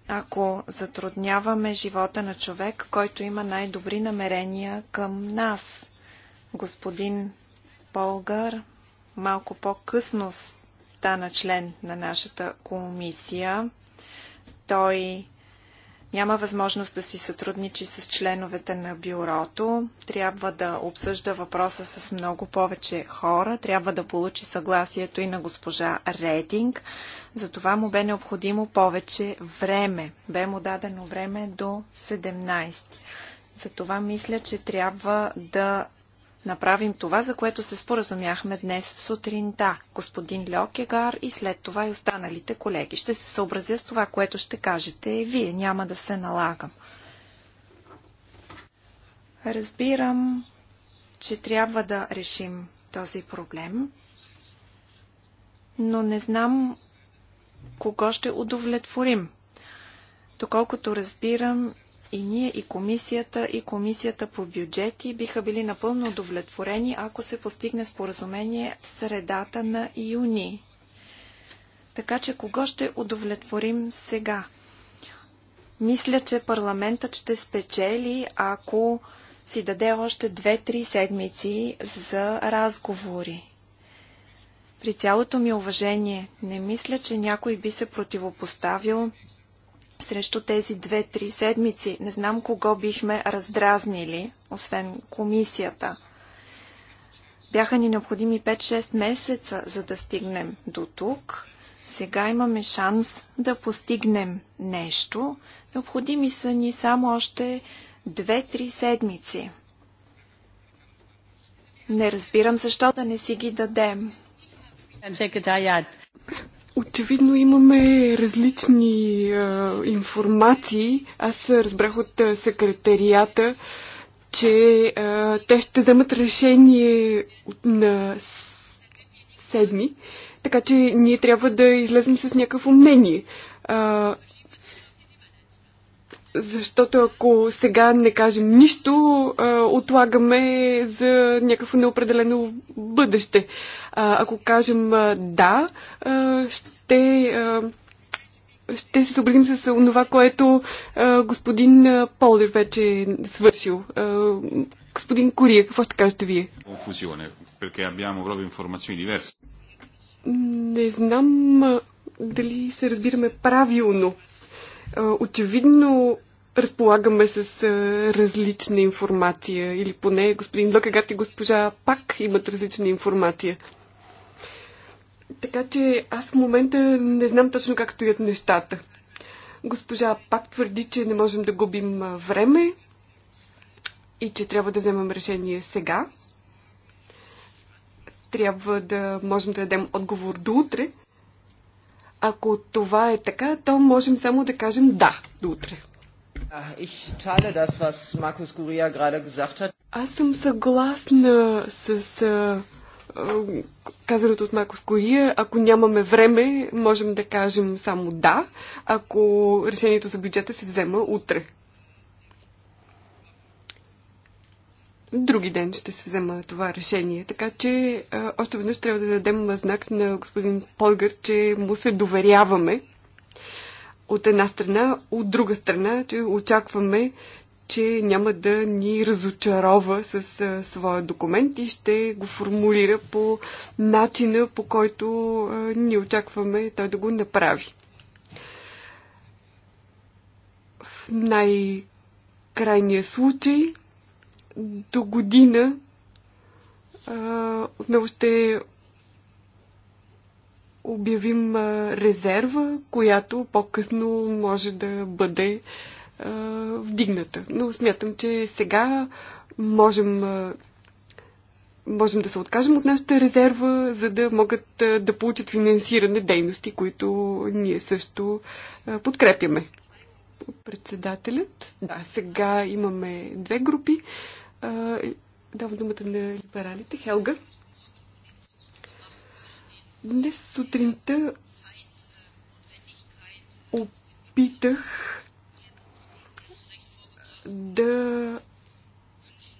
Speaker 2: ако затрудняваме живота на човек, който има най-добри намерения към нас. Господин Полгар малко по-късно стана член на нашата комисия. Той няма възможност да си сътрудничи с членовете на бюрото, трябва да обсъжда въпроса с много повече хора, трябва да получи съгласието и на госпожа Рейдинг. Затова му бе необходимо повече време. Бе му дадено време до 17. Затова мисля, че трябва да направим това, за което се споразумяхме днес сутринта. Господин Льокегар и след това и останалите колеги. Ще се съобразя с това, което ще кажете вие. Няма да се налагам. Разбирам, че трябва да решим този проблем, но не знам кого ще удовлетворим. Доколкото разбирам, и ние, и комисията, и комисията по бюджети биха били напълно удовлетворени, ако се постигне споразумение в средата на юни. Така че кого ще удовлетворим сега? Мисля, че парламентът ще спечели, ако си даде още 2-3 седмици за разговори. При цялото ми уважение, не мисля, че някой би се противопоставил срещу тези две-три седмици. Не знам кого бихме раздразнили, освен комисията. Бяха ни необходими 5-6 месеца, за да стигнем до тук. Сега имаме шанс да постигнем нещо. Необходими са ни само още 2-3 седмици. Не разбирам защо да не си ги дадем.
Speaker 3: Очевидно имаме различни а, информации. Аз разбрах от а, секретарията, че а, те ще вземат решение на седми, така че ние трябва да излезем с някакво мнение. А, защото ако сега не кажем нищо, отлагаме за някакво неопределено бъдеще. Ако кажем да, ще, ще се съобразим с това, което господин Полдер вече е свършил. Господин Кория, какво ще кажете вие?
Speaker 4: Confusione, perché abbiamo proprio informazioni diverse.
Speaker 3: Не знам дали се разбираме правилно Очевидно разполагаме с различна информация или поне господин Лъкагат и госпожа пак имат различна информация. Така че аз в момента не знам точно как стоят нещата. Госпожа пак твърди, че не можем да губим време и че трябва да вземем решение сега. Трябва да можем да дадем отговор до утре, ако това е така, то можем само да кажем да до утре. Аз съм съгласна с а, казаното от Макос Кория. Ако нямаме време, можем да кажем само да, ако решението за бюджета се взема утре. други ден ще се взема това решение. Така че а, още веднъж трябва да дадем знак на господин Полгар, че му се доверяваме от една страна, от друга страна, че очакваме, че няма да ни разочарова с а, своя документ и ще го формулира по начина, по който а, ни очакваме той да го направи. В най-крайния случай до година отново ще обявим резерва, която по-късно може да бъде вдигната. Но смятам, че сега можем, можем да се откажем от нашата резерва, за да могат да получат финансиране дейности, които ние също подкрепяме. Председателят. Да, сега имаме две групи. Давам думата на либералите. Хелга. Днес сутринта опитах да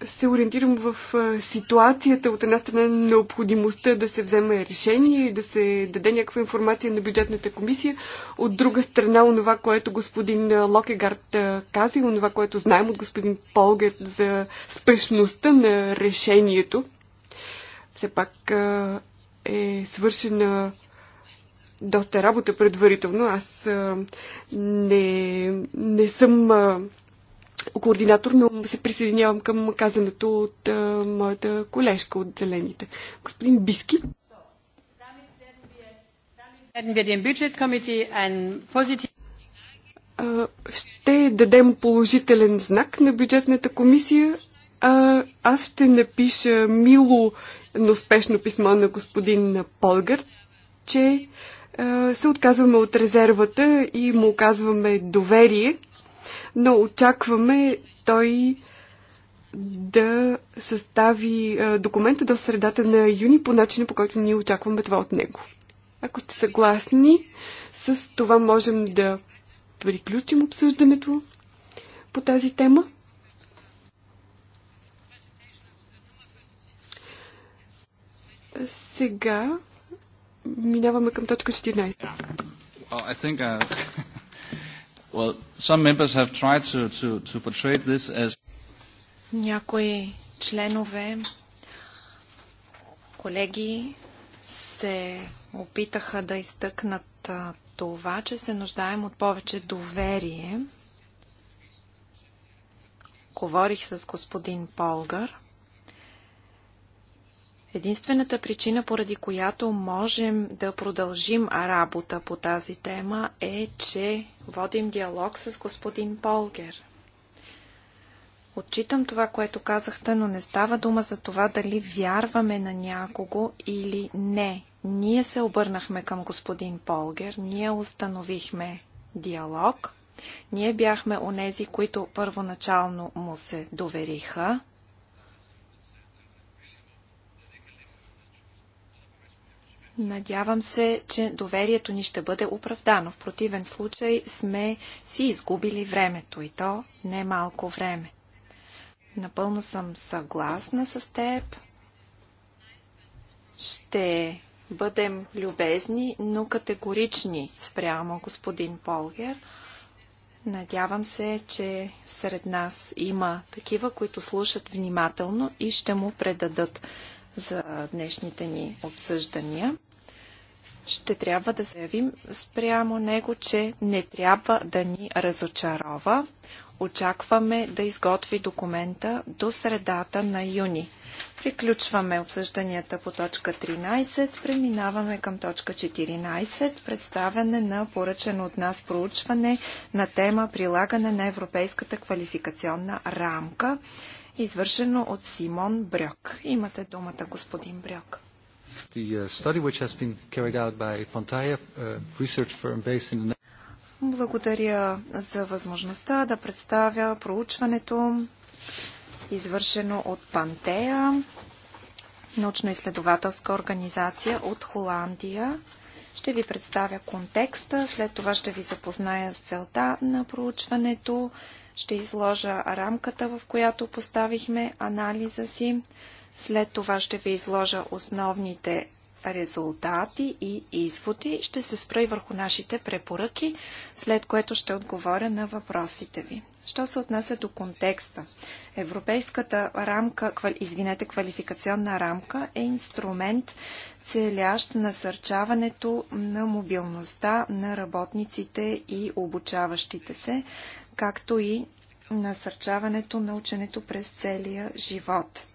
Speaker 3: се ориентирам в ситуацията, от една страна необходимостта да се вземе решение и да се даде някаква информация на бюджетната комисия, от друга страна онова, което господин Локегард каза и онова, което знаем от господин Полгет за спешността на решението. Все пак е свършена доста работа предварително. Аз не, не съм координатор, но се присъединявам към казаното от а, моята колежка от Зелените. Господин Биски. Ще дадем положителен знак на бюджетната комисия. А, аз ще напиша мило, но спешно писмо на господин Полгар, че а, се отказваме от резервата и му оказваме доверие но очакваме той да състави документа до средата на юни по начина, по който ние очакваме това от него. Ако сте съгласни, с това можем да приключим обсъждането по тази тема. Сега минаваме към точка
Speaker 2: 14. Yeah.
Speaker 4: Well, I think, uh... Well, some members have tried to, to, to portray this as...
Speaker 2: Някои членове, колеги, се опитаха да изтъкнат това, че се нуждаем от повече доверие. Говорих с господин Полгар. Единствената причина, поради която можем да продължим работа по тази тема е, че водим диалог с господин Полгер. Отчитам това, което казахте, но не става дума за това дали вярваме на някого или не. Ние се обърнахме към господин Полгер, ние установихме диалог, ние бяхме онези, които първоначално му се довериха, Надявам се, че доверието ни ще бъде оправдано. В противен случай сме си изгубили времето и то не малко време. Напълно съм съгласна с теб. Ще бъдем любезни, но категорични спрямо господин Полгер. Надявам се, че сред нас има такива, които слушат внимателно и ще му предадат за днешните ни обсъждания ще трябва да заявим спрямо него, че не трябва да ни разочарова. Очакваме да изготви документа до средата на юни. Приключваме обсъжданията по точка 13. Преминаваме към точка 14. Представяне на поръчено от нас проучване на тема прилагане на Европейската квалификационна рамка, извършено от Симон Брюк. Имате думата, господин Брюк. Благодаря за възможността да представя проучването, извършено от Пантея, научно-изследователска организация от Холандия. Ще ви представя контекста, след това ще ви запозная с целта на проучването, ще изложа рамката, в която поставихме анализа си. След това ще ви изложа основните резултати и изводи. Ще се спра и върху нашите препоръки, след което ще отговоря на въпросите ви. Що се отнася до контекста? Европейската рамка, извинете, квалификационна рамка е инструмент, целящ насърчаването на мобилността на работниците и обучаващите се, както и насърчаването на ученето през целия живот.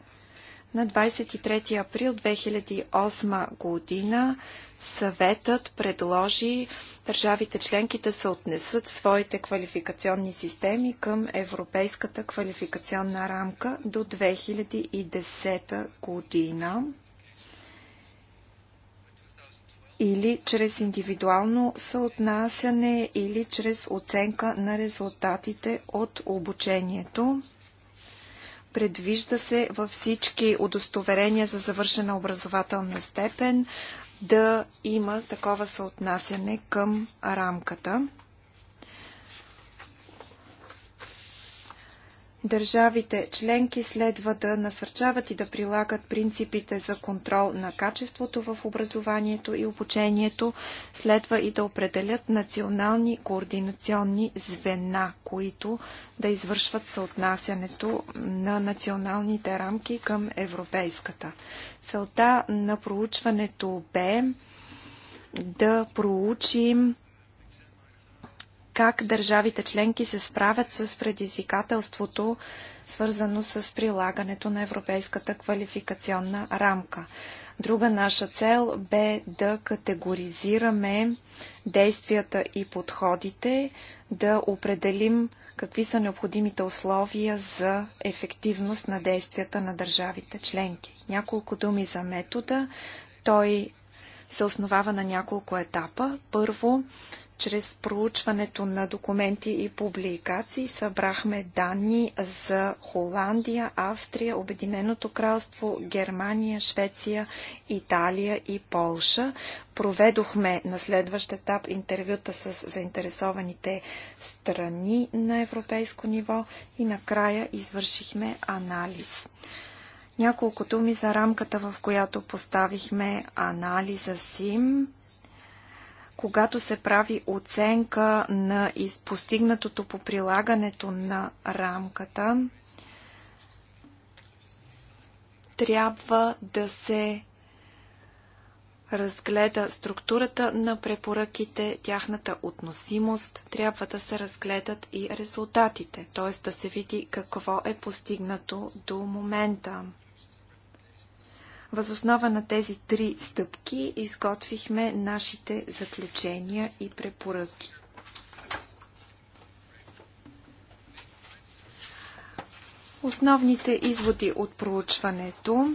Speaker 2: На 23 април 2008 година съветът предложи държавите членки да се отнесат своите квалификационни системи към Европейската квалификационна рамка до 2010 година или чрез индивидуално съотнасяне, или чрез оценка на резултатите от обучението. Предвижда се във всички удостоверения за завършена образователна степен да има такова съотнасяне към рамката. Държавите членки следва да насърчават и да прилагат принципите за контрол на качеството в образованието и обучението, следва и да определят национални координационни звена, които да извършват съотнасянето на националните рамки към европейската. Целта на проучването бе да проучим как държавите членки се справят с предизвикателството, свързано с прилагането на Европейската квалификационна рамка. Друга наша цел бе да категоризираме действията и подходите, да определим какви са необходимите условия за ефективност на действията на държавите членки. Няколко думи за метода. Той се основава на няколко етапа. Първо, чрез проучването на документи и публикации събрахме данни за Холандия, Австрия, Обединеното кралство, Германия, Швеция, Италия и Полша. Проведохме на следващ етап интервюта с заинтересованите страни на европейско ниво и накрая извършихме анализ. Няколко думи за рамката, в която поставихме анализа СИМ когато се прави оценка на изпостигнатото по прилагането на рамката, трябва да се разгледа структурата на препоръките, тяхната относимост, трябва да се разгледат и резултатите, т.е. да се види какво е постигнато до момента. Възоснова на тези три стъпки изготвихме нашите заключения и препоръки. Основните изводи от проучването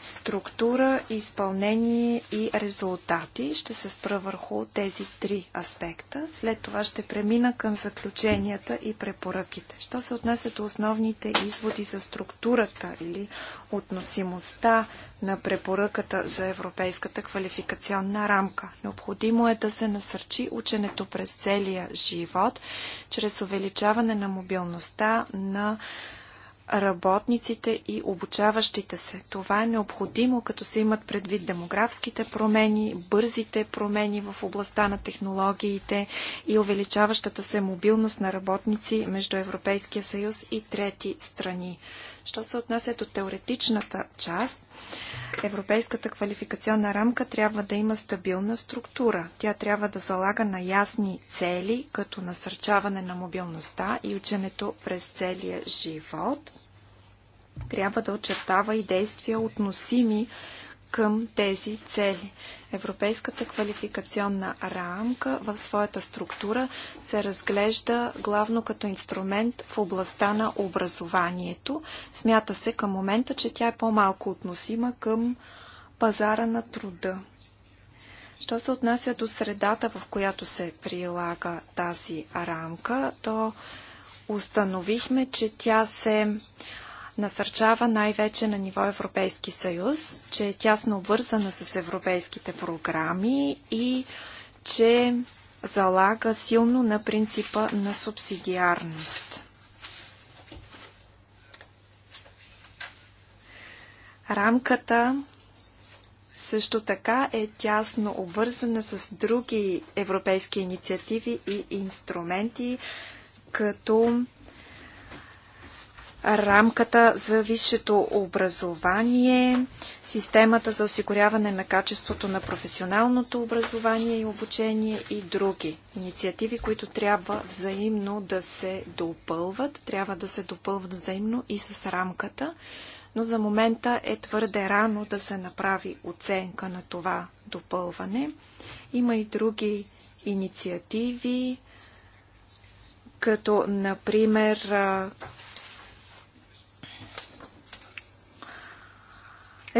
Speaker 2: структура, изпълнение и резултати. Ще се спра върху тези три аспекта. След това ще премина към заключенията и препоръките. Що се отнася до основните изводи за структурата или относимостта на препоръката за Европейската квалификационна рамка. Необходимо е да се насърчи ученето през целия живот, чрез увеличаване на мобилността на работниците и обучаващите се. Това е необходимо, като се имат предвид демографските промени, бързите промени в областта на технологиите и увеличаващата се мобилност на работници между Европейския съюз и трети страни. Що се отнася до теоретичната част, Европейската квалификационна рамка трябва да има стабилна структура. Тя трябва да залага на ясни цели, като насърчаване на мобилността и ученето през целия живот. Трябва да очертава и действия относими към тези цели. Европейската квалификационна рамка в своята структура се разглежда главно като инструмент в областта на образованието. Смята се към момента, че тя е по-малко относима към пазара на труда. Що се отнася до средата, в която се прилага тази рамка, то установихме, че тя се насърчава най-вече на ниво Европейски съюз, че е тясно обвързана с европейските програми и че залага силно на принципа на субсидиарност. Рамката също така е тясно обвързана с други европейски инициативи и инструменти, като рамката за висшето образование, системата за осигуряване на качеството на професионалното образование и обучение и други инициативи, които трябва взаимно да се допълват, трябва да се допълват взаимно и с рамката, но за момента е твърде рано да се направи оценка на това допълване. Има и други инициативи, като например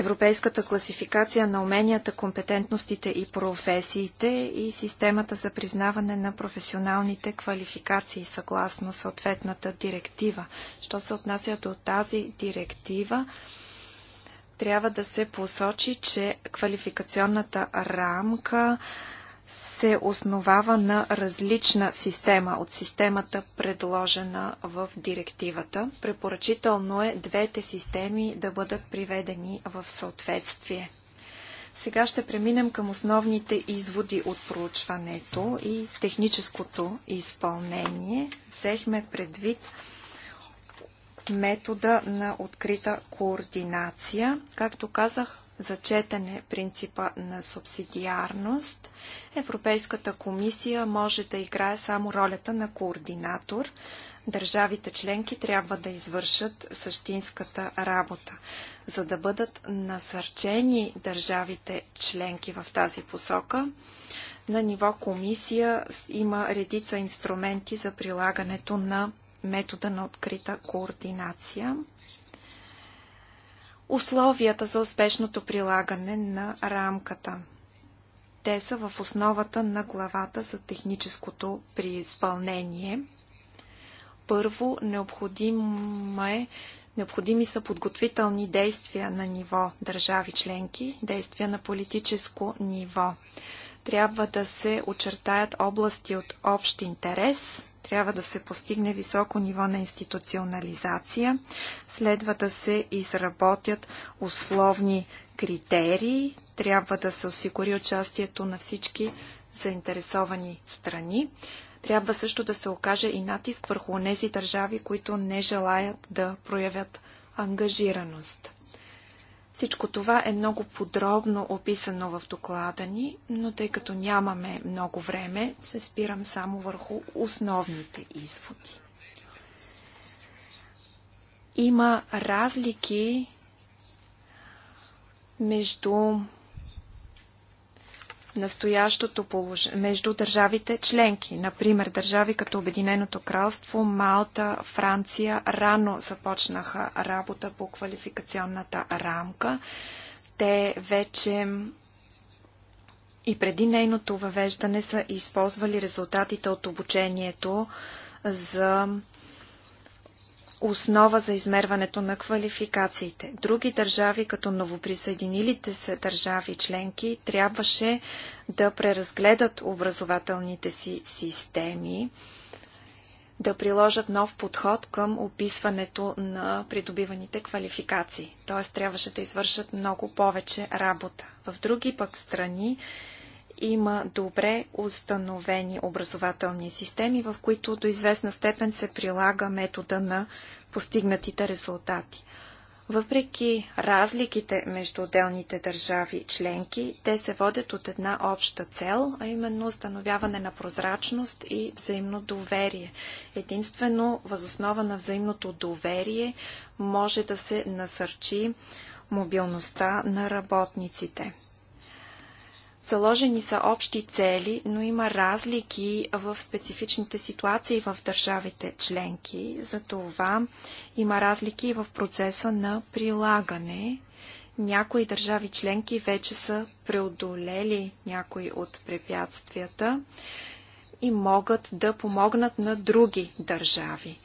Speaker 2: Европейската класификация на уменията, компетентностите и професиите и системата за признаване на професионалните квалификации съгласно съответната директива. Що се отнася до тази директива, трябва да се посочи, че квалификационната рамка се основава на различна система от системата, предложена в директивата. Препоръчително е двете системи да бъдат приведени в съответствие. Сега ще преминем към основните изводи от проучването и техническото изпълнение. Взехме предвид метода на открита координация. Както казах, зачетане принципа на субсидиарност, Европейската комисия може да играе само ролята на координатор. Държавите членки трябва да извършат същинската работа. За да бъдат насърчени държавите членки в тази посока, на ниво комисия има редица инструменти за прилагането на метода на открита координация условията за успешното прилагане на рамката. Те са в основата на главата за техническото при изпълнение. Първо, необходим е Необходими са подготвителни действия на ниво държави членки, действия на политическо ниво. Трябва да се очертаят области от общ интерес, трябва да се постигне високо ниво на институционализация. Следва да се изработят условни критерии. Трябва да се осигури участието на всички заинтересовани страни. Трябва също да се окаже и натиск върху тези държави, които не желаят да проявят ангажираност. Всичко това е много подробно описано в доклада ни, но тъй като нямаме много време, се спирам само върху основните изводи. Има разлики между настоящото положение между държавите членки. Например, държави като Обединеното кралство, Малта, Франция рано започнаха работа по квалификационната рамка. Те вече и преди нейното въвеждане са използвали резултатите от обучението за основа за измерването на квалификациите. Други държави, като новоприсъединилите се държави членки, трябваше да преразгледат образователните си системи, да приложат нов подход към описването на придобиваните квалификации. Т.е. трябваше да извършат много повече работа. В други пък страни има добре установени образователни системи, в които до известна степен се прилага метода на постигнатите резултати. Въпреки разликите между отделните държави членки, те се водят от една обща цел, а именно установяване на прозрачност и взаимно доверие. Единствено, възоснова на взаимното доверие може да се насърчи мобилността на работниците. Заложени са общи цели, но има разлики в специфичните ситуации в държавите членки. Затова има разлики в процеса на прилагане. Някои държави членки вече са преодолели някои от препятствията и могат да помогнат на други държави.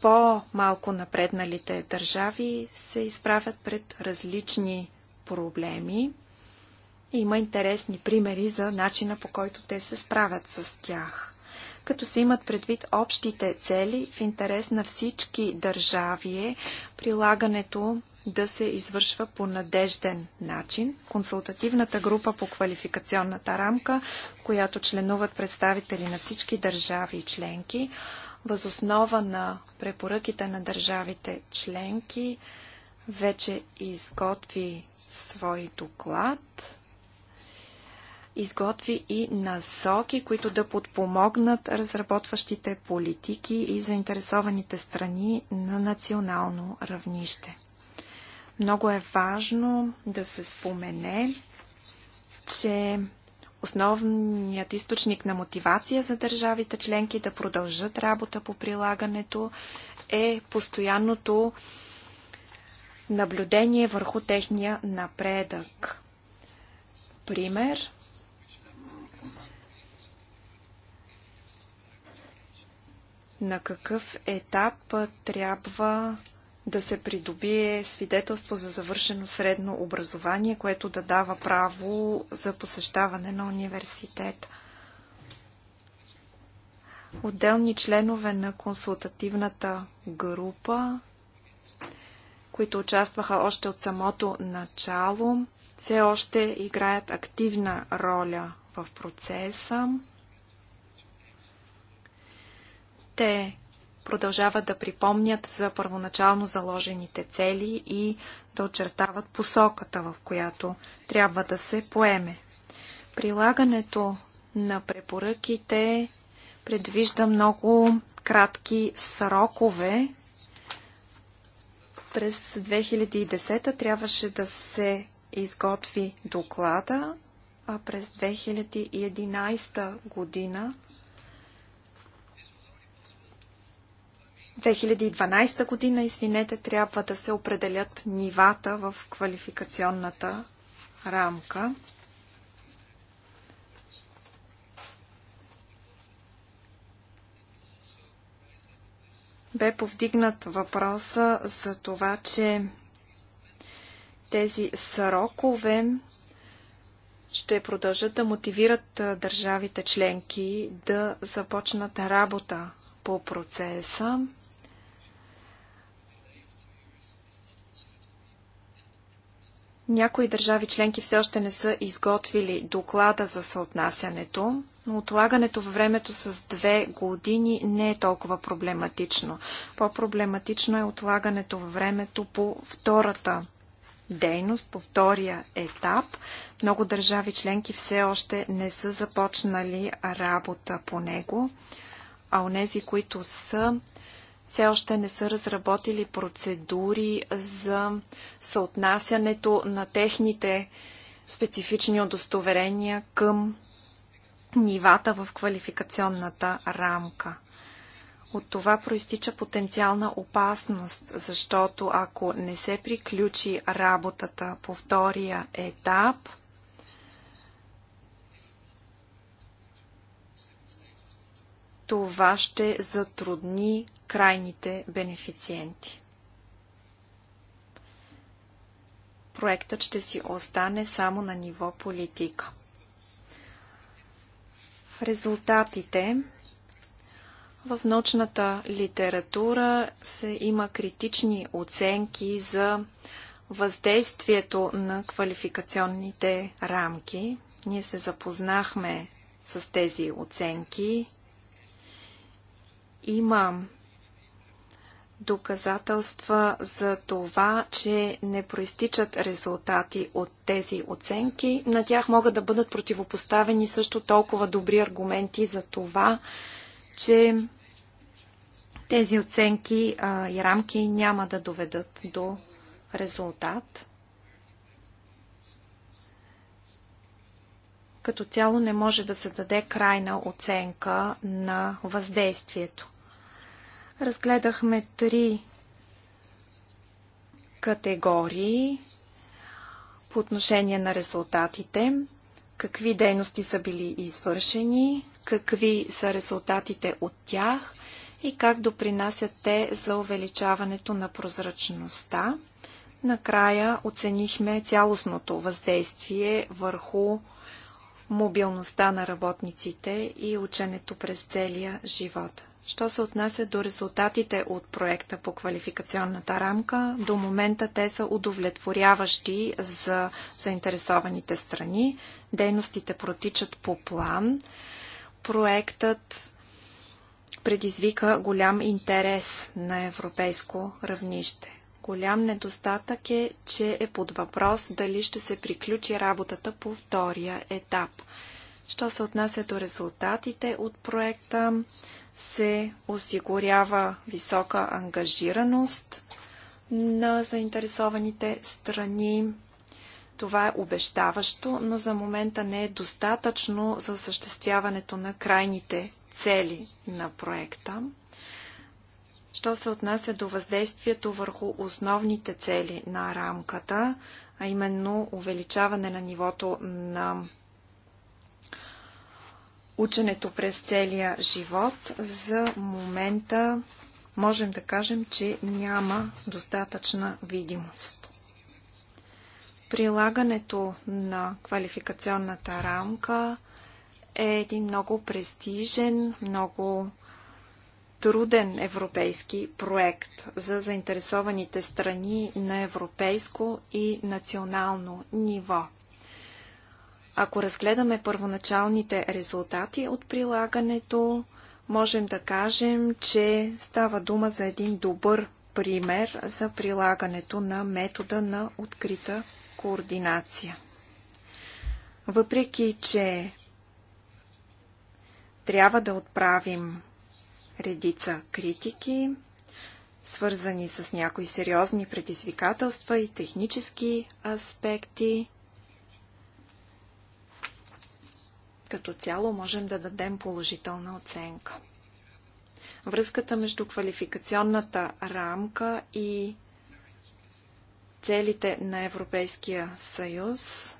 Speaker 2: По-малко напредналите държави се изправят пред различни проблеми. Има интересни примери за начина по който те се справят с тях. Като се имат предвид общите цели в интерес на всички държави е прилагането да се извършва по надежден начин. Консултативната група по квалификационната рамка, която членуват представители на всички държави и членки, възоснова на препоръките на държавите членки, вече изготви свой доклад изготви и насоки, които да подпомогнат разработващите политики и заинтересованите страни на национално равнище. Много е важно да се спомене, че основният източник на мотивация за държавите членки да продължат работа по прилагането е постоянното наблюдение върху техния напредък. Пример на какъв етап трябва да се придобие свидетелство за завършено средно образование, което да дава право за посещаване на университет. Отделни членове на консултативната група, които участваха още от самото начало, все още играят активна роля в процеса. Те продължават да припомнят за първоначално заложените цели и да очертават посоката, в която трябва да се поеме. Прилагането на препоръките предвижда много кратки срокове. През 2010 трябваше да се изготви доклада, а през 2011 година 2012 година, извинете, трябва да се определят нивата в квалификационната рамка. Бе повдигнат въпроса за това, че тези срокове ще продължат да мотивират държавите членки да започнат работа по процеса. Някои държави членки все още не са изготвили доклада за съотнасянето, но отлагането във времето с две години не е толкова проблематично. По-проблематично е отлагането във времето по втората дейност, по втория етап. Много държави членки все още не са започнали работа по него, а онези, които са, все още не са разработили процедури за съотнасянето на техните специфични удостоверения към нивата в квалификационната рамка. От това проистича потенциална опасност, защото ако не се приключи работата по втория етап, това ще затрудни крайните бенефициенти. Проектът ще си остане само на ниво политика. Резултатите в научната литература се има критични оценки за въздействието на квалификационните рамки. Ние се запознахме с тези оценки. Има доказателства за това, че не проистичат резултати от тези оценки. На тях могат да бъдат противопоставени също толкова добри аргументи за това, че тези оценки а, и рамки няма да доведат до резултат. Като цяло не може да се даде крайна оценка на въздействието. Разгледахме три категории по отношение на резултатите, какви дейности са били извършени, какви са резултатите от тях и как допринасят те за увеличаването на прозрачността. Накрая оценихме цялостното въздействие върху мобилността на работниците и ученето през целия живот. Що се отнася до резултатите от проекта по квалификационната рамка, до момента те са удовлетворяващи за заинтересованите страни. Дейностите протичат по план. Проектът предизвика голям интерес на европейско равнище. Голям недостатък е, че е под въпрос дали ще се приключи работата по втория етап. Що се отнася до резултатите от проекта, се осигурява висока ангажираност на заинтересованите страни. Това е обещаващо, но за момента не е достатъчно за осъществяването на крайните цели на проекта. Що се отнася до въздействието върху основните цели на рамката, а именно увеличаване на нивото на ученето през целия живот, за момента можем да кажем, че няма достатъчна видимост. Прилагането на квалификационната рамка е един много престижен, много труден европейски проект за заинтересованите страни на европейско и национално ниво. Ако разгледаме първоначалните резултати от прилагането, можем да кажем, че става дума за един добър пример за прилагането на метода на открита координация. Въпреки, че трябва да отправим редица критики, свързани с някои сериозни предизвикателства и технически аспекти – Като цяло можем да дадем положителна оценка. Връзката между квалификационната рамка и целите на Европейския съюз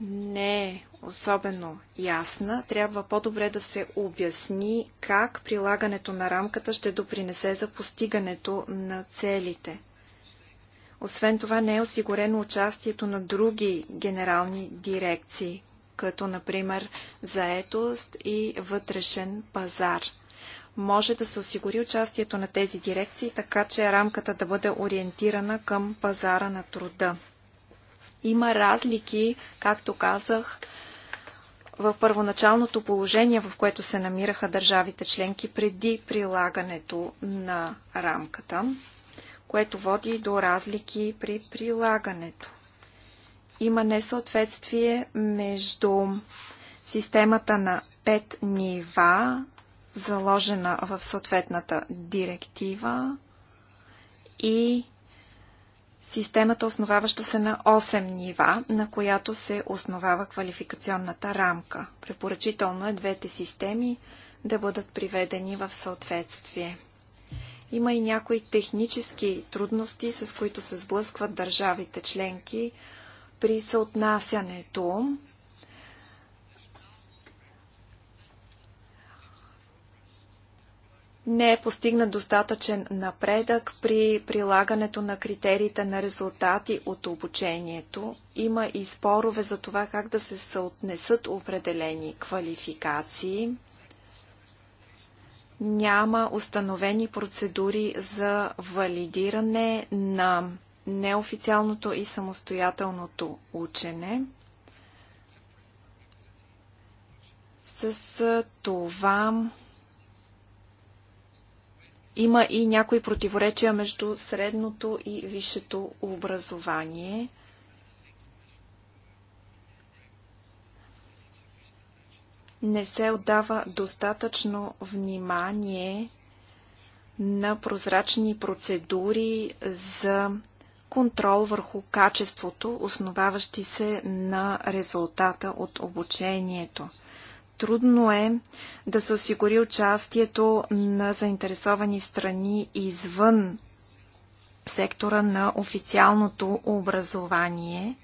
Speaker 2: не е особено ясна. Трябва по-добре да се обясни как прилагането на рамката ще допринесе за постигането на целите – освен това не е осигурено участието на други генерални дирекции, като например заетост и вътрешен пазар. Може да се осигури участието на тези дирекции, така че рамката да бъде ориентирана към пазара на труда. Има разлики, както казах, в първоначалното положение, в което се намираха държавите членки преди прилагането на рамката което води до разлики при прилагането. Има несъответствие между системата на пет нива, заложена в съответната директива и системата, основаваща се на 8 нива, на която се основава квалификационната рамка. Препоръчително е двете системи да бъдат приведени в съответствие. Има и някои технически трудности, с които се сблъскват държавите членки при съотнасянето. не е постигнат достатъчен напредък при прилагането на критериите на резултати от обучението. Има и спорове за това как да се съотнесат определени квалификации няма установени процедури за валидиране на неофициалното и самостоятелното учене. С това има и някои противоречия между средното и висшето образование – не се отдава достатъчно внимание на прозрачни процедури за контрол върху качеството, основаващи се на резултата от обучението. Трудно е да се осигури участието на заинтересовани страни извън сектора на официалното образование.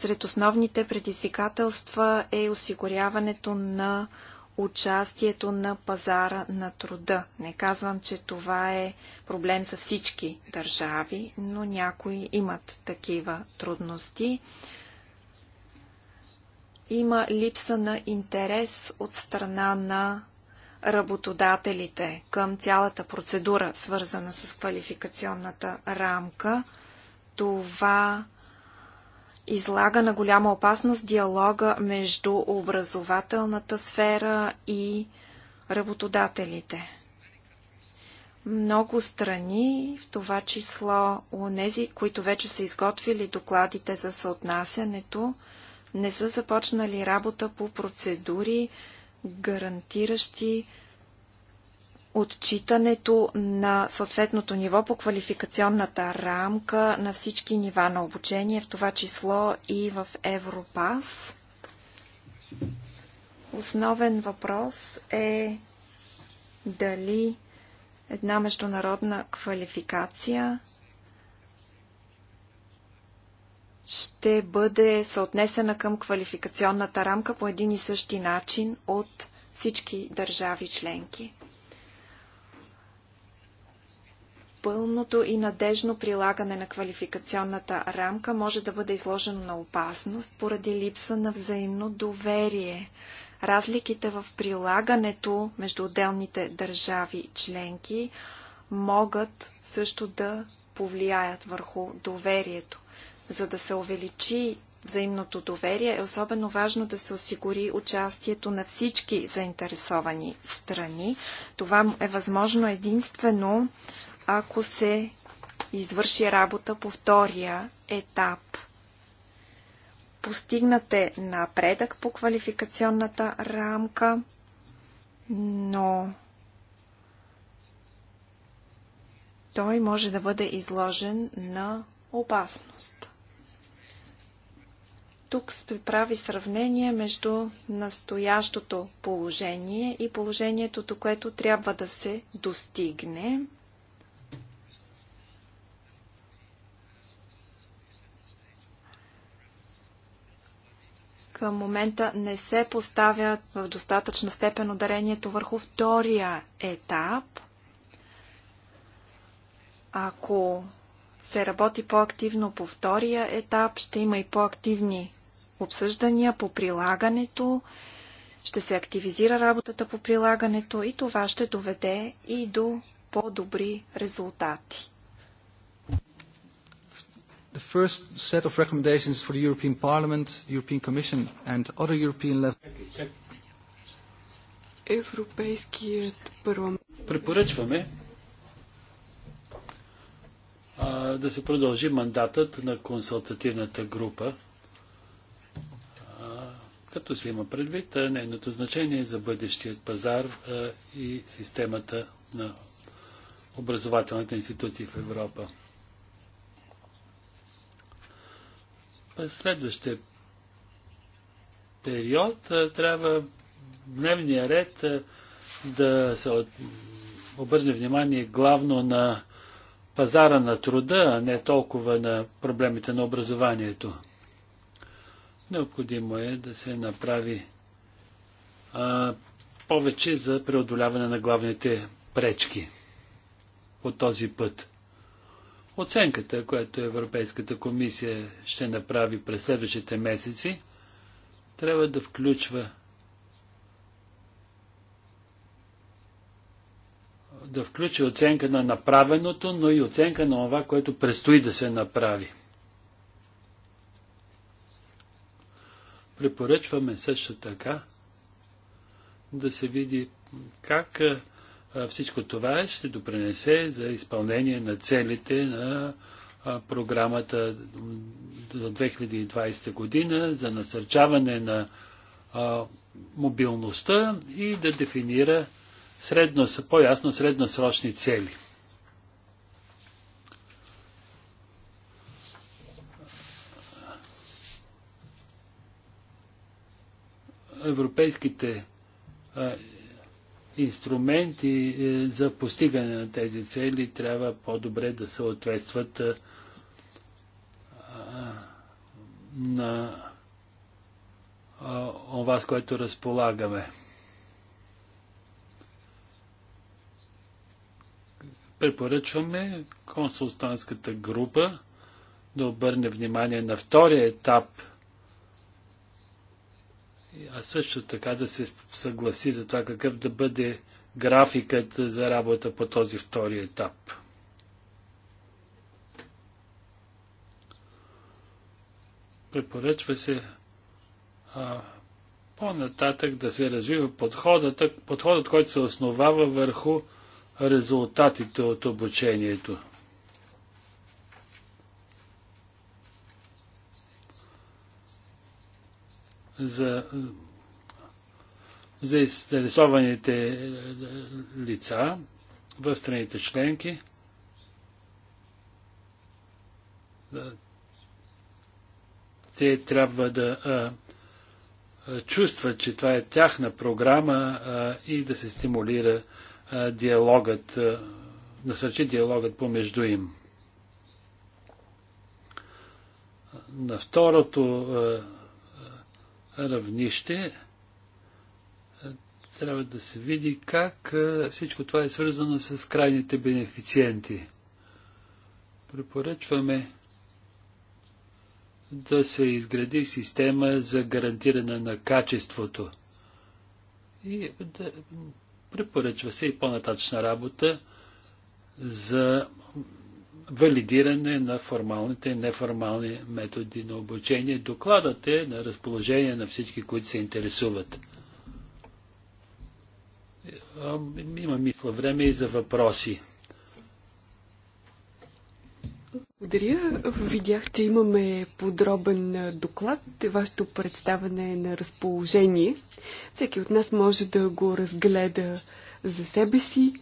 Speaker 2: Сред основните предизвикателства е осигуряването на участието на пазара на труда. Не казвам, че това е проблем за всички държави, но някои имат такива трудности. Има липса на интерес от страна на работодателите към цялата процедура, свързана с квалификационната рамка. Това излага на голяма опасност диалога между образователната сфера и работодателите. Много страни, в това число нези, които вече са изготвили докладите за съотнасянето, не са започнали работа по процедури, гарантиращи отчитането на съответното ниво по квалификационната рамка на всички нива на обучение, в това число и в Европас. Основен въпрос е дали една международна квалификация ще бъде съотнесена към квалификационната рамка по един и същи начин от всички държави членки. пълното и надежно прилагане на квалификационната рамка може да бъде изложено на опасност поради липса на взаимно доверие. Разликите в прилагането между отделните държави членки могат също да повлияят върху доверието. За да се увеличи взаимното доверие е особено важно да се осигури участието на всички заинтересовани страни. Това е възможно единствено ако се извърши работа по втория етап. Постигнате напредък по квалификационната рамка, но той може да бъде изложен на опасност. Тук се прави сравнение между настоящото положение и положението, до което трябва да се достигне. към момента не се поставя в достатъчна степен ударението върху втория етап. Ако се работи по-активно по втория етап, ще има и по-активни обсъждания по прилагането, ще се активизира работата по прилагането и това ще доведе и до по-добри резултати
Speaker 4: the first set of recommendations for the European Parliament, the European Commission and other European level.
Speaker 3: Европейският парламент.
Speaker 4: Препоръчваме а, да се продължи мандатът на консултативната група, а, като се има предвид нейното значение за бъдещият пазар а, и системата на образователните институции в Европа. следващия период трябва дневния ред да се обърне внимание главно на пазара на труда, а не толкова на проблемите на образованието. Необходимо е да се направи а, повече за преодоляване на главните пречки по този път. Оценката, която Европейската комисия ще направи през следващите месеци, трябва да включва да включи оценка на направеното, но и оценка на това, което предстои да се направи. Препоръчваме също така да се види как всичко това ще допринесе за изпълнение на целите на програмата до 2020 година за насърчаване на мобилността и да дефинира средно, по-ясно средносрочни цели. Европейските инструменти е, за постигане на тези цели трябва по-добре да съответстват е, на това, с което разполагаме. Препоръчваме консултантската група да обърне внимание на втория етап – а също така да се съгласи за това какъв да бъде графикът за работа по този втори етап. Препоръчва се по-нататък да се развива подходът, подходът, който се основава върху резултатите от обучението. за, за лица в страните членки. Те трябва да а, чувстват, че това е тяхна програма а, и да се стимулира а, диалогът, а, насърчи диалогът помежду им. На второто а, равнище е, трябва да се види как е, всичко това е свързано с крайните бенефициенти. Препоръчваме да се изгради система за гарантиране на качеството. И да препоръчва се и по-нататъчна работа за валидиране на формалните и неформални методи на обучение. Докладът е на разположение на всички, които се интересуват. Има мисла време и за въпроси.
Speaker 3: Благодаря. Видях, че имаме подробен доклад, вашето представане е на разположение. Всеки от нас може да го разгледа за себе си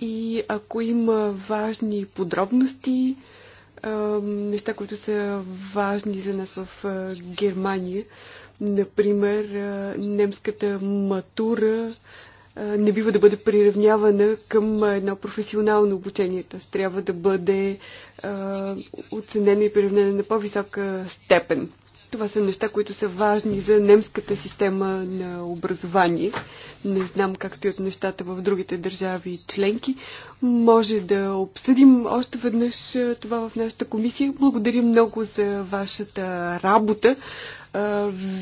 Speaker 3: и ако има важни подробности, неща, които са важни за нас в Германия, например, немската матура не бива да бъде приравнявана към едно професионално обучение. Т.е. трябва да бъде оценена и приравнена на по-висока степен. Това са неща, които са важни за немската система на образование. Не знам как стоят нещата в другите държави членки. Може да обсъдим още веднъж това в нашата комисия. Благодаря много за вашата работа.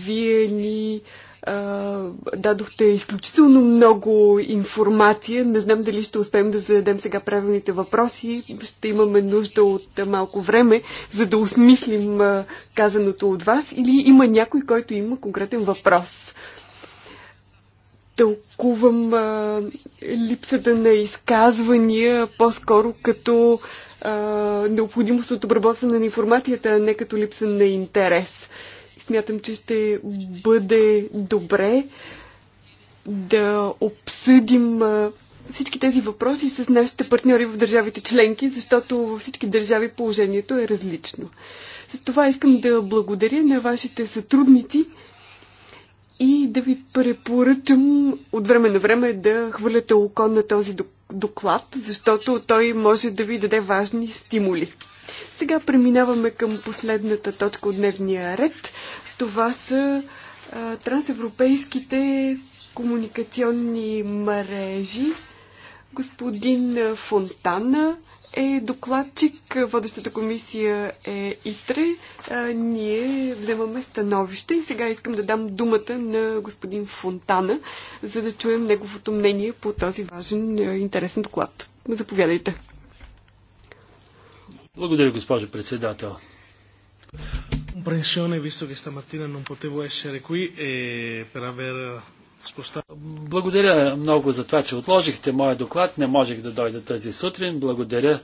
Speaker 3: Вие ни дадохте изключително много информация. Не знам дали ще успеем да зададем сега правилните въпроси. Ще имаме нужда от малко време, за да осмислим казаното от вас. Или има някой, който има конкретен въпрос? Тълкувам а, липсата на изказвания по-скоро като а, необходимост от обработване на информацията, а не като липса на интерес. А, Смятам, че ще бъде добре да обсъдим всички тези въпроси с нашите партньори в държавите членки, защото във всички държави положението е различно. С това искам да благодаря на вашите сътрудници и да ви препоръчам от време на време да хвърляте око на този доклад, защото той може да ви даде важни стимули. Сега преминаваме към последната точка от дневния ред. Това са а, трансевропейските комуникационни мрежи. Господин Фонтана е докладчик, водещата комисия е ИТРЕ. А, ние вземаме становище и сега искам да дам думата на господин Фонтана, за да чуем неговото мнение по този важен, интересен доклад. Заповядайте.
Speaker 4: Благодаря, госпожо председател. E Благодаря много за това, че отложихте моя доклад. Не можех да дойда тази сутрин. Благодаря,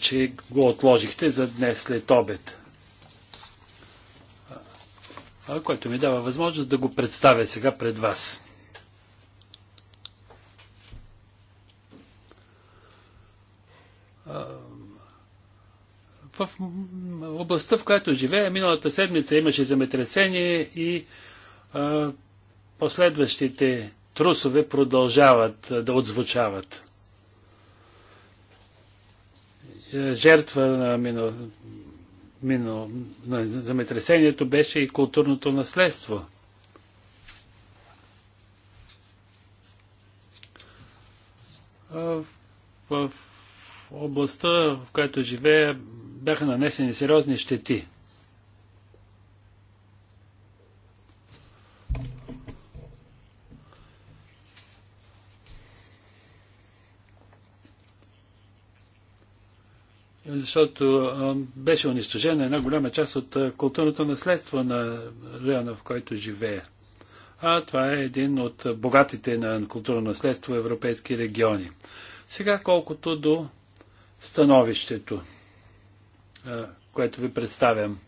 Speaker 4: че го отложихте за днес след обед. Което ми дава възможност да го представя сега пред вас. в областта, в която живея. Миналата седмица имаше земетресение и а, последващите трусове продължават а, да отзвучават. Е, жертва на, мино, мино, на земетресението беше и културното наследство. А, в областта, в която живея, бяха нанесени сериозни щети. Защото беше унищожена една голяма част от културното наследство на района, в който живее. А това е един от богатите на културно наследство европейски региони. Сега колкото до становището което ви представям.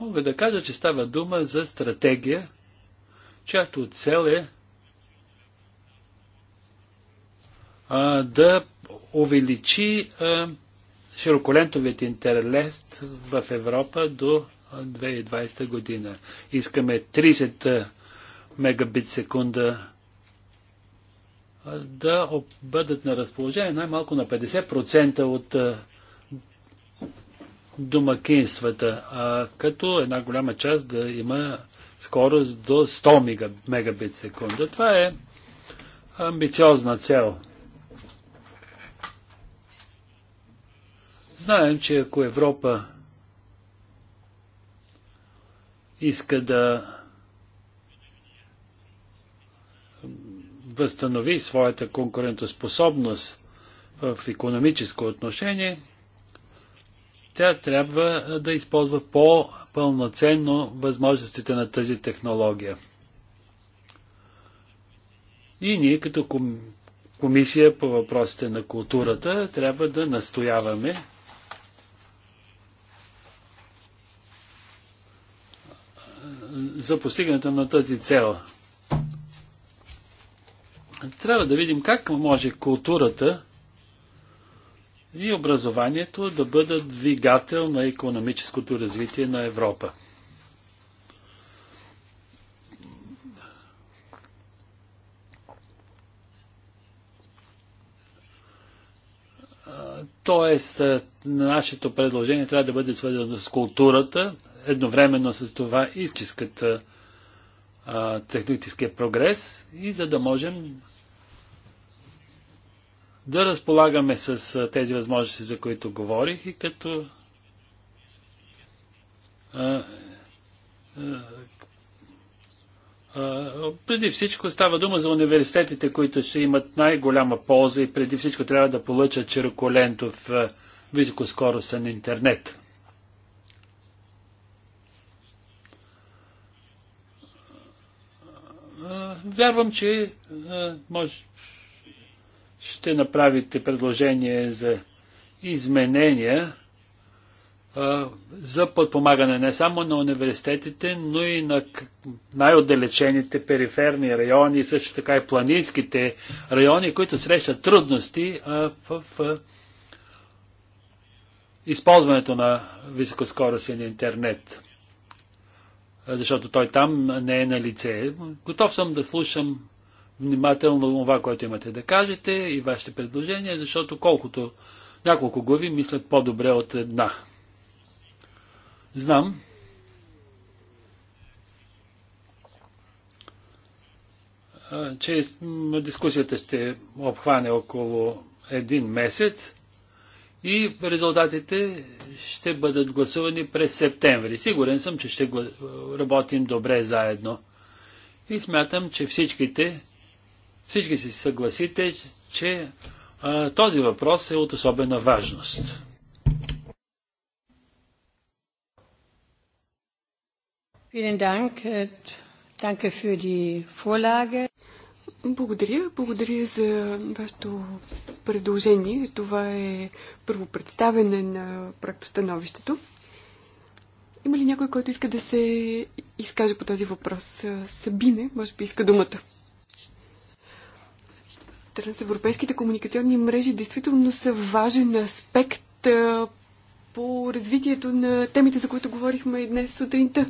Speaker 4: Мога да кажа, че става дума за стратегия, чиято цел е а, да увеличи а, широколентовият интерлест в Европа до 2020 година. Искаме 30 мегабит секунда да бъдат на разположение най-малко на 50% от домакинствата, а като една голяма част да има скорост до 100 мегабит секунда. Това е амбициозна цел. Знаем, че ако Европа иска да възстанови своята конкурентоспособност в економическо отношение, тя трябва да използва по-пълноценно възможностите на тази технология. И ние като комисия по въпросите на културата трябва да настояваме за постигането на тази цел – трябва да видим как може културата и образованието да бъдат двигател на економическото развитие на Европа. Тоест, е, нашето предложение трябва да бъде свързано с културата, едновременно с това истинската техническия прогрес и за да можем да разполагаме с тези възможности, за които говорих и като а, а, а, преди всичко става дума за университетите, които ще имат най-голяма полза и преди всичко трябва да получат широколентов високоскоростен интернет. Вярвам, че може, ще направите предложение за изменения за подпомагане не само на университетите, но и на най-отдалечените периферни райони, също така и планинските райони, които срещат трудности в използването на високоскоростен интернет. Защото той там не е на лице. Готов съм да слушам внимателно това, което имате да кажете и вашите предложения, защото колкото няколко глави мислят по-добре от една. Знам, че дискусията ще обхване около един месец и резултатите ще бъдат гласувани през септември. Сигурен съм, че ще работим добре заедно. И смятам, че всичките всички си съгласите, че а, този въпрос е от особена важност.
Speaker 1: Äh,
Speaker 3: Благодаря. Благодаря за вашето предложение. Това е първо представене на проектостановището. Има ли някой, който иска да се изкаже по този въпрос? Э, Сабине, може би иска думата. Трансевропейските комуникационни мрежи действително са важен аспект по развитието на темите, за които говорихме и днес сутринта.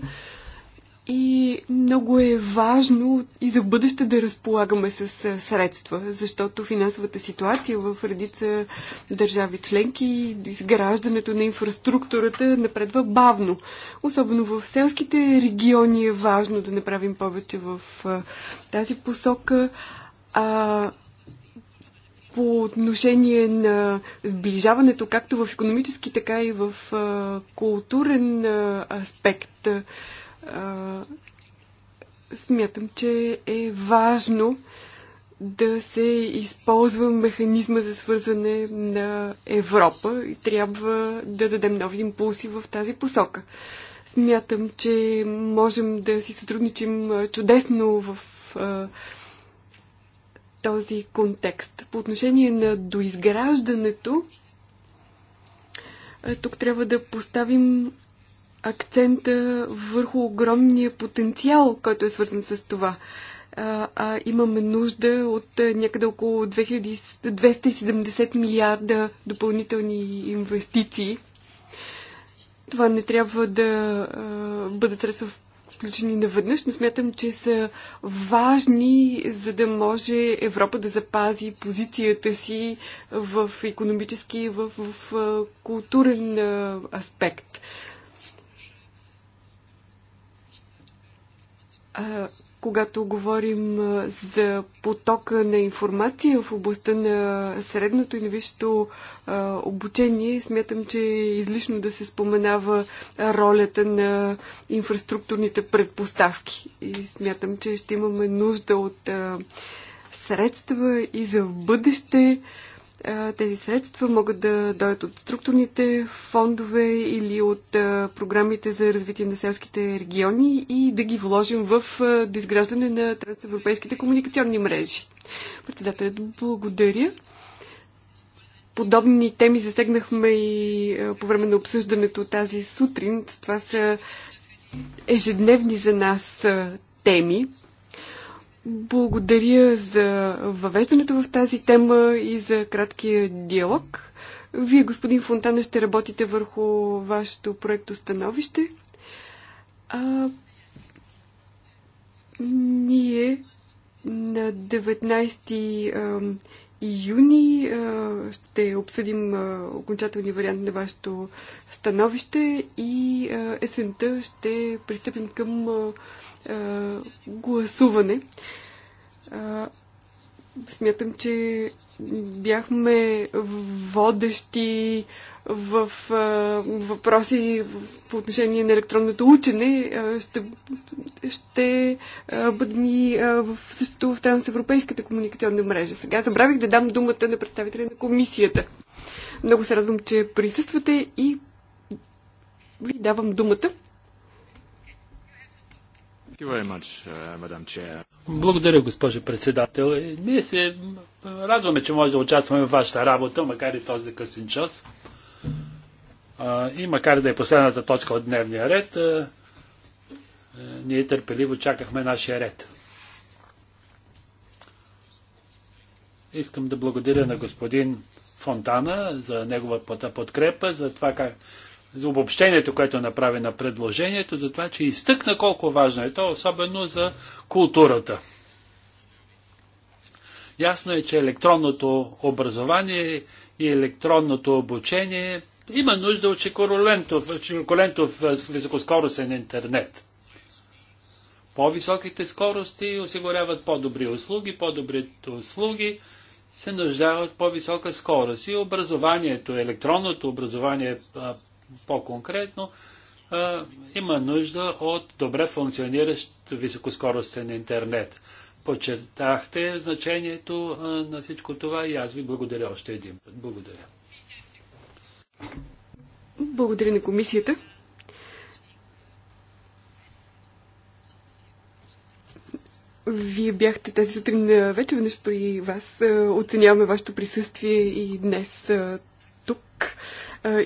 Speaker 3: И много е важно и за бъдеще да разполагаме с средства, защото финансовата ситуация в редица държави членки и изграждането на инфраструктурата напредва бавно. Особено в селските региони е важно да направим повече в тази посока. А по отношение на сближаването, както в економически, така и в културен аспект. Смятам, че е важно да се използва механизма за свързване на Европа и трябва да дадем нови импулси в тази посока. Смятам, че можем да си сътрудничим чудесно в този контекст. По отношение на доизграждането, е, тук трябва да поставим акцента върху огромния потенциал, който е свързан с това. А, а имаме нужда от е, някъде около 270 милиарда допълнителни инвестиции. Това не трябва да а, е, бъдат средства в включени наведнъж, но смятам, че са важни, за да може Европа да запази позицията си в економически и в, в културен аспект когато говорим за потока на информация в областта на средното или висшето обучение, смятам, че е излишно да се споменава ролята на инфраструктурните предпоставки. И смятам, че ще имаме нужда от средства и за бъдеще тези средства могат да дойдат от структурните фондове или от програмите за развитие на селските региони и да ги вложим в доизграждане на трансевропейските комуникационни мрежи. Председателят, благодаря. Подобни теми засегнахме и по време на обсъждането тази сутрин. Това са ежедневни за нас теми. Благодаря за въвеждането в тази тема и за краткия диалог. Вие, господин Фонтана, ще работите върху вашето проекто становище. А, ние на 19 юни ще обсъдим окончателния вариант на вашето становище и есента ще пристъпим към е, гласуване. смятам, че бяхме водещи в въпроси по отношение на електронното учене. ще ще бъдем и в, също в трансевропейската комуникационна мрежа. Сега забравих да дам думата на представителя на комисията. Много се радвам, че присъствате и ви давам думата.
Speaker 4: Uh, благодаря, госпожо председател. Е, ние се радваме, че може да участваме в вашата работа, макар и този късен час. и макар да е последната точка от дневния ред, ние търпеливо чакахме нашия ред. Искам да благодаря на господин Фонтана за неговата подкрепа, за това как за обобщението, което направи на предложението, за това, че изтъкна колко важно е то, особено за културата. Ясно е, че електронното образование и електронното обучение има нужда от широколентов високоскоростен интернет. По-високите скорости осигуряват по-добри услуги, по-добрите услуги се нуждаят от по-висока скорост. И образованието, електронното образование по-конкретно, има нужда от добре функциониращ високоскоростен интернет. Почетахте значението на всичко това и аз ви благодаря още един път. Благодаря.
Speaker 3: Благодаря на комисията. Вие бяхте тази сутрин вече веднъж при вас. Оценяваме вашето присъствие и днес тук.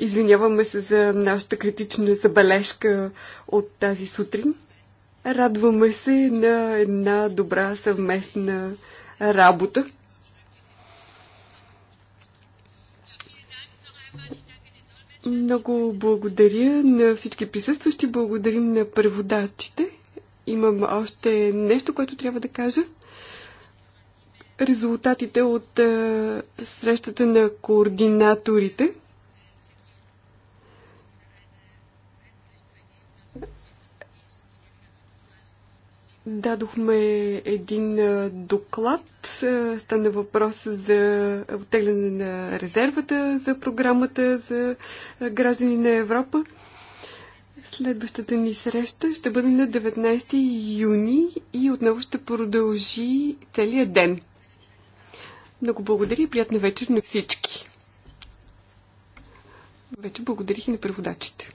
Speaker 3: Извиняваме се за нашата критична забележка от тази сутрин. Радваме се на една добра съвместна работа. Много благодаря на всички присъстващи, благодарим на преводачите. Имам още нещо, което трябва да кажа резултатите от а, е, срещата на координаторите. Дадохме един а, е, доклад. А, е, стана въпрос за оттегляне на резервата за програмата за а, граждани на Европа. Следващата ни среща ще бъде на 19 юни и отново ще продължи целия ден. Много благодаря и приятна вечер на всички. Вече благодарих и на преводачите.